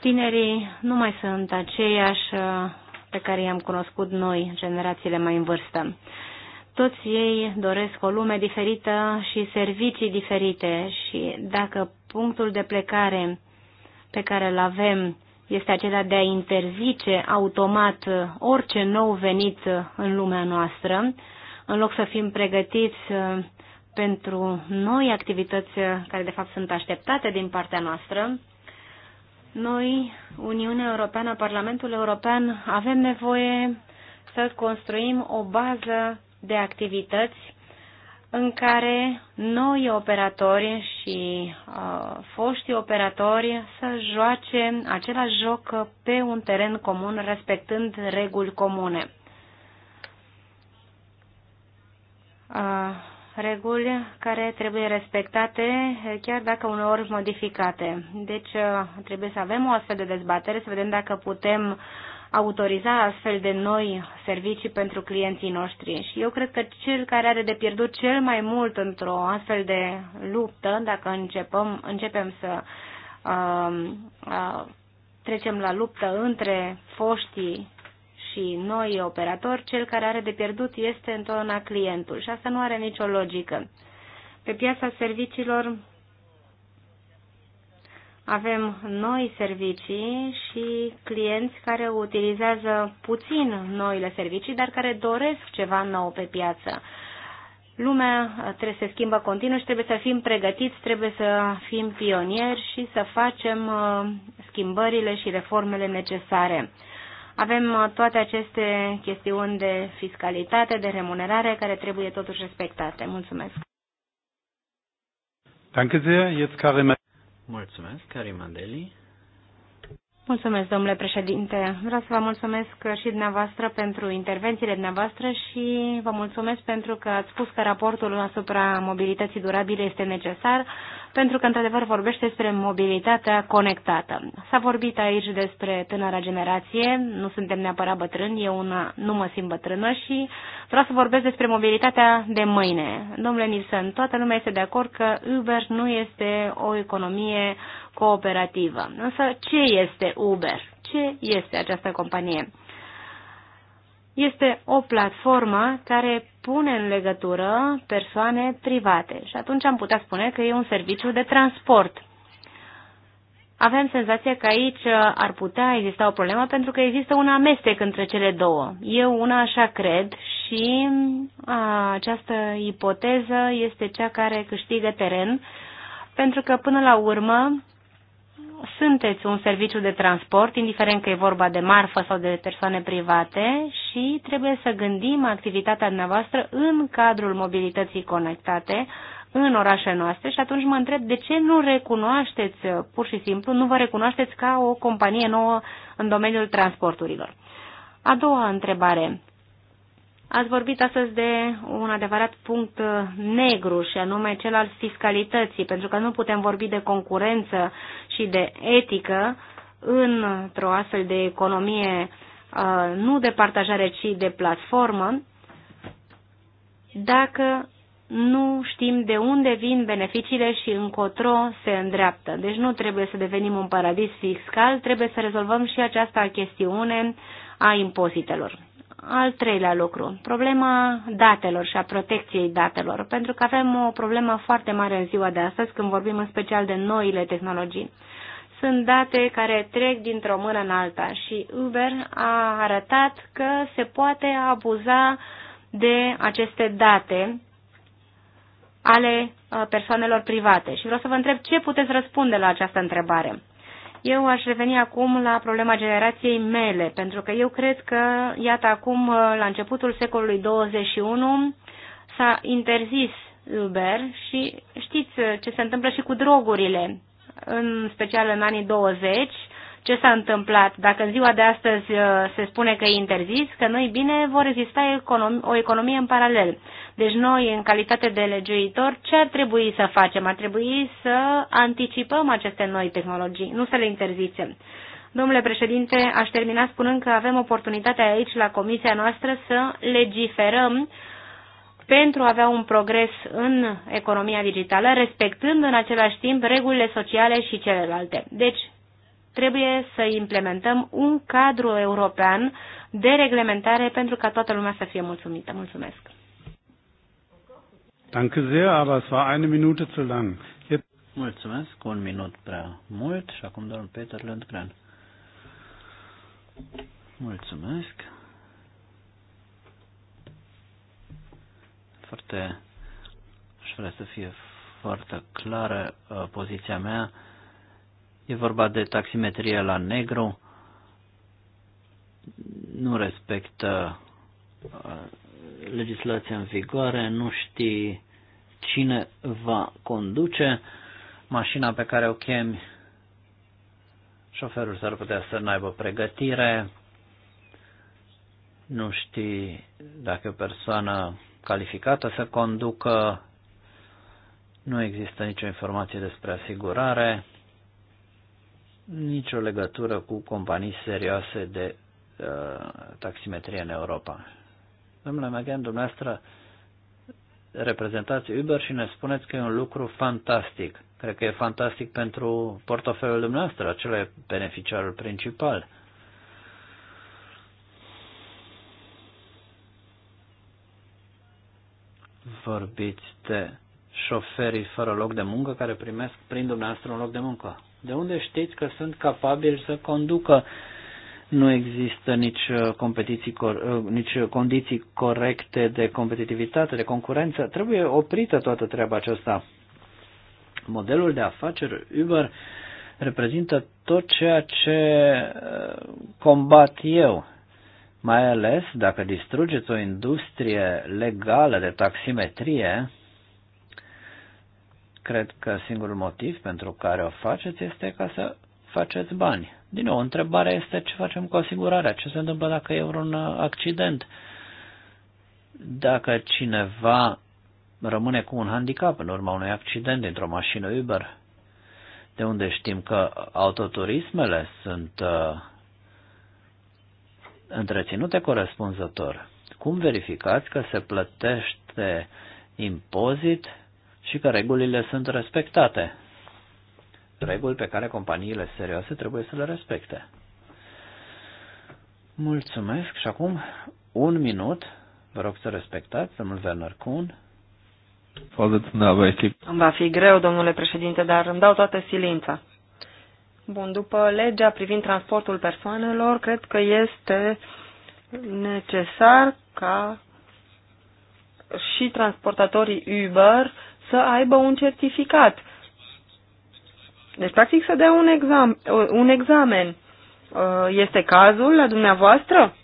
tinerii nu mai sunt aceiași uh, pe care i-am cunoscut noi, generațiile mai în vârstă. Toți ei doresc o lume diferită și servicii diferite și dacă punctul de plecare pe care îl avem este acela de a interzice automat orice nou venit în lumea noastră, în loc să fim pregătiți uh, pentru noi activități uh, care de fapt sunt așteptate din partea noastră, noi, Uniunea Europeană, Parlamentul European, avem nevoie să construim o bază de activități în care noi operatori și uh, foștii operatori să joace același joc pe un teren comun, respectând reguli comune. Uh, reguli care trebuie respectate, chiar dacă uneori modificate. Deci uh, trebuie să avem o astfel de dezbatere, să vedem dacă putem uh, autoriza astfel de noi servicii pentru clienții noștri. Și eu cred că cel care are de pierdut cel mai mult într-o astfel de luptă, dacă începem, începem să uh, uh, trecem la luptă între foștii și noi operatori, cel care are de pierdut este întotdeauna clientul și asta nu are nicio logică. Pe piața serviciilor avem noi servicii și clienți care utilizează puțin noile servicii, dar care doresc ceva nou pe piață. Lumea trebuie să se schimbă continuu și trebuie să fim pregătiți, trebuie să fim pionieri și să facem uh, schimbările și reformele necesare. Avem uh, toate aceste chestiuni de fiscalitate, de remunerare, care trebuie totuși respectate. Mulțumesc. Danke sehr. Jetzt Karim. Mulțumesc, Karim Mandeli. Mulțumesc, domnule președinte. Vreau să vă mulțumesc și dumneavoastră pentru intervențiile dumneavoastră și vă mulțumesc pentru că ați spus că raportul asupra mobilității durabile este necesar pentru că, într-adevăr, vorbește despre mobilitatea conectată. S-a vorbit aici despre tânăra generație, nu suntem neapărat bătrâni, eu una nu mă simt bătrână și vreau să vorbesc despre mobilitatea de mâine. Domnule Nilsson, toată lumea este de acord că Uber nu este o economie cooperativă. Însă, ce este Uber? Ce este această companie? este o platformă care pune în legătură persoane private și atunci am putea spune că e un serviciu de transport. Avem senzația că aici uh, ar putea exista o problemă pentru că există un amestec între cele două. Eu una așa cred și a, uh, această ipoteză este cea care câștigă teren pentru că până la urmă sunteți un serviciu de transport, indiferent că e vorba de marfă sau de persoane private și trebuie să gândim activitatea dumneavoastră în cadrul mobilității conectate în orașele noastre și atunci mă întreb de ce nu recunoașteți pur și simplu, nu vă recunoașteți ca o companie nouă în domeniul transporturilor. A doua întrebare. Ați vorbit astăzi de un adevărat punct uh, negru și anume cel al fiscalității, pentru că nu putem vorbi de concurență și de etică într-o astfel de economie uh, nu de partajare, ci de platformă, dacă nu știm de unde vin beneficiile și încotro se îndreaptă. Deci nu trebuie să devenim un paradis fiscal, trebuie să rezolvăm și această chestiune a impozitelor al treilea lucru, problema datelor și a protecției datelor, pentru că avem o problemă foarte mare în ziua de astăzi când vorbim în special de noile tehnologii. Sunt date care trec dintr-o mână în alta și Uber a arătat că se poate abuza de aceste date ale uh, persoanelor private. Și vreau să vă întreb ce puteți răspunde la această întrebare. Eu aș reveni acum la problema generației mele, pentru că eu cred că, iată, acum, uh, la începutul secolului 21, s-a interzis Uber și știți uh, ce se întâmplă și cu drogurile, în special în anii 20, ce s-a întâmplat. Dacă în ziua de astăzi uh, se spune că e interzis, că noi bine vor rezista o economie în paralel. Deci noi, în calitate de legiuitor, ce ar trebui să facem? Ar trebui să anticipăm aceste noi tehnologii, nu să le interzicem. Domnule președinte, aș termina spunând că avem oportunitatea aici, la comisia noastră, să legiferăm pentru a avea un progres în economia digitală, respectând în același timp regulile sociale și celelalte. Deci, trebuie să implementăm un cadru european de reglementare pentru ca toată lumea să fie mulțumită. Mulțumesc! Danke sehr, aber es war eine Minute zu lang. Jetzt... Mulțumesc, un minut prea mult și acum domnul Peter Lundgren. Mulțumesc. Foarte, aș vrea să fie foarte clară uh, poziția mea. E vorba de taximetrie la negru. Nu respectă uh, legislația în vigoare, nu știi cine va conduce mașina pe care o chemi. Șoferul s-ar putea să n-aibă pregătire, nu știi dacă e o persoană calificată să conducă, nu există nicio informație despre asigurare, nicio legătură cu companii serioase de uh, taximetrie în Europa. Domnule maghen dumneavoastră reprezentați Uber și ne spuneți că e un lucru fantastic. Cred că e fantastic pentru portofelul dumneavoastră, acela e beneficiarul principal. Vorbiți de șoferii fără loc de muncă care primesc prin dumneavoastră un loc de muncă. De unde știți că sunt capabili să conducă? Nu există nici, uh, competiții, uh, nici condiții corecte de competitivitate, de concurență. Trebuie oprită toată treaba aceasta. Modelul de afaceri Uber reprezintă tot ceea ce uh, combat eu, mai ales dacă distrugeți o industrie legală de taximetrie, Cred că singurul motiv pentru care o faceți este ca să faceți bani. Din nou, întrebarea este ce facem cu asigurarea, ce se întâmplă dacă e un accident, dacă cineva rămâne cu un handicap în urma unui accident dintr-o mașină Uber, de unde știm că autoturismele sunt uh, întreținute corespunzător. Cum verificați că se plătește impozit și că regulile sunt respectate. Reguli pe care companiile serioase trebuie să le respecte. Mulțumesc și acum un minut, vă rog să respectați, domnul Werner Kuhn. Da, îmi va fi greu, domnule președinte, dar îmi dau toată silința. Bun, după legea privind transportul persoanelor, cred că este necesar ca și transportatorii Uber să aibă un certificat. Deci, practic, să dea un, exam, un examen. Uh, este cazul la dumneavoastră?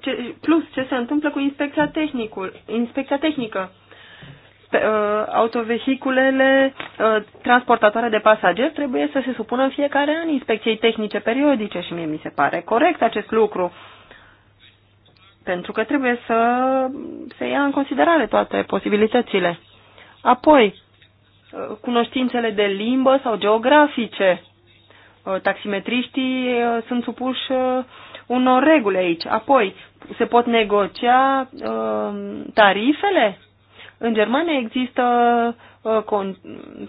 Ce, plus, ce se întâmplă cu inspecția, tehnicul, inspecția tehnică? Pe, uh, autovehiculele uh, transportatoare de pasageri trebuie să se supună în fiecare an inspecției tehnice periodice și mie mi se pare corect acest lucru. Pentru că trebuie să se ia în considerare toate posibilitățile. Apoi, cunoștințele de limbă sau geografice. Uh, taximetriștii uh, sunt supuși uh, unor reguli aici. Apoi, se pot negocia tarifele? În Germania există,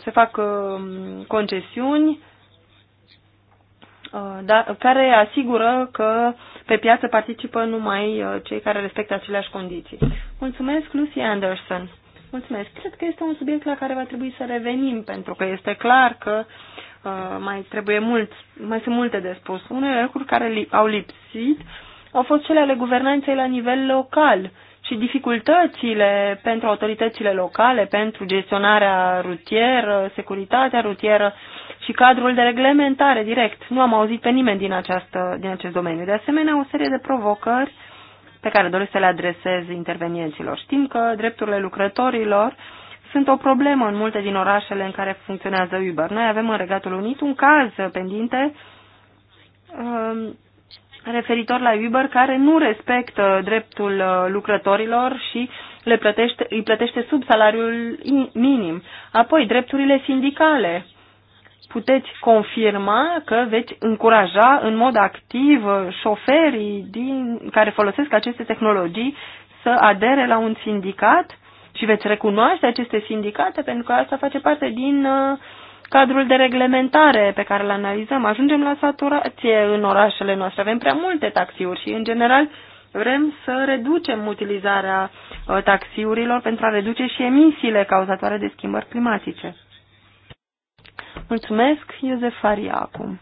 se fac concesiuni da, care asigură că pe piață participă numai cei care respectă aceleași condiții. Mulțumesc, Lucy Anderson. Mulțumesc. Cred că este un subiect la care va trebui să revenim, pentru că este clar că uh, mai trebuie mult, mai sunt multe de spus. Unele lucruri care li au lipsit au fost cele ale guvernanței la nivel local și dificultățile pentru autoritățile locale, pentru gestionarea rutieră, securitatea rutieră și cadrul de reglementare direct. Nu am auzit pe nimeni din, această, din acest domeniu. De asemenea, o serie de provocări uh, pe care doresc să le adresez intervenienților. Știm că drepturile lucrătorilor sunt o problemă în multe din orașele în care funcționează Uber. Noi avem în Regatul Unit un caz pendinte um, referitor la Uber care nu respectă dreptul uh, lucrătorilor și le plătește, îi plătește sub salariul minim. Apoi, drepturile sindicale puteți confirma că veți încuraja în mod activ șoferii din, care folosesc aceste tehnologii să adere la un sindicat și veți recunoaște aceste sindicate, pentru că asta face parte din uh, cadrul de reglementare pe care îl analizăm. Ajungem la saturație în orașele noastre. Avem prea multe taxiuri și, în general, vrem să reducem utilizarea uh, taxiurilor pentru a reduce și emisiile cauzatoare de schimbări climatice. Mulțumesc, Iosef Faria acum.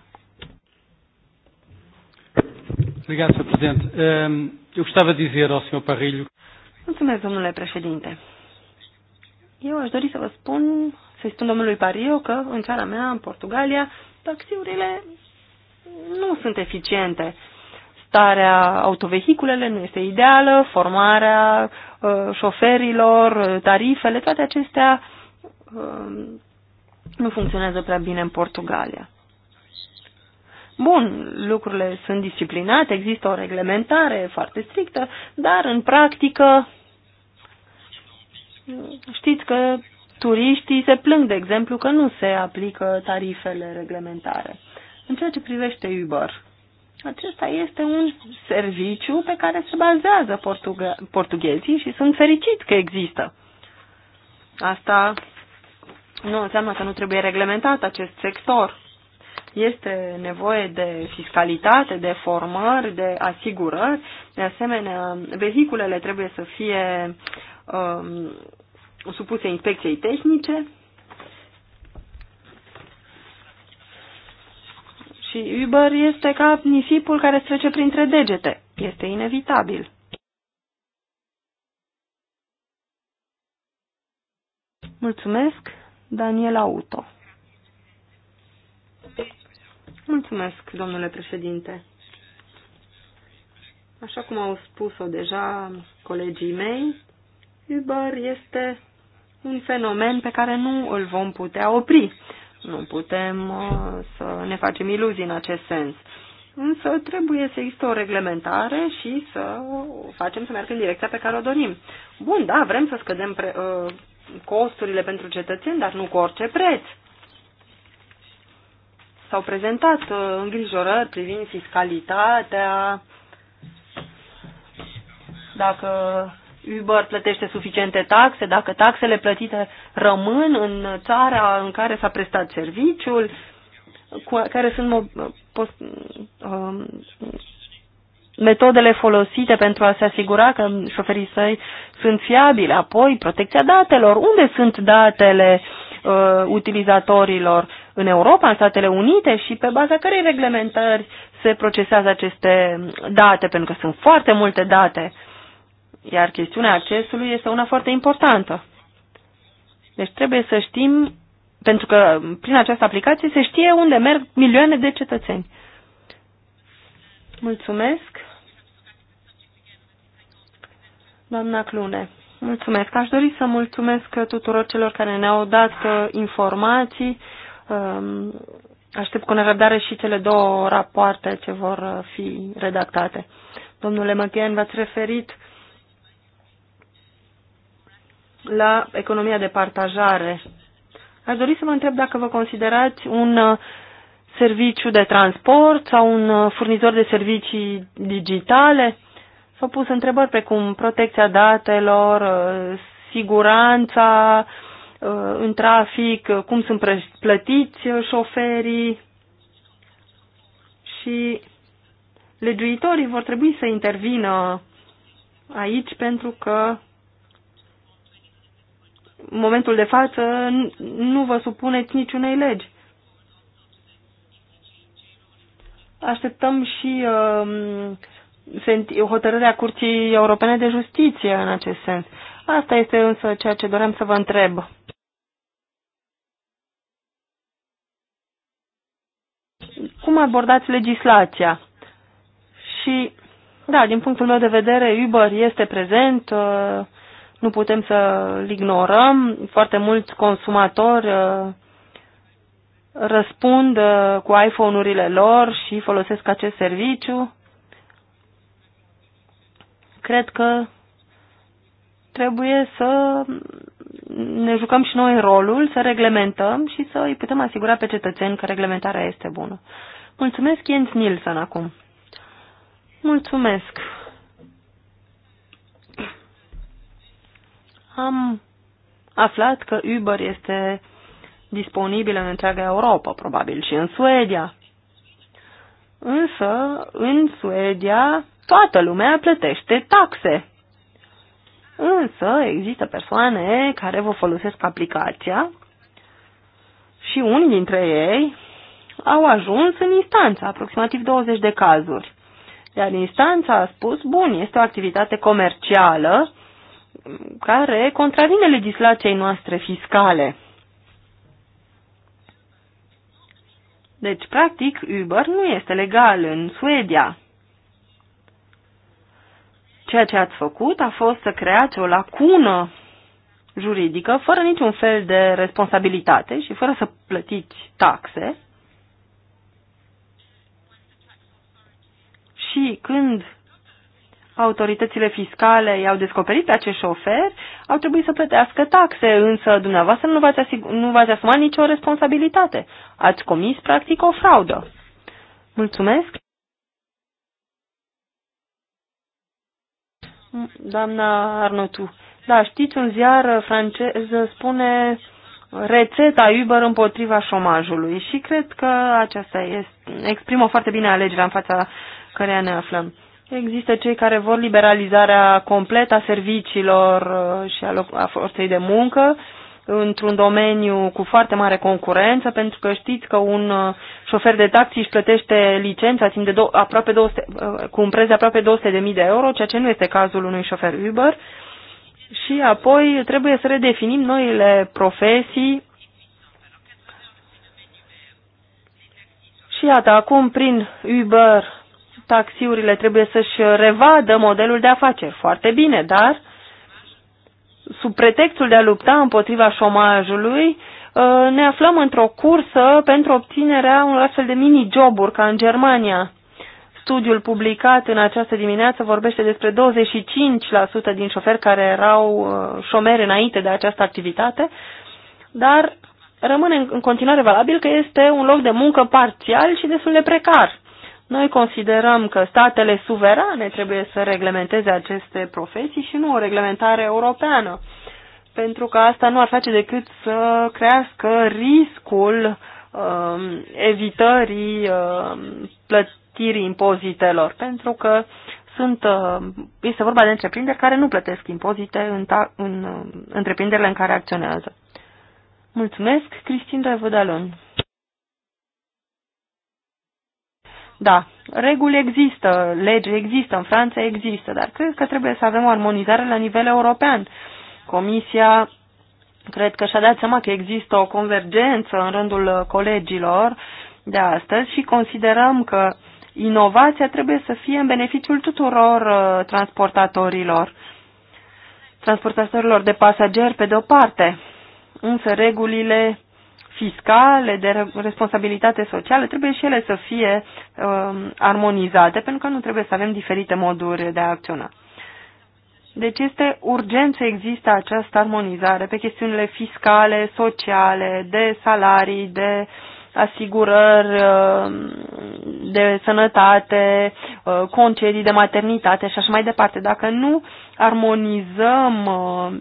Obrigado, Sr. Presidente. Ehm, eu gostava de dizer ao Sr. Parrilho. Mulțumesc, domnule președinte. Eu aș dori să vă spun, să-i spun domnului Pariu că în țara mea, în Portugalia, taxiurile nu sunt eficiente. Starea autovehiculele nu este ideală, formarea ă, șoferilor, tarifele, toate acestea ă, nu funcționează prea bine în Portugalia. Bun, lucrurile sunt disciplinate, există o reglementare foarte strictă, dar în practică știți că turiștii se plâng, de exemplu, că nu se aplică tarifele reglementare. În ceea ce privește Uber, acesta este un serviciu pe care se bazează portughezii și sunt fericit că există. Asta nu înseamnă că nu trebuie reglementat acest sector. Este nevoie de fiscalitate, de formări, de asigurări. De asemenea, vehiculele trebuie să fie um, supuse inspecției tehnice. Și Uber este ca nisipul care se trece printre degete. Este inevitabil. Mulțumesc! Daniel Auto. Mulțumesc, domnule președinte. Așa cum au spus-o deja colegii mei, Uber este un fenomen pe care nu îl vom putea opri. Nu putem uh, să ne facem iluzii în acest sens. Însă trebuie să există o reglementare și să o facem să meargă în direcția pe care o dorim. Bun, da, vrem să scădem pre, uh, costurile pentru cetățeni, dar nu cu orice preț. S-au prezentat uh, îngrijorări privind fiscalitatea, dacă Uber plătește suficiente taxe, dacă taxele plătite rămân în țara în care s-a prestat serviciul, care sunt um, metodele folosite pentru a se asigura că șoferii săi sunt fiabili, apoi protecția datelor, unde sunt datele uh, utilizatorilor în Europa, în Statele Unite și pe baza cărei reglementări se procesează aceste date, pentru că sunt foarte multe date, iar chestiunea accesului este una foarte importantă. Deci trebuie să știm, pentru că prin această aplicație se știe unde merg milioane de cetățeni. Mulțumesc. Doamna Clune, mulțumesc. Aș dori să mulțumesc tuturor celor care ne-au dat uh, informații. Um, aștept cu nerăbdare și cele două rapoarte ce vor uh, fi redactate. Domnule Măchean, v-ați referit la economia de partajare. Aș dori să vă întreb dacă vă considerați un uh, serviciu de transport sau un furnizor de servicii digitale. S-au pus întrebări precum protecția datelor, uh, siguranța uh, în trafic, uh, cum sunt plătiți șoferii și legiuitorii vor trebui să intervină aici pentru că în momentul de față nu vă supuneți niciunei legi. Așteptăm și uh, hotărârea Curții Europene de Justiție în acest sens. Asta este însă ceea ce doream să vă întreb. Cum abordați legislația? Și, da, din punctul meu de vedere, Uber este prezent, uh, nu putem să-l ignorăm. Foarte mulți consumatori uh, răspund uh, cu iPhone-urile lor și folosesc acest serviciu Cred că trebuie să ne jucăm și noi rolul, să reglementăm și să îi putem asigura pe cetățeni că reglementarea este bună. Mulțumesc, Jens Nilsson, acum. Mulțumesc. Am aflat că Uber este disponibil în întreaga Europa, probabil și în Suedia. Însă, în Suedia, toată lumea plătește taxe. Însă există persoane care vă folosesc aplicația și unii dintre ei au ajuns în instanță, aproximativ 20 de cazuri. Iar instanța a spus, bun, este o activitate comercială care contravine legislației noastre fiscale. Deci, practic, Uber nu este legal în Suedia. Ceea ce ați făcut a fost să creați o lacună juridică fără niciun fel de responsabilitate și fără să plătiți taxe. Și când autoritățile fiscale i-au descoperit pe acești șoferi, au trebuit să plătească taxe, însă dumneavoastră nu v-ați, nu v-ați asumat nicio responsabilitate. Ați comis, practic, o fraudă. Mulțumesc! doamna Arnotu. Da, știți, un ziar francez spune rețeta Uber împotriva șomajului și cred că aceasta este, exprimă foarte bine alegerea în fața căreia ne aflăm. Există cei care vor liberalizarea completă a serviciilor uh, și a, a forței de muncă, într-un domeniu cu foarte mare concurență, pentru că știți că un uh, șofer de taxi își plătește licența timp de do- aproape 200, uh, cu un preț de aproape 200.000 de euro, ceea ce nu este cazul unui șofer Uber. Și apoi trebuie să redefinim noile profesii. Și iată, acum prin Uber taxiurile trebuie să-și revadă modelul de afaceri. Foarte bine, dar sub pretextul de a lupta împotriva șomajului, uh, ne aflăm într-o cursă pentru obținerea unor astfel de mini-joburi ca în Germania. Studiul publicat în această dimineață vorbește despre 25% din șoferi care erau uh, șomeri înainte de această activitate, dar rămâne în continuare valabil că este un loc de muncă parțial și destul de precar. Noi considerăm că statele suverane trebuie să reglementeze aceste profesii și nu o reglementare europeană, pentru că asta nu ar face decât să crească riscul uh, evitării uh, plătirii impozitelor, pentru că sunt, uh, este vorba de întreprinderi care nu plătesc impozite în, ta, în uh, întreprinderile în care acționează. Mulțumesc, Cristin Revădalon. Da, reguli există, legi există, în Franța există, dar cred că trebuie să avem o armonizare la nivel european. Comisia cred că și-a dat seama că există o convergență în rândul colegilor de astăzi și considerăm că inovația trebuie să fie în beneficiul tuturor uh, transportatorilor, transportatorilor de pasageri pe de-o parte, însă regulile fiscale, de responsabilitate socială, trebuie și ele să fie uh, armonizate, pentru că nu trebuie să avem diferite moduri de a acționa. Deci este urgent să există această armonizare pe chestiunile fiscale, sociale, de salarii, de asigurări, um, de sănătate, uh, concedii de maternitate și așa mai departe. Dacă nu armonizăm uh,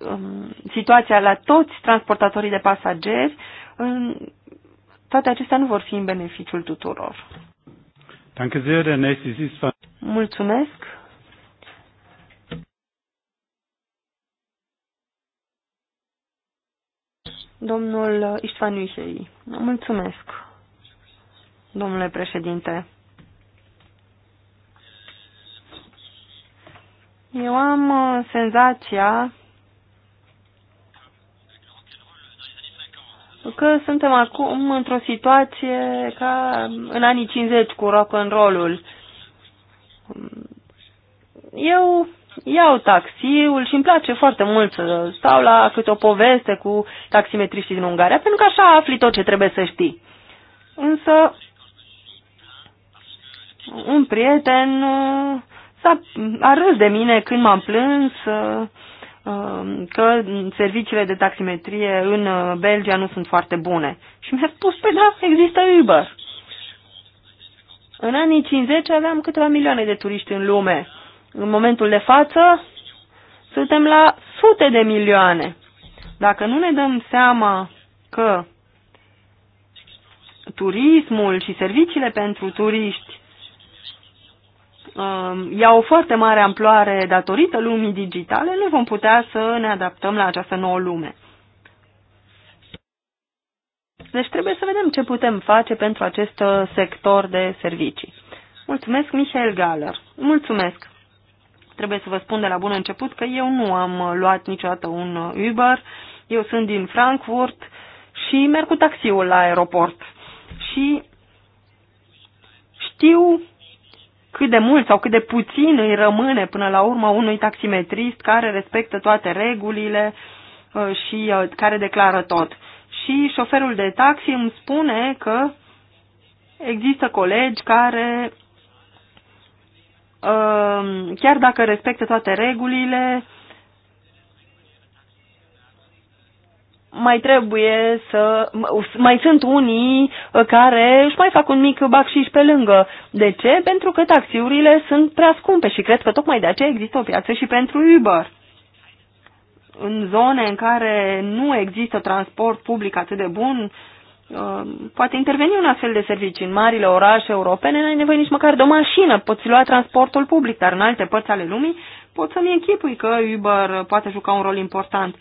Um, situația la toți transportatorii de pasageri, um, toate acestea nu vor fi în beneficiul tuturor. Mulțumesc. Domnul Istvan Ișei, Mulțumesc, domnule președinte. Eu am uh, senzația că suntem acum într-o situație ca în anii 50 cu rock and roll-ul. Eu iau taxiul și îmi place foarte mult să stau la câte o poveste cu taximetriștii din Ungaria, pentru că așa afli tot ce trebuie să știi. Însă un prieten uh, s-a, a râs de mine când m-am plâns uh, Um, că serviciile de taximetrie în uh, Belgia nu sunt foarte bune. Și mi-a spus, pe păi da, există Uber. În anii 50 aveam câteva milioane de turiști în lume. În momentul de față suntem la sute de milioane. Dacă nu ne dăm seama că turismul și serviciile pentru turiști Um, iau foarte mare amploare datorită lumii digitale, nu vom putea să ne adaptăm la această nouă lume. Deci trebuie să vedem ce putem face pentru acest uh, sector de servicii. Mulțumesc, Michael Galler. Mulțumesc. Trebuie să vă spun de la bun început că eu nu am uh, luat niciodată un uh, Uber. Eu sunt din Frankfurt și merg cu taxiul la aeroport. Și știu cât de mult sau cât de puțin îi rămâne până la urmă unui taximetrist care respectă toate regulile uh, și uh, care declară tot. Și șoferul de taxi îmi spune că există colegi care, uh, chiar dacă respectă toate regulile, mai trebuie să... Mai sunt unii uh, care își mai fac un mic bacșiș pe lângă. De ce? Pentru că taxiurile sunt prea scumpe și cred că tocmai de aceea există o piață și pentru Uber. În zone în care nu există transport public atât de bun, uh, poate interveni un astfel de serviciu. În marile orașe europene n-ai nevoie nici măcar de o mașină, poți lua transportul public, dar în alte părți ale lumii pot să-mi închipui că Uber poate juca un rol important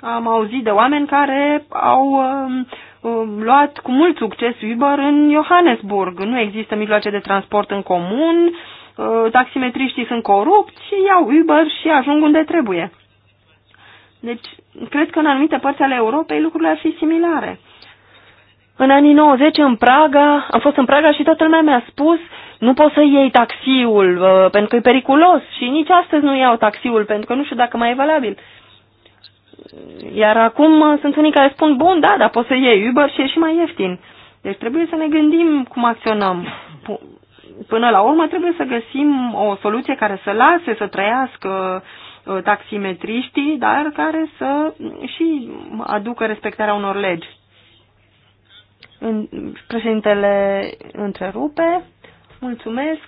am auzit de oameni care au um, um, luat cu mult succes Uber în Johannesburg. Nu există mijloace de transport în comun, uh, taximetriștii sunt corupți și iau Uber și ajung unde trebuie. Deci, cred că în anumite părți ale Europei lucrurile ar fi similare. În anii 90, în Praga, am fost în Praga și toată lumea mi-a spus nu poți să iei taxiul uh, pentru că e periculos și nici astăzi nu iau taxiul pentru că nu știu dacă mai e valabil. Uh, iar acum uh, sunt unii care spun, bun, da, dar poți să iei Uber și e și mai ieftin. Deci trebuie să ne gândim cum acționăm. Până la urmă trebuie să găsim o soluție care să lase să trăiască uh, taximetriștii, dar care să și aducă respectarea unor legi. președintele întrerupe. Mulțumesc.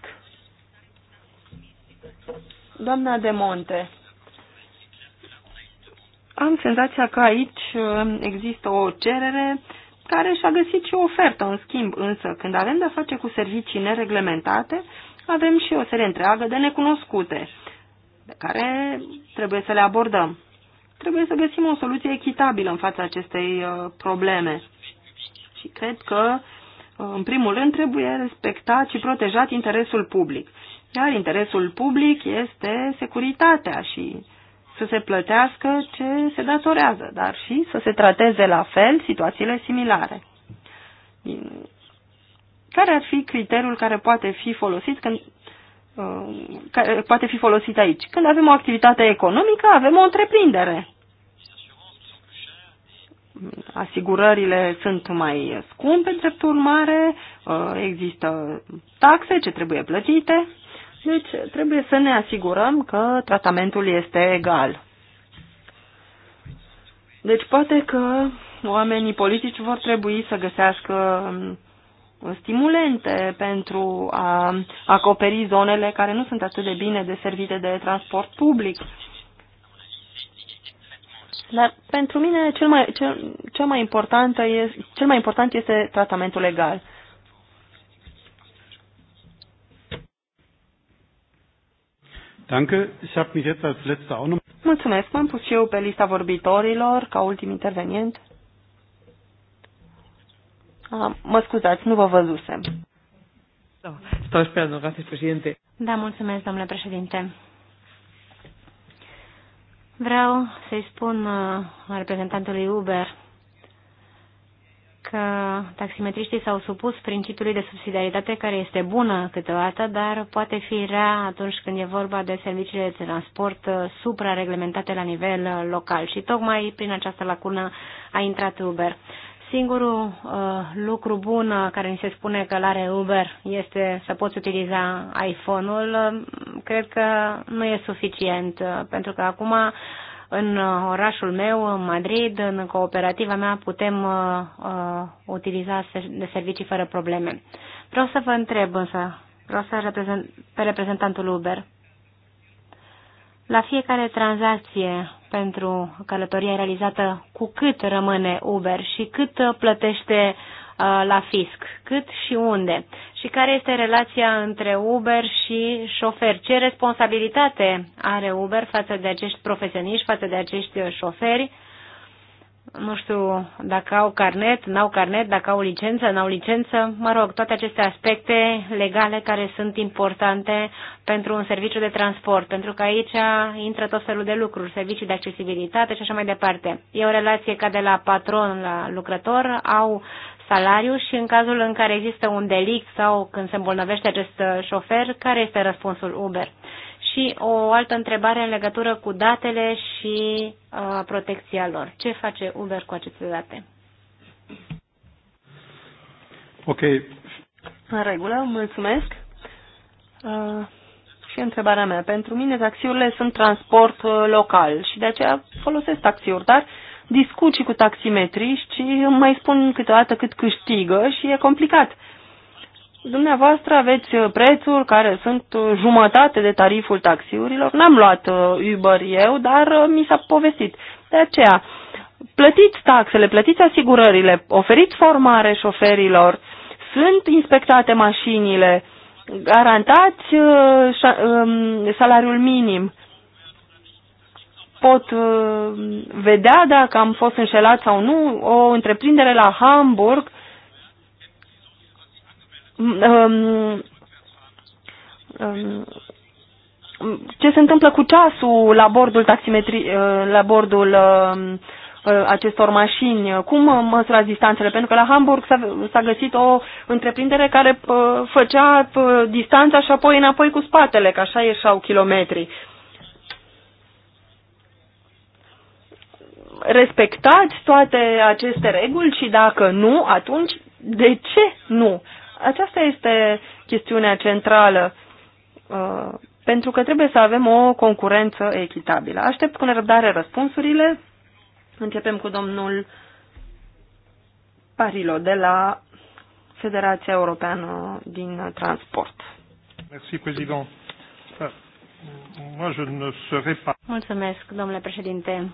Doamna de Monte am senzația că aici um, există o cerere care și-a găsit și o ofertă în schimb, însă când avem de-a face cu servicii nereglementate, avem și o serie întreagă de necunoscute, pe care trebuie să le abordăm. Trebuie să găsim o soluție echitabilă în fața acestei uh, probleme. Și cred că, uh, în primul rând, trebuie respectat și protejat interesul public. Iar interesul public este securitatea și uh, să se plătească ce se datorează, dar și să se trateze la fel situațiile similare. Care ar fi criteriul care poate fi folosit când uh, care uh, poate fi folosit aici. Când avem o activitate economică, avem o întreprindere. Asigurările sunt mai scumpe, drept urmare, uh, există taxe ce trebuie plătite. Deci trebuie să ne asigurăm că tratamentul este egal. Deci poate că oamenii politici vor trebui să găsească um, stimulente pentru a acoperi zonele care nu sunt atât de bine deservite de transport public. Dar pentru mine cel mai, cel, cel mai, important, este, cel mai important este tratamentul legal. Danke. Ich habe mich jetzt als letzter auch noch... Mulțumesc. M-am pus și eu pe lista vorbitorilor ca ultim intervenient. Ah, mă scuzați, nu vă văzusem. Stau sperando, gracias, președinte. Da, mulțumesc, domnule președinte. Vreau să-i spun uh, reprezentantului Uber că taximetriștii s-au supus principiului de subsidiaritate care este bună câteodată, dar poate fi rea atunci când e vorba de serviciile de transport uh, suprareglementate la nivel uh, local și tocmai prin această lacună a intrat Uber. Singurul uh, lucru bun uh, care ni se spune că l-are Uber este să poți utiliza iPhone-ul. Cred că nu e suficient, pentru că acum în uh, orașul meu, în Madrid, în cooperativa mea, putem uh, uh, utiliza de servicii fără probleme. Vreau să vă întreb însă, vreau să reprezent, pe reprezentantul Uber. La fiecare tranzacție pentru călătoria realizată, cu cât rămâne Uber și cât uh, plătește uh, Uh, la fisc, cât și unde și care este relația între Uber și șofer. Ce responsabilitate are Uber față de acești profesioniști, față de acești șoferi? Nu știu dacă au carnet, n-au carnet, dacă au licență, n-au licență. Mă rog, toate aceste aspecte legale care sunt importante pentru un serviciu de transport, pentru că aici intră tot felul de lucruri, servicii de accesibilitate și așa mai departe. E o relație ca de la patron la lucrător, au salariu și în cazul în care există un delict sau când se îmbolnăvește acest uh, șofer, care este răspunsul Uber? Și o altă întrebare în legătură cu datele și uh, protecția lor. Ce face Uber cu aceste date? Ok. În regulă, mulțumesc. Uh, și întrebarea mea. Pentru mine taxiurile sunt transport uh, local și de aceea folosesc taxiuri, dar uh, discut și cu taximetriști și îmi mai spun câteodată cât câștigă și e complicat. Dumneavoastră aveți prețuri care sunt jumătate de tariful taxiurilor. N-am luat uh, Uber eu, dar uh, mi s-a povestit. De aceea, plătiți taxele, plătiți asigurările, oferiți formare șoferilor, sunt inspectate mașinile, garantați uh, um, salariul minim pot uh, vedea dacă am fost înșelat sau nu. O întreprindere la Hamburg mm, um, um, ce se întâmplă cu ceasul la bordul taximetri, uh, la bordul uh, acestor mașini, cum măsurați distanțele? Pentru că la Hamburg s-a găsit o întreprindere care făcea distanța și apoi înapoi cu spatele, că așa ieșau kilometrii. respectați toate aceste reguli și dacă nu, atunci de ce nu? Aceasta este chestiunea centrală, uh, pentru că trebuie să avem o concurență echitabilă. Aștept cu nerăbdare răspunsurile. Începem cu domnul Parilo de la Federația Europeană din Transport. Merci, président. Euh, Mulțumesc, domnule președinte.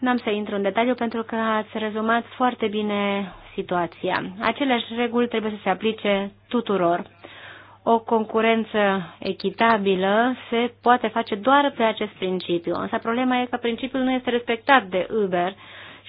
N-am să intru în detaliu pentru că ați rezumat foarte bine situația. Aceleași reguli trebuie să se aplice tuturor. O concurență echitabilă se poate face doar pe acest principiu, însă problema e că principiul nu este respectat de Uber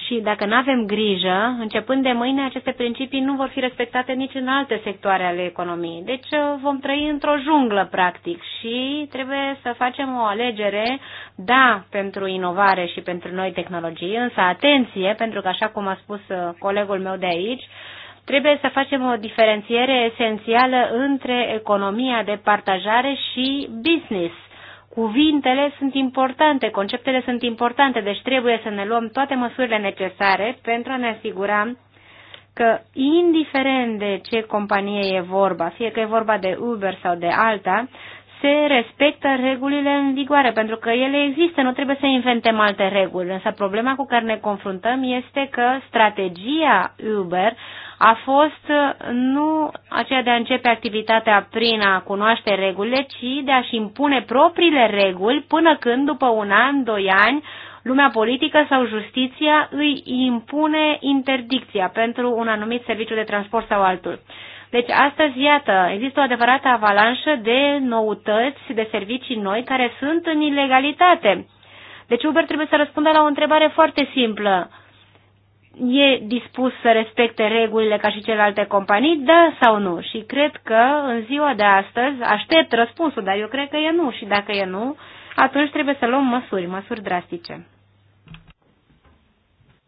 și dacă nu avem grijă, începând de mâine, aceste principii nu vor fi respectate nici în alte sectoare ale economiei. Deci uh, vom trăi într-o junglă, practic, și trebuie să facem o alegere, da, pentru inovare și pentru noi tehnologii, însă atenție, pentru că, așa cum a spus uh, colegul meu de aici, trebuie să facem o diferențiere esențială între economia de partajare și business cuvintele sunt importante, conceptele sunt importante, deci trebuie să ne luăm toate măsurile necesare pentru a ne asigura că indiferent de ce companie e vorba, fie că e vorba de Uber sau de alta, se respectă regulile în vigoare, pentru că ele există, nu trebuie să inventăm alte reguli. Însă problema cu care ne confruntăm este că strategia Uber a fost uh, nu aceea de a începe activitatea prin a cunoaște regulile, ci de a-și impune propriile reguli până când, după un an, doi ani, lumea politică sau justiția îi impune interdicția pentru un anumit serviciu de transport sau altul. Deci astăzi, iată, există o adevărată avalanșă de noutăți, de servicii noi care sunt în ilegalitate. Deci Uber trebuie să răspundă la o întrebare foarte simplă e dispus să respecte regulile ca și celelalte companii, da sau nu? Și cred că în ziua de astăzi aștept răspunsul, dar eu cred că e nu și dacă e nu, atunci trebuie să luăm măsuri, măsuri drastice.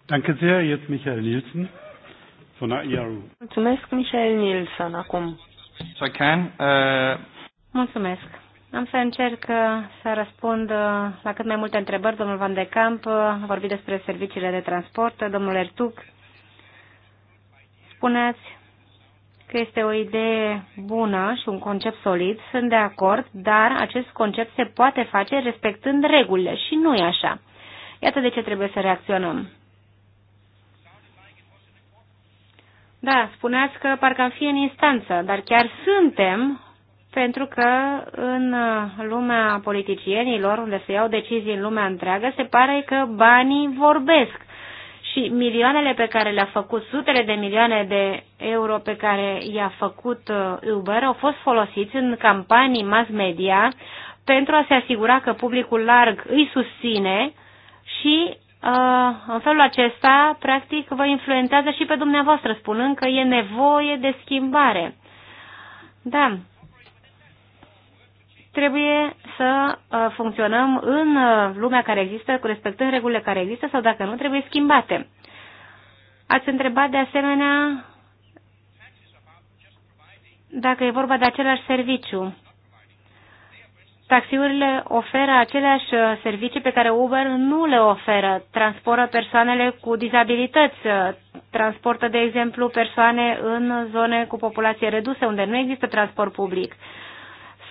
Danke sehr, jetzt Michael Nielsen von IRU. Mulțumesc, Michael Nielsen, acum. Uh, Mulțumesc. Am să încerc uh, să răspund uh, la cât mai multe întrebări. Domnul Van de Camp uh, a vorbit despre serviciile de transport. Domnul Ertuc, spuneați că este o idee bună și un concept solid, sunt de acord, dar acest concept se poate face respectând regulile și nu e așa. Iată de ce trebuie să reacționăm. Da, spuneați că parcă am fi în instanță, dar chiar suntem pentru că în uh, lumea politicienilor, unde se iau decizii în lumea întreagă, se pare că banii vorbesc. Și milioanele pe care le-a făcut, sutele de milioane de euro pe care i-a făcut uh, Uber, au fost folosiți în campanii mass media pentru a se asigura că publicul larg îi susține și uh, în felul acesta, practic, vă influențează și pe dumneavoastră, spunând că e nevoie de schimbare. Da, trebuie să uh, funcționăm în uh, lumea care există, cu respectând regulile care există sau dacă nu, trebuie schimbate. Ați întrebat de asemenea dacă e vorba de același serviciu. Taxiurile oferă aceleași uh, servicii pe care Uber nu le oferă. Transportă persoanele cu dizabilități, transportă, de exemplu, persoane în zone cu populație redusă, unde nu există transport public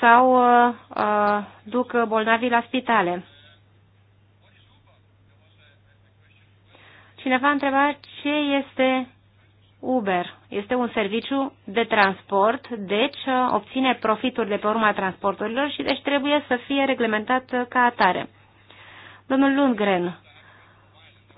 sau uh, uh, duc bolnavii la spitale. Cineva întrebat ce este Uber. Este un serviciu de transport, deci uh, obține profituri de pe urma transporturilor și deci trebuie să fie reglementat uh, ca atare. Domnul Lundgren,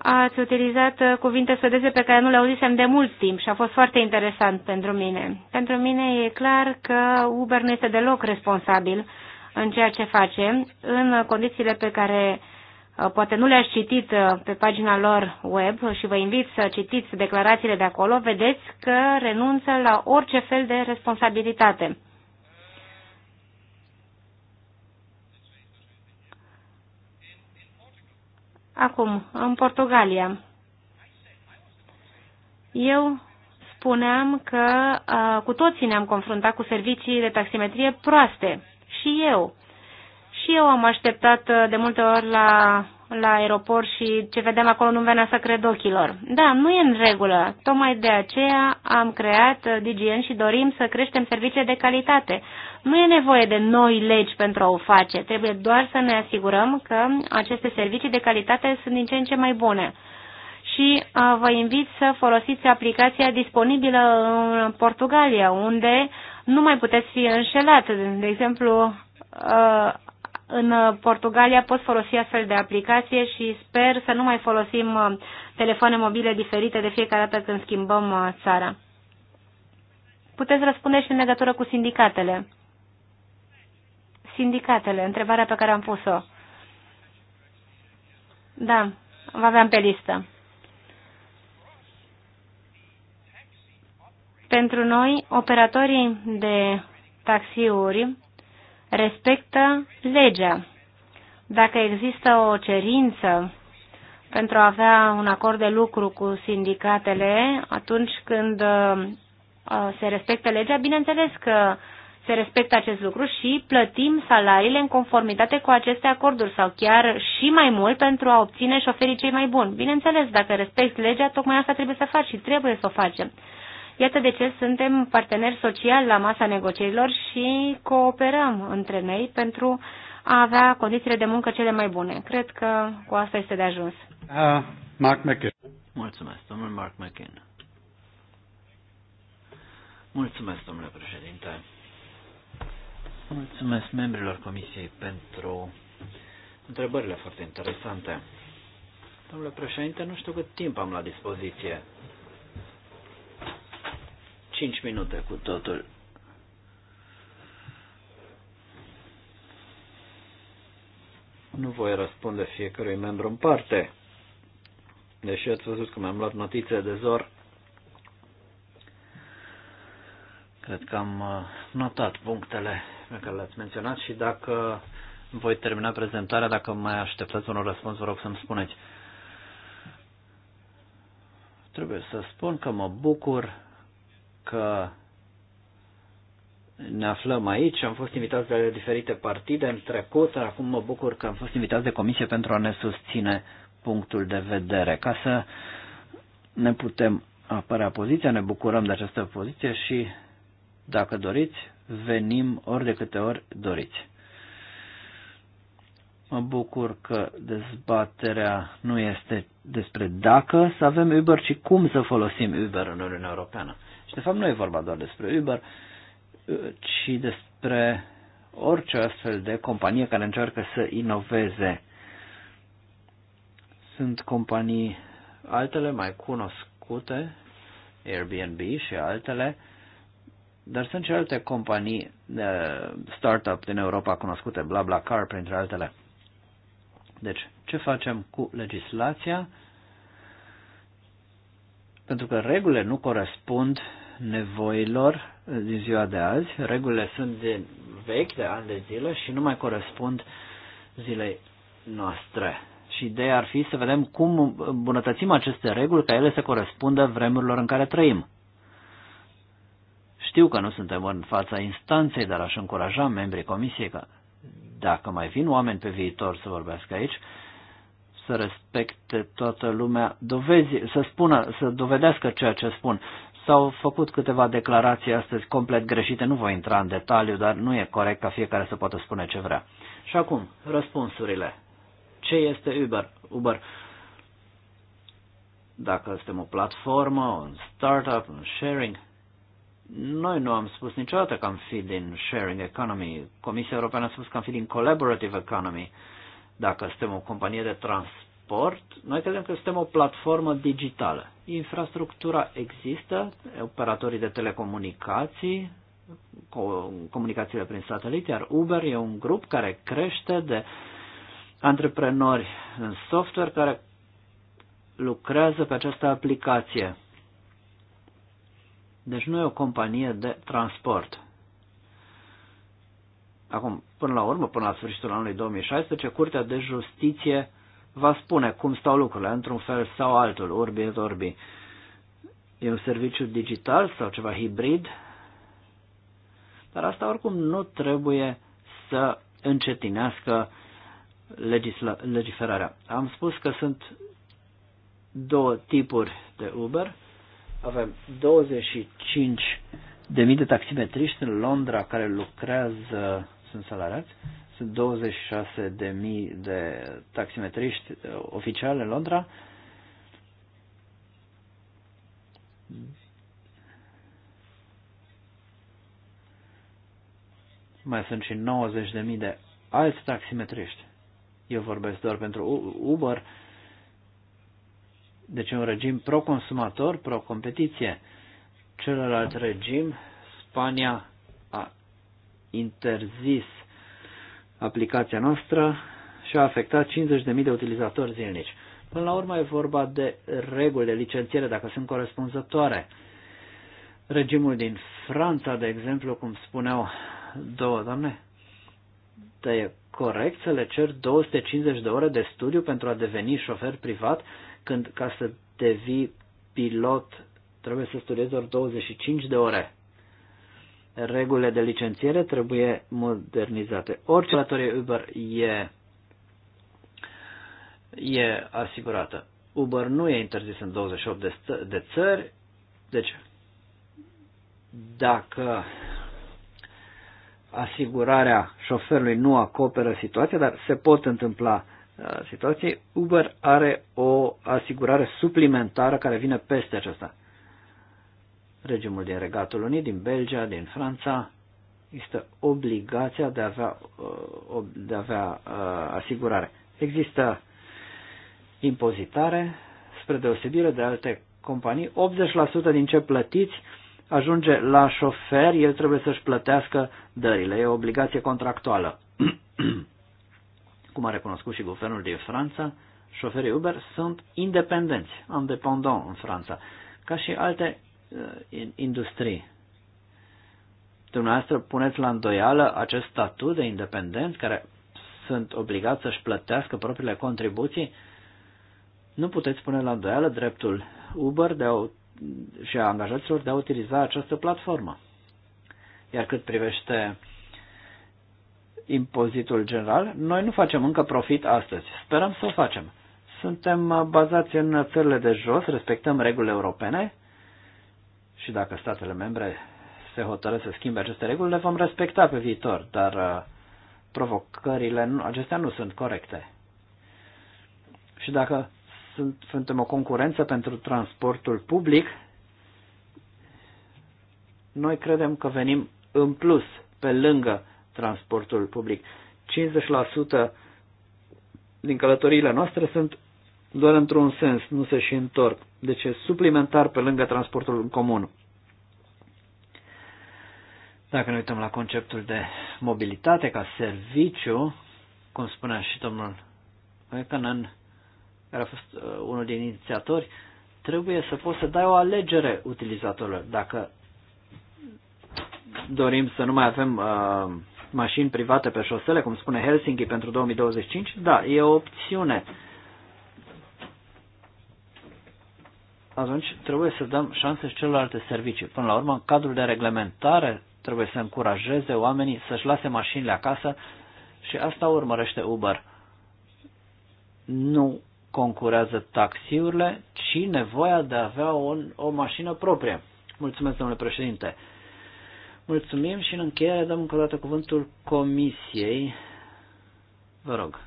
ați utilizat uh, cuvinte suedeze pe care nu le auzisem de mult timp și a fost foarte interesant pentru mine. Pentru mine e clar că Uber nu este deloc responsabil în ceea ce face, în condițiile pe care uh, poate nu le-ați citit uh, pe pagina lor web și vă invit să citiți declarațiile de acolo, vedeți că renunță la orice fel de responsabilitate. Acum, în Portugalia, eu spuneam că uh, cu toții ne-am confruntat cu servicii de taximetrie proaste. Și eu. Și eu am așteptat uh, de multe ori la, la aeroport și ce vedeam acolo nu venea să cred ochilor. Da, nu e în regulă. Tocmai de aceea am creat uh, DGN și dorim să creștem servicii de calitate. Nu e nevoie de noi legi pentru a o face, trebuie doar să ne asigurăm că aceste servicii de calitate sunt din ce în ce mai bune. Și uh, vă invit să folosiți aplicația disponibilă în Portugalia, unde nu mai puteți fi înșelat. De exemplu, uh, în Portugalia poți folosi astfel de aplicație și sper să nu mai folosim uh, telefoane mobile diferite de fiecare dată când schimbăm țara. Puteți răspunde și în legătură cu sindicatele sindicatele, întrebarea pe care am pus-o. Da, vă aveam pe listă. Pentru noi, operatorii de taxiuri respectă legea. Dacă există o cerință pentru a avea un acord de lucru cu sindicatele, atunci când uh, se respectă legea, bineînțeles că uh, se respectă acest lucru și plătim salariile în conformitate cu aceste acorduri sau chiar și mai mult pentru a obține șoferii cei mai buni. Bineînțeles, dacă respecti legea, tocmai asta trebuie să faci și trebuie să o facem. Iată de ce suntem parteneri sociali la masa negocierilor și cooperăm între noi pentru a avea condițiile de muncă cele mai bune. Cred că cu asta este de ajuns. Uh, Mark McKin. Mulțumesc, domnul Mark McKin. Mulțumesc, domnule președinte. Mulțumesc membrilor Comisiei pentru întrebările foarte interesante. Domnule președinte, nu știu cât timp am la dispoziție. 5 minute cu totul. Nu voi răspunde fiecărui membru în parte. Deși ați văzut că mi-am luat notițe de zor, cred că am uh, notat punctele pe care le-ați menționat și dacă voi termina prezentarea, dacă mai așteptați unul răspuns, vă rog să-mi spuneți. Trebuie să spun că mă bucur că ne aflăm aici, am fost invitați de diferite partide în trecut, dar acum mă bucur că am fost invitați de comisie pentru a ne susține punctul de vedere, ca să ne putem apărea poziția, ne bucurăm de această poziție și, dacă doriți, venim ori de câte ori doriți. Mă bucur că dezbaterea nu este despre dacă să avem Uber, ci cum să folosim Uber în Uniunea Europeană. Și de fapt nu e vorba doar despre Uber, ci despre orice astfel de companie care încearcă să inoveze. Sunt companii altele mai cunoscute, Airbnb și altele, dar sunt și alte companii uh, startup din Europa cunoscute, BlaBlaCar, printre altele. Deci, ce facem cu legislația? Pentru că regulile nu corespund nevoilor din ziua de azi, regulile sunt de vechi, de ani de zile și nu mai corespund zilei noastre. Și ideea ar fi să vedem cum îmbunătățim aceste reguli ca ele să corespundă vremurilor în care trăim. Știu că nu suntem în fața instanței, dar aș încuraja membrii comisiei că dacă mai vin oameni pe viitor să vorbească aici, să respecte toată lumea, dovezi, să spună, să dovedească ceea ce spun. S-au făcut câteva declarații astăzi complet greșite, nu voi intra în detaliu, dar nu e corect ca fiecare să poată spune ce vrea. Și acum, răspunsurile. Ce este Uber? Uber, dacă suntem o platformă, un startup, un sharing, noi nu am spus niciodată că am fi din sharing economy. Comisia Europeană a spus că am fi din collaborative economy. Dacă suntem o companie de transport, noi credem că suntem o platformă digitală. Infrastructura există, operatorii de telecomunicații, comunicațiile prin satelit, iar Uber e un grup care crește de antreprenori în software care lucrează pe această aplicație. Deci nu e o companie de transport. Acum, până la urmă, până la sfârșitul anului 2016, Curtea de Justiție va spune cum stau lucrurile, într-un fel sau altul, urbi et orbi. E un serviciu digital sau ceva hibrid? Dar asta oricum nu trebuie să încetinească legiferarea. Am spus că sunt două tipuri de Uber. Avem 25 de mii de taximetriști în Londra care lucrează, sunt salariați, sunt 26 de mii de taximetriști uh, oficiali în Londra. Mai sunt și 90 de mii de alți taximetriști. Eu vorbesc doar pentru Uber, deci un regim pro-consumator, pro-competiție. Celălalt regim, Spania a interzis aplicația noastră și a afectat 50.000 de utilizatori zilnici. Până la urmă e vorba de reguli de licențiere, dacă sunt corespunzătoare. Regimul din Franța, de exemplu, cum spuneau două doamne, te e corect să le cer 250 de ore de studiu pentru a deveni șofer privat când ca să devii pilot trebuie să studiezi doar 25 de ore. Regulile de licențiere trebuie modernizate. Orice datorie Uber e, e asigurată. Uber nu e interzis în 28 de, de țări, deci dacă asigurarea șoferului nu acoperă situația, dar se pot întâmpla situației, Uber are o asigurare suplimentară care vine peste aceasta. Regimul din Regatul Unit, din Belgia, din Franța, există obligația de a avea, uh, de a avea uh, asigurare. Există impozitare, spre deosebire de alte companii, 80% din ce plătiți ajunge la șofer, el trebuie să-și plătească dările, e o obligație contractuală. [CLEARS THROAT] cum a recunoscut și guvernul din Franța, șoferii Uber sunt independenți, independent în Franța, ca și alte uh, industrie. Dumneavoastră puneți la îndoială acest statut de independenți care sunt obligați să-și plătească propriile contribuții? Nu puteți pune la îndoială dreptul Uber de a, și a angajaților de a utiliza această platformă. Iar cât privește impozitul general, noi nu facem încă profit astăzi. Sperăm să o facem. Suntem uh, bazați în țările de jos, respectăm regulile europene și dacă statele membre se hotărăsc să schimbe aceste reguli, le vom respecta pe viitor, dar uh, provocările acestea nu sunt corecte. Și dacă sunt, suntem o concurență pentru transportul public, noi credem că venim în plus, pe lângă transportul public. 50% din călătoriile noastre sunt doar într-un sens, nu se și întorc. Deci e suplimentar pe lângă transportul în comun. Dacă ne uităm la conceptul de mobilitate ca serviciu, cum spunea și domnul Mecanen, care a fost uh, unul din inițiatori, trebuie să poți să dai o alegere utilizatorilor. Dacă dorim să nu mai avem uh, mașini private pe șosele, cum spune Helsinki pentru 2025, da, e o opțiune. Atunci trebuie să dăm șanse și celorlalte servicii. Până la urmă, în cadrul de reglementare trebuie să încurajeze oamenii să-și lase mașinile acasă și asta urmărește Uber. Nu concurează taxiurile, ci nevoia de a avea o, o mașină proprie. Mulțumesc, domnule președinte. Mulțumim și în încheiere dăm încă o dată cuvântul Comisiei. Vă rog.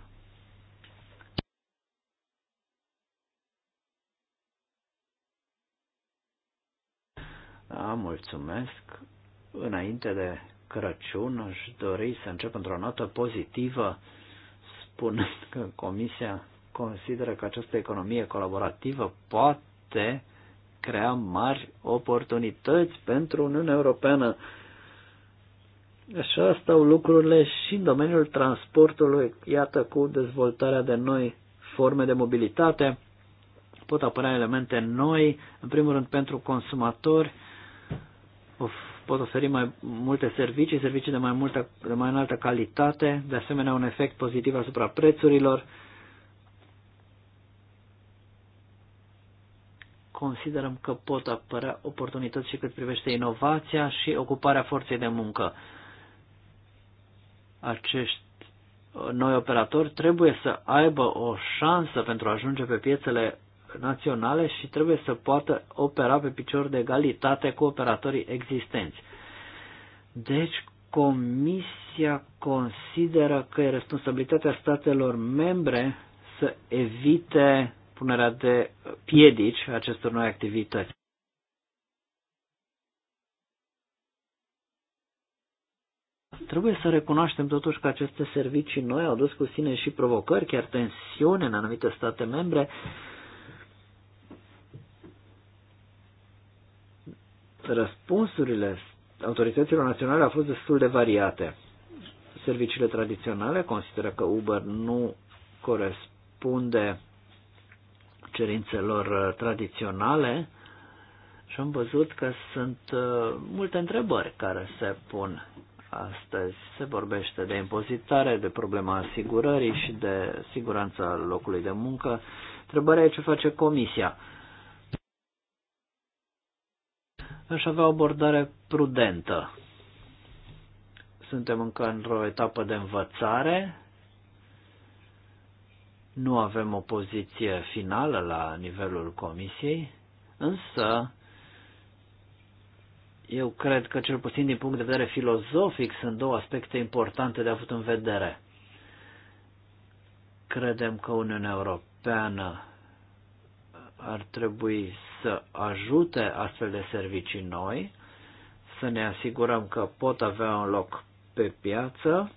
Da, mulțumesc. Înainte de Crăciun aș dori să încep într-o notă pozitivă spunând că Comisia consideră că această economie colaborativă poate crea mari oportunități pentru Uniunea Europeană Așa stau lucrurile și în domeniul transportului, iată, cu dezvoltarea de noi forme de mobilitate, pot apărea elemente noi, în primul rând pentru consumatori, of, pot oferi mai multe servicii, servicii de mai, multă, de mai înaltă calitate, de asemenea un efect pozitiv asupra prețurilor. Considerăm că pot apărea oportunități și cât privește inovația și ocuparea forței de muncă acești uh, noi operatori trebuie să aibă o șansă pentru a ajunge pe piețele naționale și trebuie să poată opera pe picior de egalitate cu operatorii existenți. Deci, Comisia consideră că e responsabilitatea statelor membre să evite punerea de piedici acestor noi activități. Trebuie să recunoaștem totuși că aceste servicii noi au dus cu sine și provocări, chiar tensiune în anumite state membre. Răspunsurile autorităților naționale au fost destul de variate. Serviciile tradiționale consideră că Uber nu corespunde cerințelor uh, tradiționale și am văzut că sunt uh, multe întrebări care se pun astăzi. Se vorbește de impozitare, de problema asigurării și de siguranța locului de muncă. Întrebarea e ce face comisia. Aș avea o abordare prudentă. Suntem încă într-o etapă de învățare. Nu avem o poziție finală la nivelul comisiei, însă eu cred că, cel puțin din punct de vedere filozofic, sunt două aspecte importante de avut în vedere. Credem că Uniunea Europeană ar trebui să ajute astfel de servicii noi, să ne asigurăm că pot avea un loc pe piață,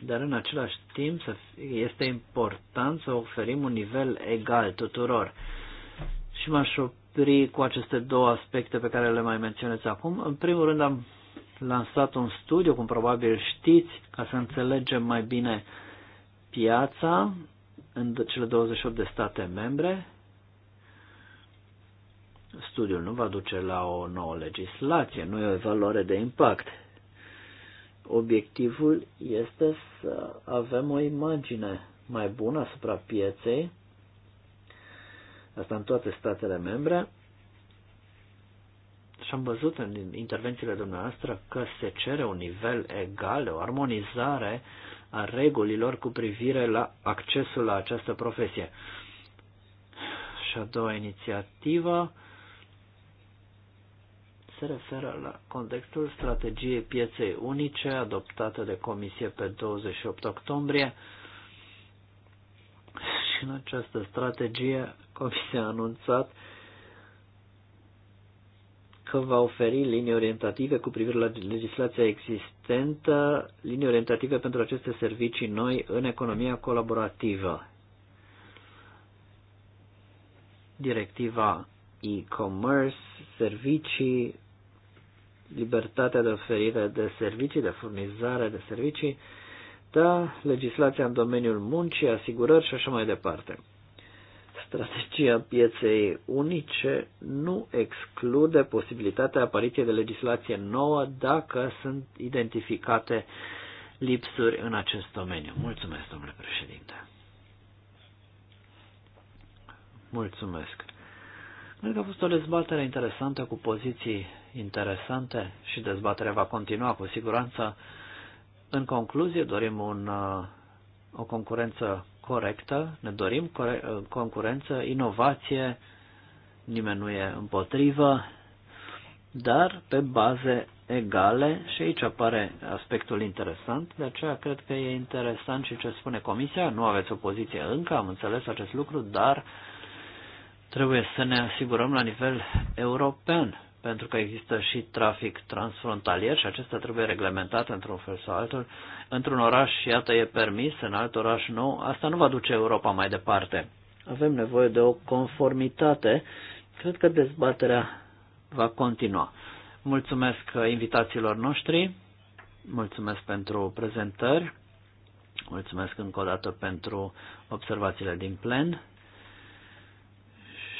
dar în același timp este important să oferim un nivel egal tuturor. Și m-aș opri cu aceste două aspecte pe care le mai menționez acum. În primul rând am lansat un studiu, cum probabil știți, ca să înțelegem mai bine piața în cele 28 de state membre. Studiul nu va duce la o nouă legislație, nu e o evaluare de impact. Obiectivul este să avem o imagine mai bună asupra pieței asta în toate statele membre, și am văzut în intervențiile dumneavoastră că se cere un nivel egal, o armonizare a regulilor cu privire la accesul la această profesie. Și a doua inițiativă se referă la contextul strategiei pieței unice adoptată de Comisie pe 28 octombrie în această strategie Comisia a anunțat că va oferi linii orientative cu privire la legislația existentă, linii orientative pentru aceste servicii noi în economia colaborativă. Directiva e-commerce, servicii, libertatea de oferire de servicii, de furnizare de servicii, da legislația în domeniul muncii, asigurări și așa mai departe. Strategia pieței unice nu exclude posibilitatea apariției de legislație nouă dacă sunt identificate lipsuri în acest domeniu. Mulțumesc, domnule președinte. Mulțumesc. Cred că a fost o dezbatere interesantă cu poziții interesante și dezbaterea va continua cu siguranță. În concluzie, dorim un, uh, o concurență corectă, ne dorim core uh, concurență, inovație, nimeni nu e împotrivă, dar pe baze egale și aici apare aspectul interesant, de aceea cred că e interesant și ce spune Comisia, nu aveți o poziție încă, am înțeles acest lucru, dar trebuie să ne asigurăm la nivel european pentru că există și trafic transfrontalier și acesta trebuie reglementat într-un fel sau altul. Într-un oraș, iată, e permis, în alt oraș nu. Asta nu va duce Europa mai departe. Avem nevoie de o conformitate. Cred că dezbaterea va continua. Mulțumesc invitațiilor noștri, mulțumesc pentru prezentări, mulțumesc încă o dată pentru observațiile din plen.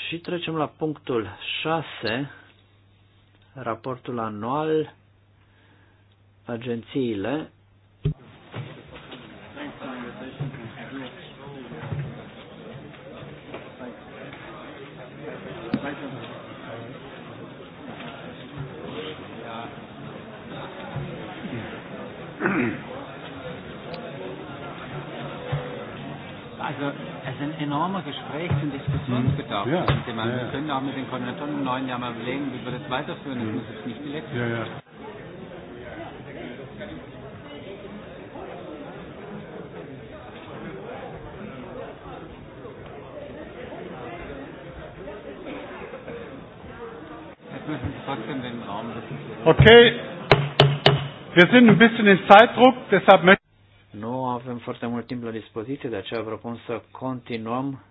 Și trecem la punctul 6, raportul anual, agențiile ist ein enormer Gesprächs- und Diskussionsbedarf ja. zu dem Ja, ja. Wir können auch mit den Koordinatoren im neuen Jahr mal überlegen, wie wir das weiterführen. Das mhm. muss jetzt nicht die letzte. Ja, ja. Okay, wir sind ein bisschen in Zeitdruck, deshalb möchte avem foarte mult timp la dispoziție, de aceea propun să continuăm.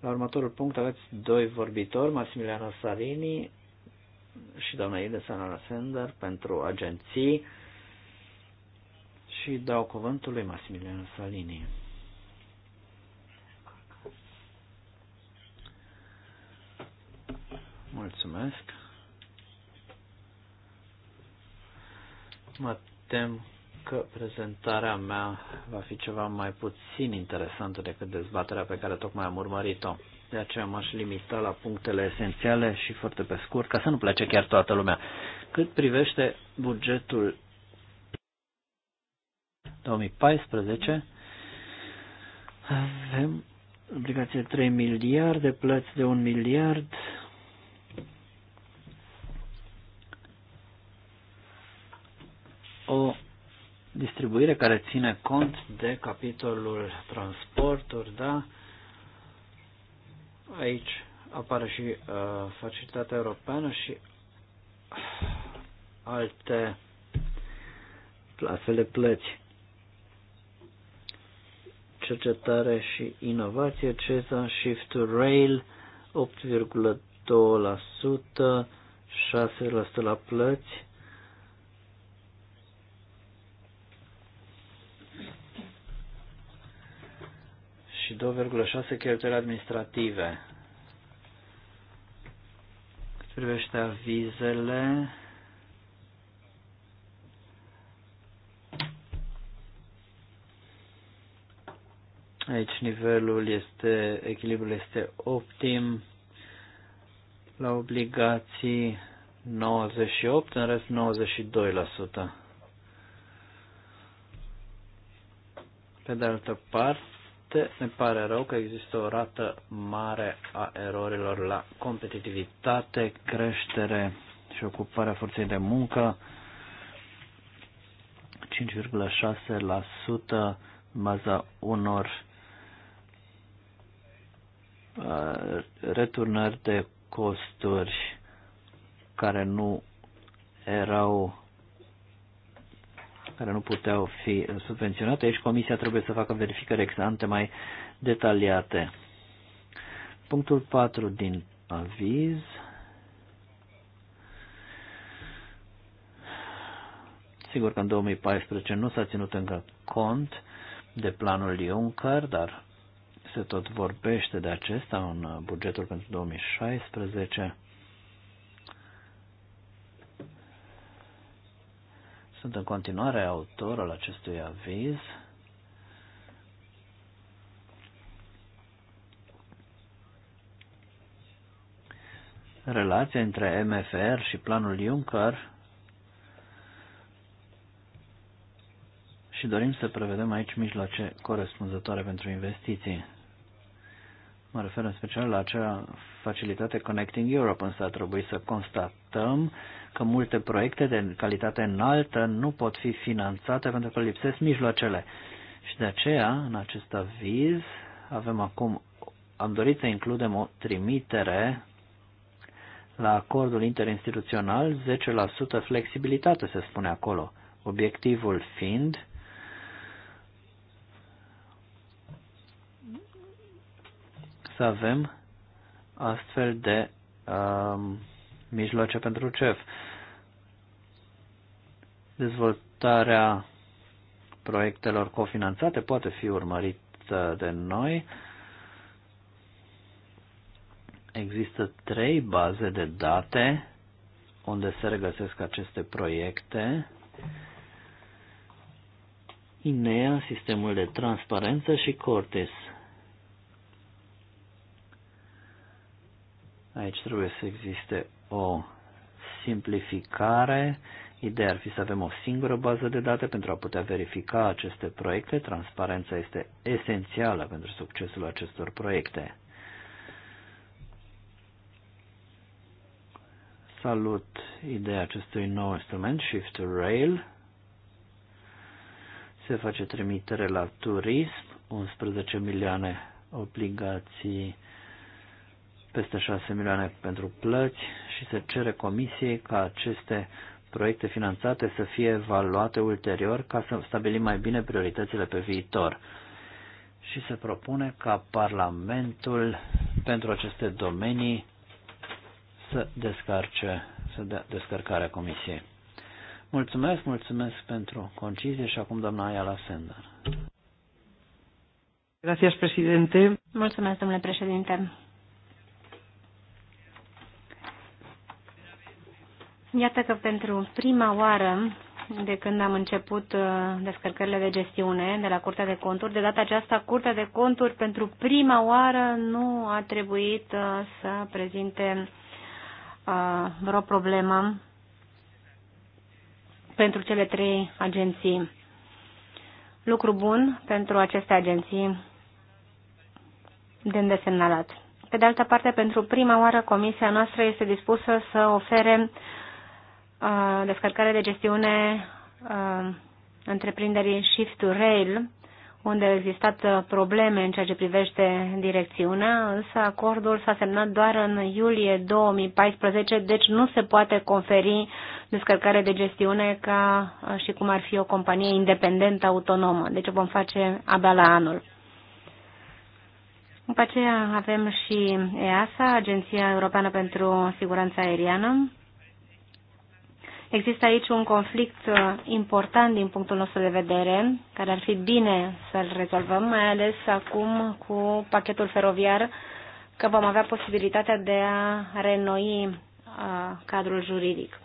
La următorul punct aveți doi vorbitori, Massimiliano Salini și doamna Ilesana Sender pentru agenții și dau cuvântul lui Massimiliano Salini. Mulțumesc. Mă tem că prezentarea mea va fi ceva mai puțin interesantă decât dezbaterea pe care tocmai am urmărit-o. De aceea m-aș limita la punctele esențiale și foarte pe scurt, ca să nu plece chiar toată lumea. Cât privește bugetul 2014, avem obligație 3 miliarde, plăți de 1 miliard, o distribuire care ține cont de capitolul transporturi, da? Aici apare și uh, facilitatea europeană și uh, alte astfel de plăți. Cercetare și inovație, CESA, Shift to Rail, 8,2%, 6% la plăți, și 2,6 cheltuieli administrative. Cât privește avizele, aici nivelul este, echilibrul este optim, la obligații 98, în rest 92%. Pe de altă parte, parte, ne pare rău că există o rată mare a erorilor la competitivitate, creștere și ocuparea forței de muncă, 5,6% în baza unor uh, returnări de costuri care nu erau care nu puteau fi uh, subvenționate. Aici comisia trebuie să facă verificări ex mai detaliate. Punctul 4 din aviz. Sigur că în 2014 nu s-a ținut încă cont de planul Juncker, dar se tot vorbește de acesta în bugetul pentru 2016. Sunt în continuare autor al acestui aviz. Relația între MFR și planul Juncker și dorim să prevedem aici mijloace corespunzătoare pentru investiții. Mă refer în special la acea facilitate Connecting Europe, însă a trebuit să constatăm că multe proiecte de calitate înaltă nu pot fi finanțate pentru că lipsesc mijloacele. Și de aceea, în acest aviz, avem acum, am dorit să includem o trimitere la acordul interinstituțional 10% flexibilitate, se spune acolo, obiectivul fiind să avem astfel de uh, mijloace pentru CEF. Dezvoltarea proiectelor cofinanțate poate fi urmărită de noi. Există trei baze de date unde se regăsesc aceste proiecte. INEA, sistemul de transparență și CORTIS. Aici trebuie să existe o simplificare. Ideea ar fi să avem o singură bază de date pentru a putea verifica aceste proiecte. Transparența este esențială pentru succesul acestor proiecte. Salut ideea acestui nou instrument, Shift to Rail. Se face trimitere la turism, 11 milioane obligații peste 6 milioane pentru plăți și se cere comisiei ca aceste proiecte finanțate să fie evaluate ulterior ca să stabilim mai bine prioritățile pe viitor. Și se propune ca Parlamentul pentru aceste domenii să descarce, să dea descărcarea comisiei. Mulțumesc, mulțumesc pentru concizie și acum doamna Ayala Sender. Gracias, presidente. Mulțumesc, domnule președinte. Iată că pentru prima oară de când am început uh, descărcările de gestiune de la Curtea de Conturi. De data aceasta, Curtea de Conturi pentru prima oară nu a trebuit uh, să prezinte uh, vreo problemă pentru cele trei agenții. Lucru bun pentru aceste agenții de îndesemnalat. Pe de altă parte, pentru prima oară, Comisia noastră este dispusă să ofere uh, descărcare de gestiune întreprinderii Shift to Rail, unde au existat uh, probleme în ceea ce privește direcțiunea, însă acordul s-a semnat doar în iulie 2014, deci nu se poate conferi descărcare de gestiune ca și cum ar fi o companie independentă, autonomă. Deci o vom face abia la anul. După aceea avem și EASA, Agenția Europeană pentru Siguranța Aeriană, Există aici un conflict uh, important din punctul nostru de vedere, care ar fi bine să-l rezolvăm, mai ales acum cu pachetul feroviar, că vom avea posibilitatea de a renoi uh, cadrul juridic,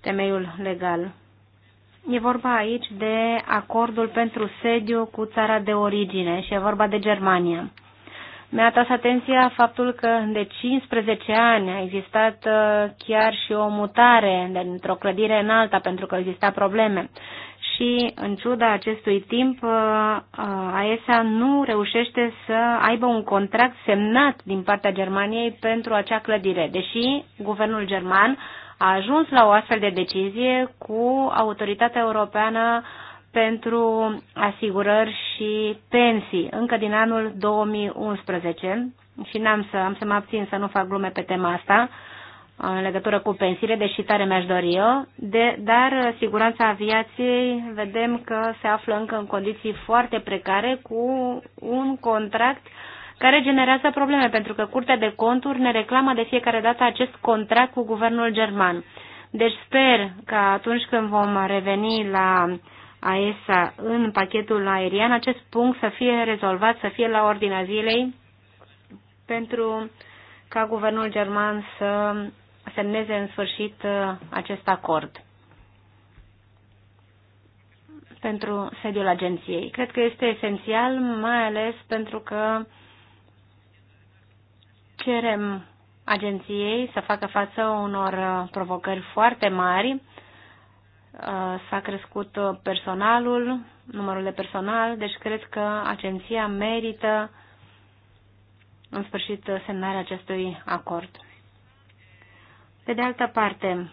temeiul legal. E vorba aici de acordul pentru sediu cu țara de origine și e vorba de Germania. Mi-a atras atenția faptul că de 15 ani a existat uh, chiar și o mutare dintr-o clădire în alta pentru că exista probleme. Și în ciuda acestui timp, AESA uh, uh, nu reușește să aibă un contract semnat din partea Germaniei pentru acea clădire, deși guvernul german a ajuns la o astfel de decizie cu Autoritatea Europeană pentru asigurări și pensii încă din anul 2011 și n-am să, am să mă abțin să nu fac glume pe tema asta în legătură cu pensiile, deși tare mi-aș dori eu, de, dar siguranța aviației vedem că se află încă în condiții foarte precare cu un contract care generează probleme, pentru că Curtea de Conturi ne reclamă de fiecare dată acest contract cu guvernul german. Deci sper că atunci când vom reveni la uh, AESA în pachetul aerian, acest punct să fie rezolvat, să fie la ordinea zilei pentru ca guvernul german să semneze în sfârșit uh, acest acord pentru sediul agenției. Cred că este esențial, mai ales pentru că cerem agenției să facă față unor uh, provocări foarte mari Uh, s-a crescut uh, personalul, numărul de personal, deci cred că agenția merită în sfârșit uh, semnarea acestui acord. Pe de altă parte,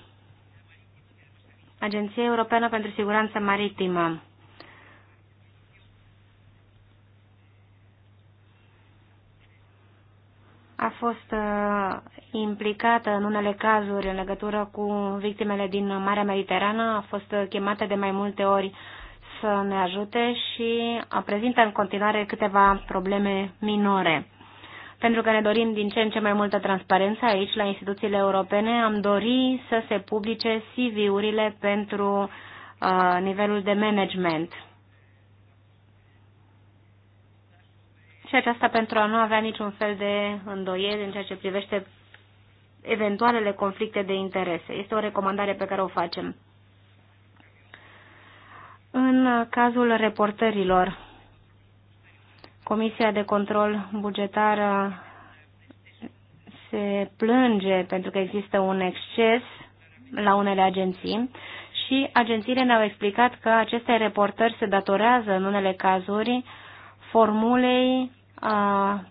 Agenția Europeană pentru Siguranță Maritimă. a fost uh, implicată în unele cazuri în legătură cu victimele din Marea Mediterană, a fost chemată de mai multe ori să ne ajute și prezintă în continuare câteva probleme minore. Pentru că ne dorim din ce în ce mai multă transparență aici, la instituțiile europene, am dori să se publice CV-urile pentru uh, nivelul de management Și aceasta pentru a nu avea niciun fel de îndoieli în ceea ce privește eventualele conflicte de interese. Este o recomandare pe care o facem. În cazul reportărilor, Comisia de Control Bugetar se plânge pentru că există un exces la unele agenții și agențiile ne-au explicat că aceste reportări se datorează în unele cazuri formulei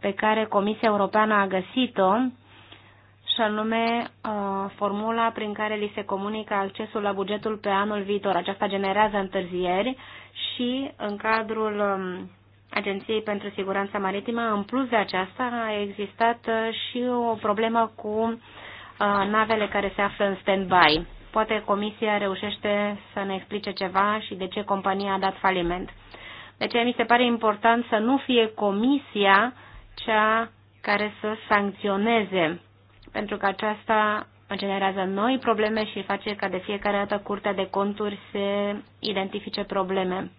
pe care Comisia Europeană a găsit-o, și anume formula prin care li se comunică accesul la bugetul pe anul viitor. Aceasta generează întârzieri și în cadrul um, Agenției pentru Siguranța Maritimă, în plus de aceasta, a existat uh, și o problemă cu uh, navele care se află în stand-by. Poate Comisia reușește să ne explice ceva și de ce compania a dat faliment. De deci, aceea mi se pare important să nu fie comisia cea care să sancționeze, pentru că aceasta generează noi probleme și face ca de fiecare dată Curtea de Conturi să identifice probleme.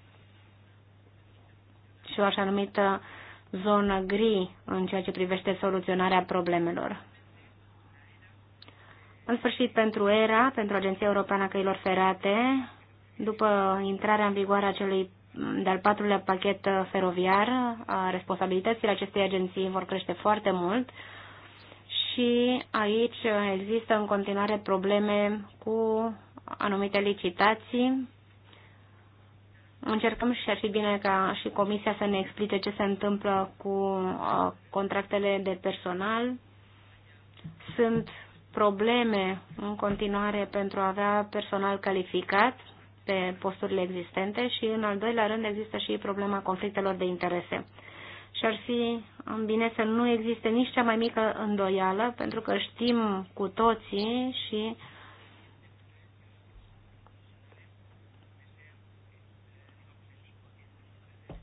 Și o așa numită zonă gri în ceea ce privește soluționarea problemelor. În sfârșit, pentru ERA, pentru Agenția Europeană a Căilor Ferate, după intrarea în vigoare a celui de-al patrulea pachet feroviar, responsabilitățile acestei agenții vor crește foarte mult și aici există în continuare probleme cu anumite licitații. Încercăm și ar fi bine ca și comisia să ne explice ce se întâmplă cu contractele de personal. Sunt probleme în continuare pentru a avea personal calificat pe posturile existente și, în al doilea rând, există și problema conflictelor de interese. Și ar fi bine să nu existe nici cea mai mică îndoială, pentru că știm cu toții și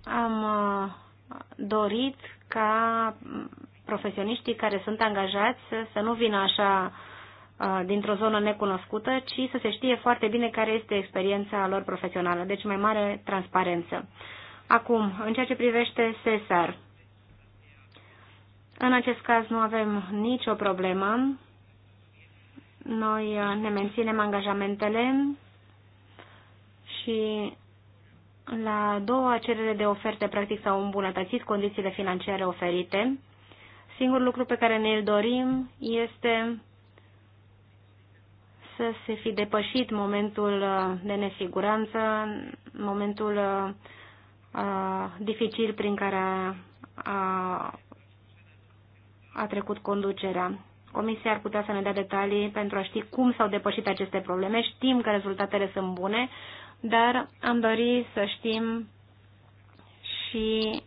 am uh, dorit ca profesioniștii care sunt angajați să nu vină așa dintr-o zonă necunoscută, ci să se știe foarte bine care este experiența lor profesională, deci mai mare transparență. Acum, în ceea ce privește SESAR, în acest caz nu avem nicio problemă. Noi ne menținem angajamentele și la două doua cerere de oferte, practic, s-au îmbunătățit condițiile financiare oferite. Singurul lucru pe care ne-l dorim este să se fi depășit momentul uh, de nesiguranță, momentul uh, uh dificil prin care a, a, trecut conducerea. Comisia ar putea să ne dea detalii pentru a ști cum s-au depășit aceste probleme. Știm că rezultatele sunt bune, dar am dori să știm și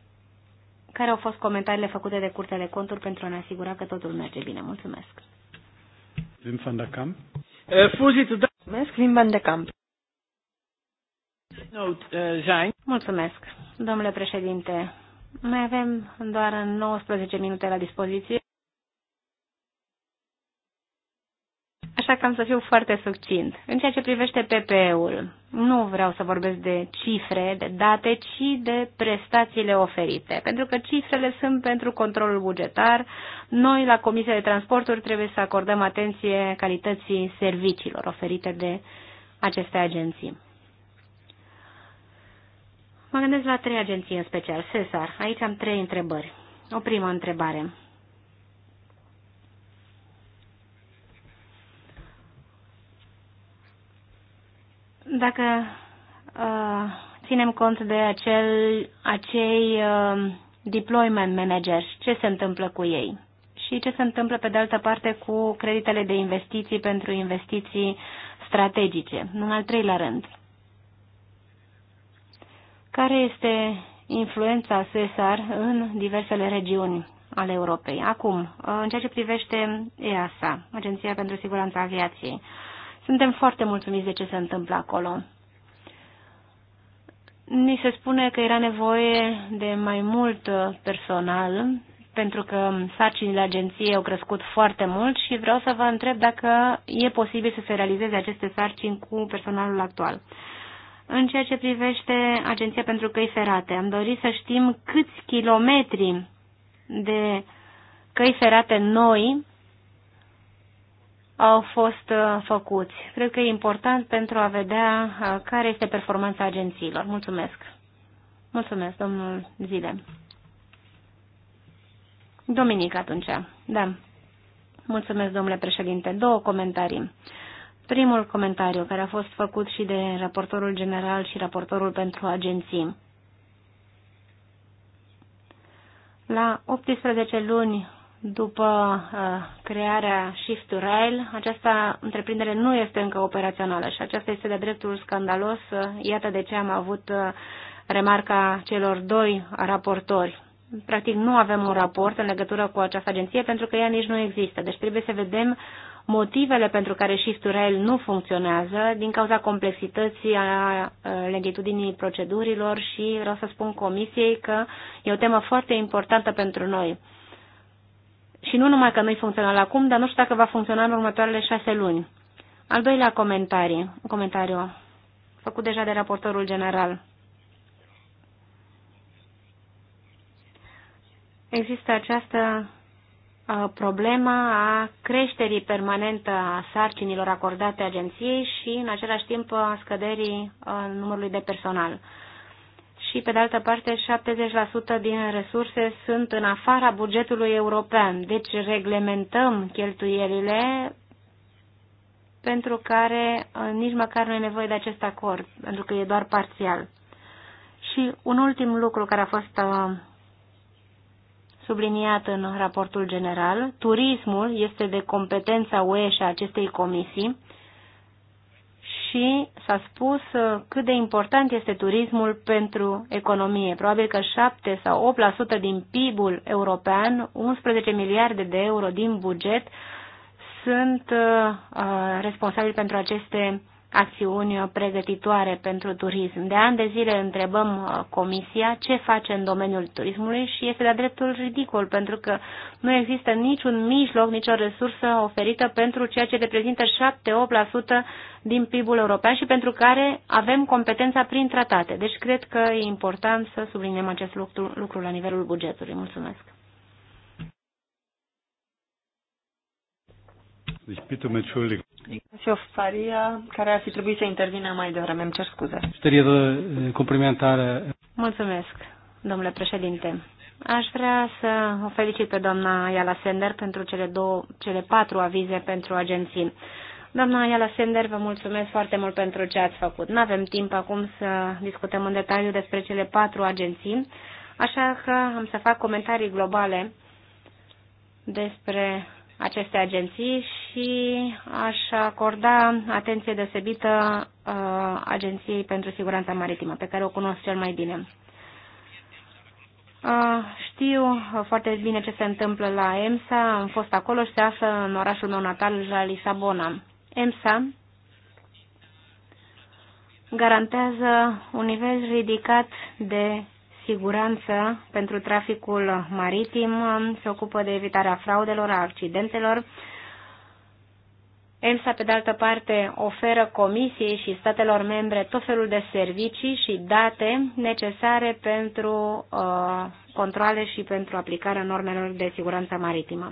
care au fost comentariile făcute de Curtele Conturi pentru a ne asigura că totul merge bine. Mulțumesc! Wim van der Kamp. Eh, da- Mulțumesc, Wim Van de Camp. Eh, Mulțumesc, domnule președinte. Mai avem doar 19 minute la dispoziție. așa că am să fiu foarte succint. În ceea ce privește PPE-ul, nu vreau să vorbesc de cifre, de date, ci de prestațiile oferite, pentru că cifrele sunt pentru controlul bugetar. Noi, la Comisia de Transporturi, trebuie să acordăm atenție calității serviciilor oferite de aceste agenții. Mă gândesc la trei agenții în special. Cesar, aici am trei întrebări. O primă întrebare. Dacă uh, ținem cont de acel, acei uh, deployment managers, ce se întâmplă cu ei? Și ce se întâmplă, pe de altă parte, cu creditele de investiții pentru investiții strategice? În al treilea rând, care este influența SESAR în diversele regiuni ale Europei. Acum, în ceea ce privește EASA, Agenția pentru Siguranța Aviației, suntem foarte mulțumiți de ce se întâmplă acolo. Ni se spune că era nevoie de mai mult uh, personal pentru că sarcinile agenției au crescut foarte mult și vreau să vă întreb dacă e posibil să se realizeze aceste sarcini cu personalul actual. În ceea ce privește Agenția pentru Căi Ferate, am dorit să știm câți kilometri de căi ferate noi au fost uh, făcuți. Cred că e important pentru a vedea uh, care este performanța agențiilor. Mulțumesc. Mulțumesc, domnul Zile. Dominic, atunci. Da. Mulțumesc, domnule președinte. Două comentarii. Primul comentariu, care a fost făcut și de raportorul general și raportorul pentru agenții. La 18 luni după uh, crearea Shift Rail, această întreprindere nu este încă operațională și aceasta este de dreptul scandalos. Iată de ce am avut uh, remarca celor doi raportori. Practic nu avem un raport în legătură cu această agenție pentru că ea nici nu există. Deci trebuie să vedem motivele pentru care Shift Rail nu funcționează din cauza complexității a lentitudinii procedurilor și vreau să spun comisiei că e o temă foarte importantă pentru noi și nu numai că nu-i funcțional acum, dar nu știu dacă va funcționa în următoarele șase luni. Al doilea comentariu, comentariu făcut deja de raportorul general. Există această problemă a creșterii permanentă a sarcinilor acordate agenției și, în același timp, a scăderii numărului de personal și, pe de altă parte, 70% din resurse sunt în afara bugetului european. Deci reglementăm cheltuielile pentru care uh, nici măcar nu e nevoie de acest acord, pentru că e doar parțial. Și un ultim lucru care a fost uh, subliniat în raportul general, turismul este de competența UE și a acestei comisii, și s-a spus uh, cât de important este turismul pentru economie. Probabil că 7 sau 8% din PIB-ul european, 11 miliarde de euro din buget, sunt uh, uh, responsabili pentru aceste acțiuni pregătitoare pentru turism. De ani de zile întrebăm uh, Comisia ce face în domeniul turismului și este de-a dreptul ridicol, pentru că nu există niciun mijloc, nicio resursă oferită pentru ceea ce reprezintă 7-8% din PIB-ul european și pentru care avem competența prin tratate. Deci cred că e important să subliniem acest lucru, lucru la nivelul bugetului. Mulțumesc! Ich bitte um Entschuldigung. Ignacio Faria, care ar fi trebuit să intervină mai devreme, îmi cer scuze. Șterie de complimentare. Mulțumesc, domnule președinte. Aș vrea să o felicit pe doamna Iala Sender pentru cele, două, cele patru avize pentru agenții. Doamna Iala Sender, vă mulțumesc foarte mult pentru ce ați făcut. Nu avem timp acum să discutăm în detaliu despre cele patru agenții, așa că am să fac comentarii globale despre aceste agenții și aș acorda atenție deosebită uh, Agenției pentru Siguranța Maritimă, pe care o cunosc cel mai bine. Uh, știu foarte bine ce se întâmplă la EMSA, am fost acolo și se află în orașul meu natal, la Lisabona. EMSA garantează un nivel ridicat de siguranță pentru traficul maritim, se ocupă de evitarea fraudelor, a accidentelor. EMSA, pe de altă parte, oferă Comisiei și statelor membre tot felul de servicii și date necesare pentru uh, controle și pentru aplicarea normelor de siguranță maritimă.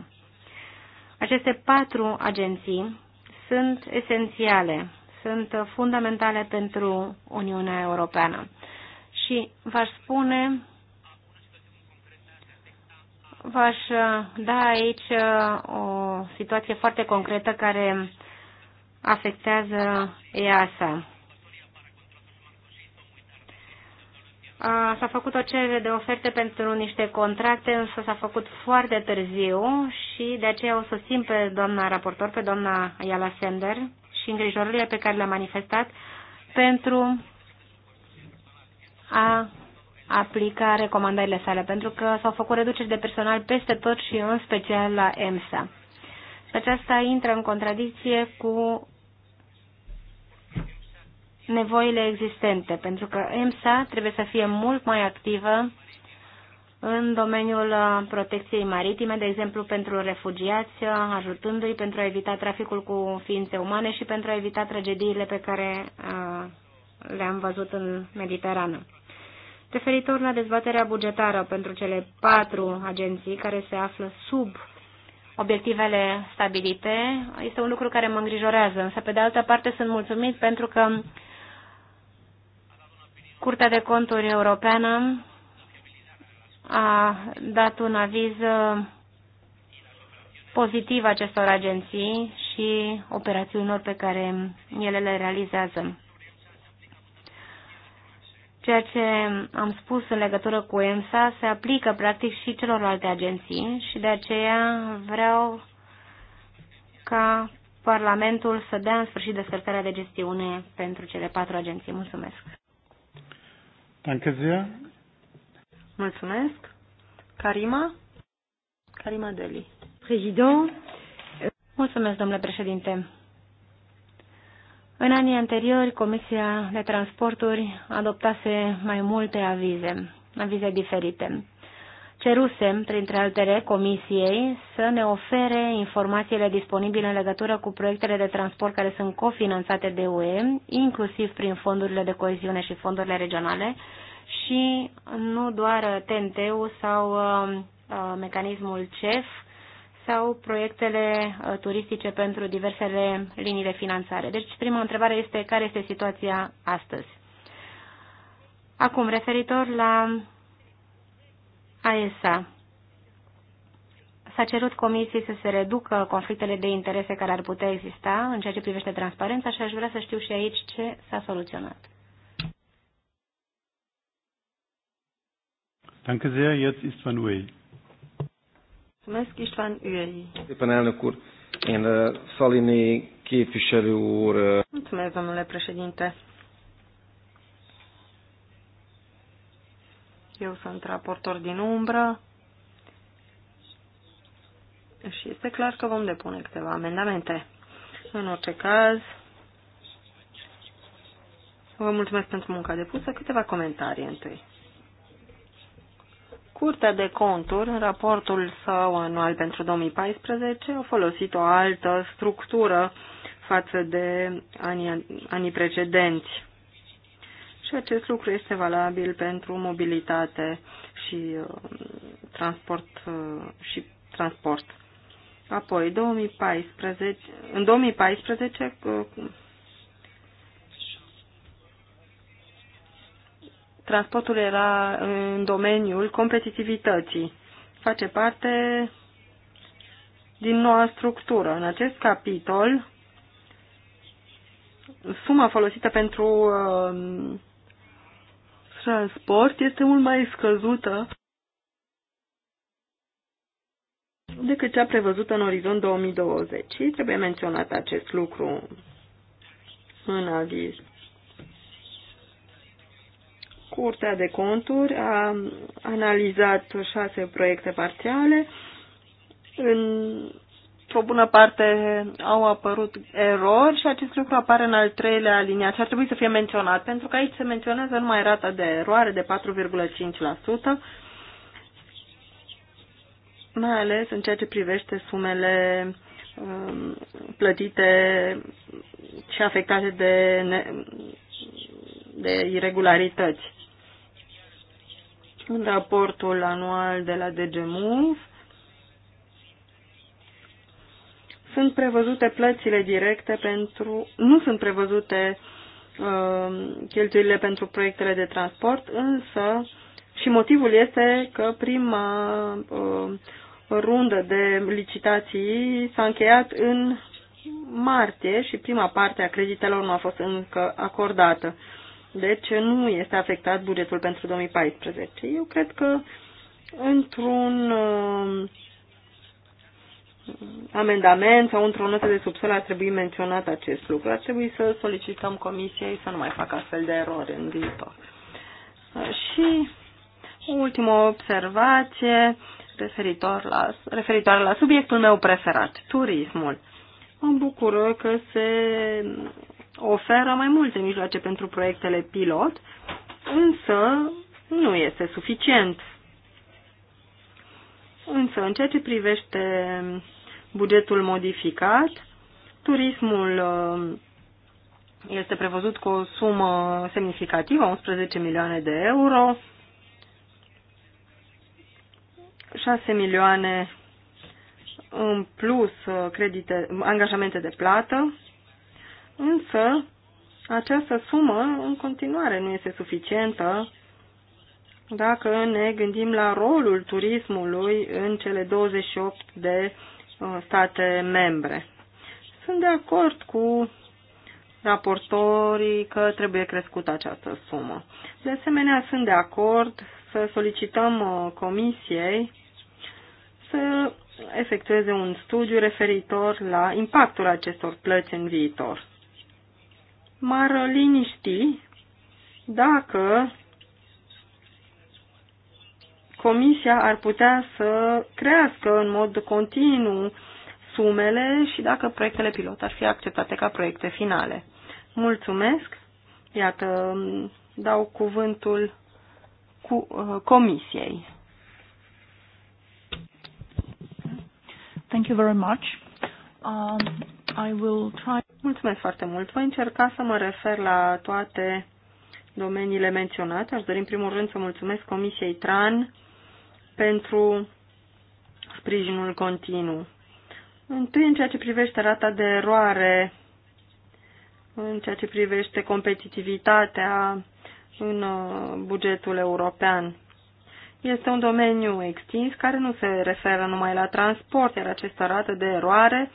Aceste patru agenții sunt esențiale, sunt fundamentale pentru Uniunea Europeană și v-aș spune, v-aș da aici uh, o situație foarte concretă care afectează EASA. S-a făcut o cerere de oferte pentru niște contracte, însă s-a făcut foarte târziu și de aceea o susțin pe doamna raportor, pe doamna Iala Sender și îngrijorările pe care le-a manifestat pentru a aplica recomandările sale, pentru că s-au făcut reduceri de personal peste tot și în special la EMSA. Și aceasta intră în contradicție cu nevoile existente, pentru că EMSA trebuie să fie mult mai activă în domeniul protecției maritime, de exemplu pentru refugiați, ajutându-i pentru a evita traficul cu ființe umane și pentru a evita tragediile pe care le-am văzut în Mediterană. Referitor la dezbaterea bugetară pentru cele patru agenții care se află sub obiectivele stabilite, este un lucru care mă îngrijorează, însă pe de altă parte sunt mulțumit pentru că Curtea de Conturi Europeană a dat un aviz pozitiv acestor agenții și operațiunilor pe care ele le realizează. Ceea ce am spus în legătură cu EMSA se aplică practic și celorlalte agenții și de aceea vreau ca Parlamentul să dea în sfârșit descărcarea de gestiune pentru cele patru agenții. Mulțumesc! Danke sehr. Mulțumesc! Karima? Karima Deli. Prezident. Mulțumesc, domnule președinte. În anii anteriori, Comisia de Transporturi adoptase mai multe avize, avize diferite. Cerusem, printre altele, Comisiei să ne ofere informațiile disponibile în legătură cu proiectele de transport care sunt cofinanțate de UE, inclusiv prin fondurile de coeziune și fondurile regionale, și nu doar TNT-ul sau uh, uh mecanismul CEF, sau proiectele uh, turistice pentru diversele linii de finanțare. Deci, prima întrebare este care este situația astăzi. Acum, referitor la AESA, s-a cerut comisiei să se reducă conflictele de interese care ar putea exista în ceea ce privește transparența și aș vrea să știu și aici ce s-a soluționat. Danke sehr, jetzt ist Van Mulțumesc, István Üei. Szépen, elnök úr. Én eh, Szalini képviselő úr... Eh, mulțumesc, domnule președinte. Eu sunt raportor din umbră și este clar că vom depune câteva amendamente. În orice caz, vă mulțumesc pentru munca depusă. Câteva comentarii întâi. Curtea de conturi, în raportul său anual pentru 2014, a folosit o altă structură față de anii, anii precedenți. Și acest lucru este valabil pentru mobilitate și uh, transport uh, și transport. Apoi, 2014, în 2014, transportul era în domeniul competitivității. Face parte din noua structură. În acest capitol, suma folosită pentru uh, transport este mult mai scăzută decât cea prevăzută în orizont 2020. Și trebuie menționat acest lucru în aviz. Curtea de conturi a analizat șase proiecte parțiale. În o bună parte au apărut erori și acest lucru apare în al treilea aliniat și ar trebui să fie menționat, pentru că aici se menționează numai rata de eroare de 4,5%, mai ales în ceea ce privește sumele um, plătite și afectate de, de irregularități în raportul anual de la DGMUV sunt prevăzute plățile directe pentru, nu sunt prevăzute uh, cheltuielile pentru proiectele de transport, însă și motivul este că prima uh, rundă de licitații s-a încheiat în martie și prima parte a creditelor nu a fost încă acordată. Deci nu este afectat bugetul pentru 2014. Eu cred că într-un uh, amendament sau într-o notă de subsol ar trebui menționat acest lucru. Ar trebui să solicităm comisiei să nu mai facă astfel de erori în viitor. Uh, și o ultimă observație referitor la, referitoare la subiectul meu preferat, turismul. Mă bucură că se oferă mai multe mijloace pentru proiectele pilot, însă nu este suficient. Însă, în ceea ce privește bugetul modificat, turismul uh, este prevăzut cu o sumă semnificativă, 11 milioane de euro, 6 milioane în plus uh, credite, angajamente de plată, Însă, această sumă în continuare nu este suficientă dacă ne gândim la rolul turismului în cele 28 de uh, state membre. Sunt de acord cu raportorii că trebuie crescută această sumă. De asemenea, sunt de acord să solicităm uh, comisiei să efectueze un studiu referitor la impactul acestor plăți în viitor m-ar liniști dacă Comisia ar putea să crească în mod continuu sumele și dacă proiectele pilot ar fi acceptate ca proiecte finale. Mulțumesc! Iată, dau cuvântul cu, uh, Comisiei. Thank you very much. Um, I will try... Mulțumesc foarte mult. Voi încerca să mă refer la toate domeniile menționate. Aș dori în primul rând să mulțumesc Comisiei TRAN pentru sprijinul continuu. Întâi, în ceea ce privește rata de eroare, în ceea ce privește competitivitatea în uh, bugetul european. Este un domeniu extins care nu se referă numai la transport, iar această rată de eroare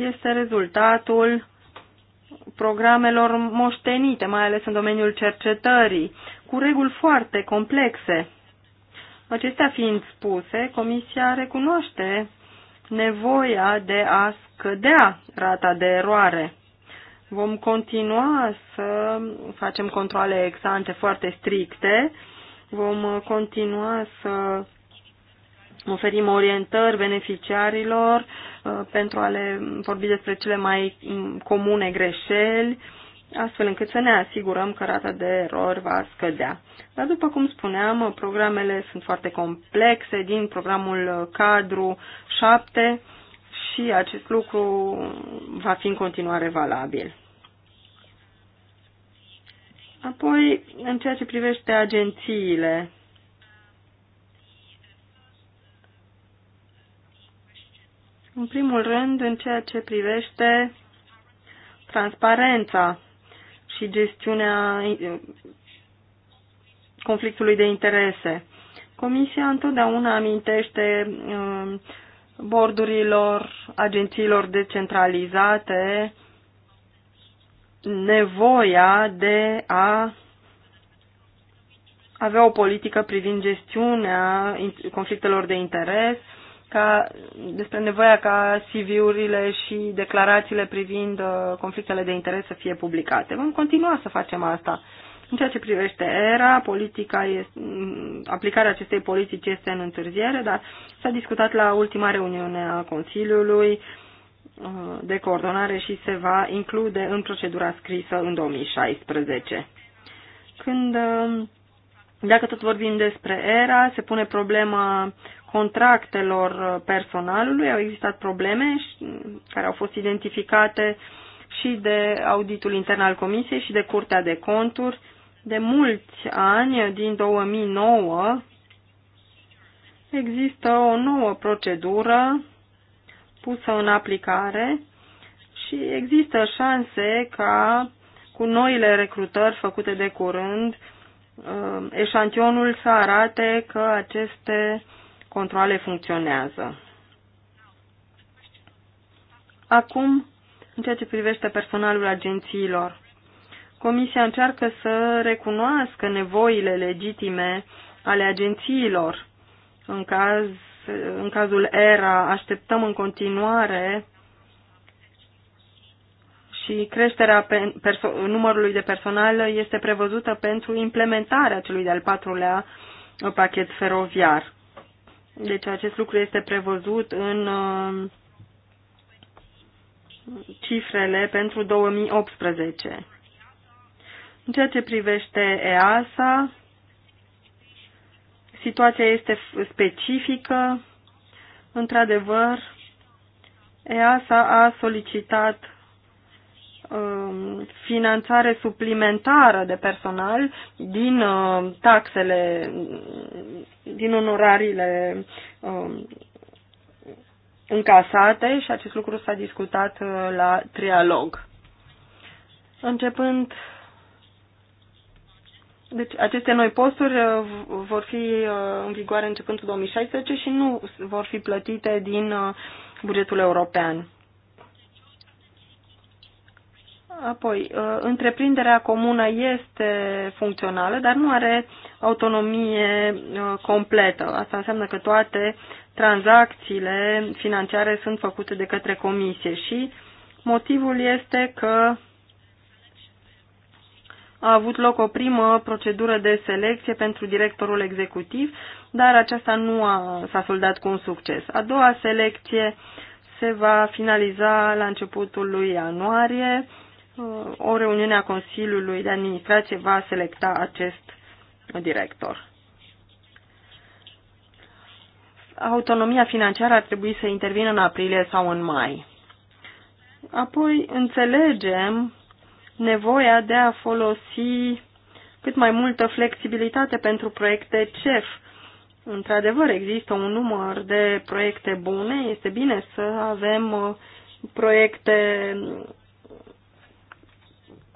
este rezultatul programelor moștenite, mai ales în domeniul cercetării, cu reguli foarte complexe. Acestea fiind spuse, Comisia recunoaște nevoia de a scădea rata de eroare. Vom continua să facem controle ex ante foarte stricte, vom continua să oferim orientări beneficiarilor uh, pentru a le vorbi despre cele mai mm, comune greșeli, astfel încât să ne asigurăm că rata de erori va scădea. Dar după cum spuneam, programele sunt foarte complexe din programul cadru 7 și acest lucru va fi în continuare valabil. Apoi, în ceea ce privește agențiile, În primul rând, în ceea ce privește transparența și gestiunea eh, conflictului de interese. Comisia întotdeauna amintește eh, bordurilor, agențiilor decentralizate nevoia de a avea o politică privind gestiunea conflictelor de interes ca, despre nevoia ca CV-urile și declarațiile privind uh, conflictele de interes să fie publicate. Vom continua să facem asta. În ceea ce privește era, politica este, mm, aplicarea acestei politici este în întârziere, dar s-a discutat la ultima reuniune a Consiliului uh, de coordonare și se va include în procedura scrisă în 2016. Când, uh, dacă tot vorbim despre era, se pune problema contractelor personalului. Au existat probleme care au fost identificate și de auditul intern al Comisiei și de Curtea de Conturi. De mulți ani, din 2009, există o nouă procedură pusă în aplicare și există șanse ca cu noile recrutări făcute de curând, uh, eșantionul să arate că aceste controle funcționează. Acum, în ceea ce privește personalul agențiilor, Comisia încearcă să recunoască nevoile legitime ale agențiilor. În, caz, în cazul ERA așteptăm în continuare și creșterea numărului de personal este prevăzută pentru implementarea celui de-al patrulea pachet feroviar. Deci acest lucru este prevăzut în uh, cifrele pentru 2018. În ceea ce privește EASA, situația este specifică. Într-adevăr, EASA a solicitat Um, finanțare suplimentară de personal din um, taxele, din onorariile um, încasate și acest lucru s-a discutat uh, la trialog. Începând deci aceste noi posturi uh, vor fi uh, în vigoare începând cu 2016 și nu vor fi plătite din bugetul european. Apoi, uh, întreprinderea comună este funcțională, dar nu are autonomie uh, completă. Asta înseamnă că toate tranzacțiile financiare sunt făcute de către comisie și motivul este că a avut loc o primă procedură de selecție pentru directorul executiv, dar aceasta nu a, s-a soldat cu un succes. A doua selecție se va finaliza la începutul lui ianuarie o reuniune a Consiliului de Administrație va selecta acest director. Autonomia financiară ar trebui să intervină în aprilie sau în mai. Apoi înțelegem nevoia de a folosi cât mai multă flexibilitate pentru proiecte CEF. Într-adevăr, există un număr de proiecte bune, este bine să avem uh, proiecte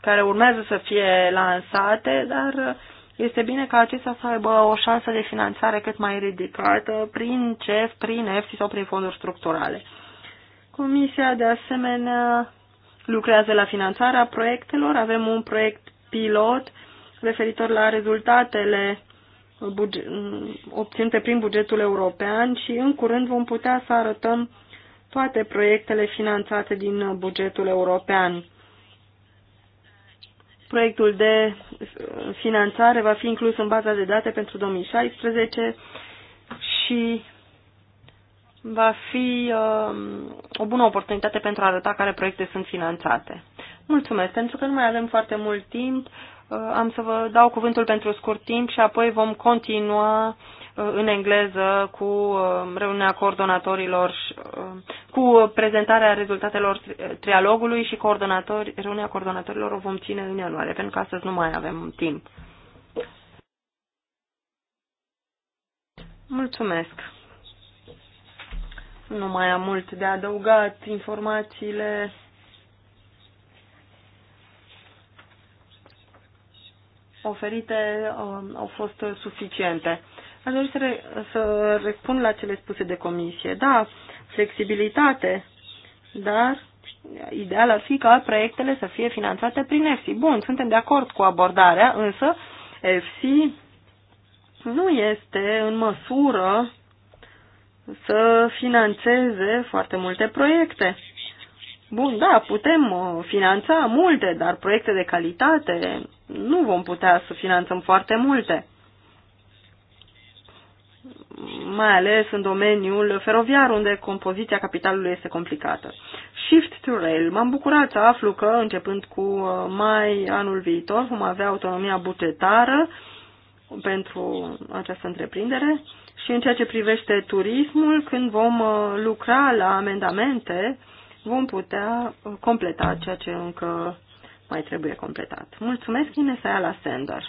care urmează să fie lansate, dar este bine ca acestea să aibă o șansă de finanțare cât mai ridicată prin CEF, prin EFSI sau prin fonduri structurale. Comisia, de asemenea, lucrează la finanțarea proiectelor. Avem un proiect pilot referitor la rezultatele obținute prin bugetul european și în curând vom putea să arătăm toate proiectele finanțate din bugetul european. Proiectul de finanțare va fi inclus în baza de date pentru 2016 și va fi uh, o bună oportunitate pentru a arăta care proiecte sunt finanțate. Mulțumesc, pentru că nu mai avem foarte mult timp. Uh, am să vă dau cuvântul pentru scurt timp și apoi vom continua Uh, în engleză cu uh, reuniunea coordonatorilor, uh, cu prezentarea rezultatelor trialogului și coordonatori, reuniunea coordonatorilor o vom ține în ianuarie, pentru că astăzi nu mai avem timp. Mulțumesc. Nu mai am mult de adăugat informațiile. oferite au fost suficiente. Aș dori să, re, să răspund la cele spuse de comisie. Da, flexibilitate, dar ideal ar fi ca proiectele să fie finanțate prin EFSI. Bun, suntem de acord cu abordarea, însă EFSI nu este în măsură să financeze foarte multe proiecte. Bun, da, putem uh, finanța multe, dar proiecte de calitate nu vom putea să finanțăm foarte multe mai ales în domeniul feroviar, unde compoziția capitalului este complicată. Shift to Rail. M-am bucurat să aflu că, începând cu uh, mai anul viitor, vom avea autonomia bugetară pentru această întreprindere și în ceea ce privește turismul, când vom uh, lucra la amendamente, vom putea uh, completa ceea ce încă mai trebuie completat. Mulțumesc, Inesaia, la Sender.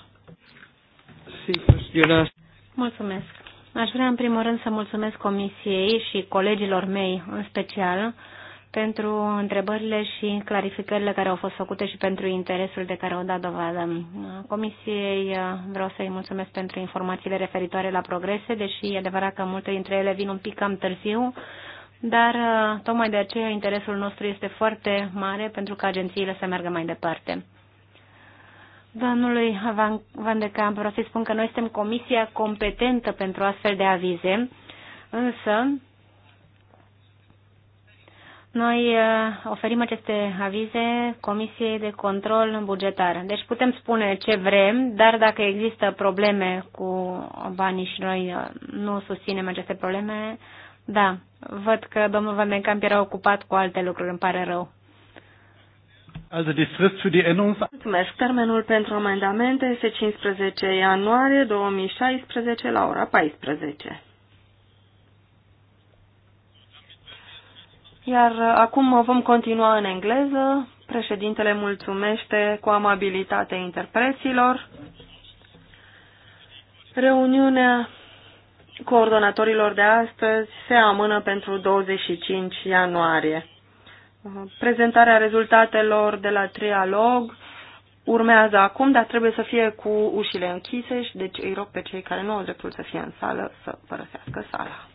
Mulțumesc. Aș vrea în primul rând să mulțumesc comisiei și colegilor mei în special pentru întrebările și clarificările care au fost făcute și pentru interesul de care au dat dovadă. Comisiei uh, vreau să-i mulțumesc pentru informațiile referitoare la progrese, deși e adevărat că multe dintre ele vin un pic cam târziu, dar uh, tocmai de aceea interesul nostru este foarte mare pentru că agențiile să meargă mai departe. Domnului Van, Van de Camp, vreau să spun că noi suntem comisia competentă pentru astfel de avize, însă noi uh, oferim aceste avize Comisiei de Control Bugetar. Deci putem spune ce vrem, dar dacă există probleme cu banii și noi uh, nu susținem aceste probleme, da, văd că domnul Van Camp era ocupat cu alte lucruri, îmi pare rău. Also die Frist für die Mulțumesc. Termenul pentru amendamente este 15 ianuarie 2016 la ora 14. Iar acum vom continua în engleză. Președintele mulțumește cu amabilitate interpreților. Reuniunea coordonatorilor de astăzi se amână pentru 25 ianuarie. Prezentarea rezultatelor de la trialog urmează acum, dar trebuie să fie cu ușile închise și deci îi rog pe cei care nu au dreptul să fie în sală să părăsească sala.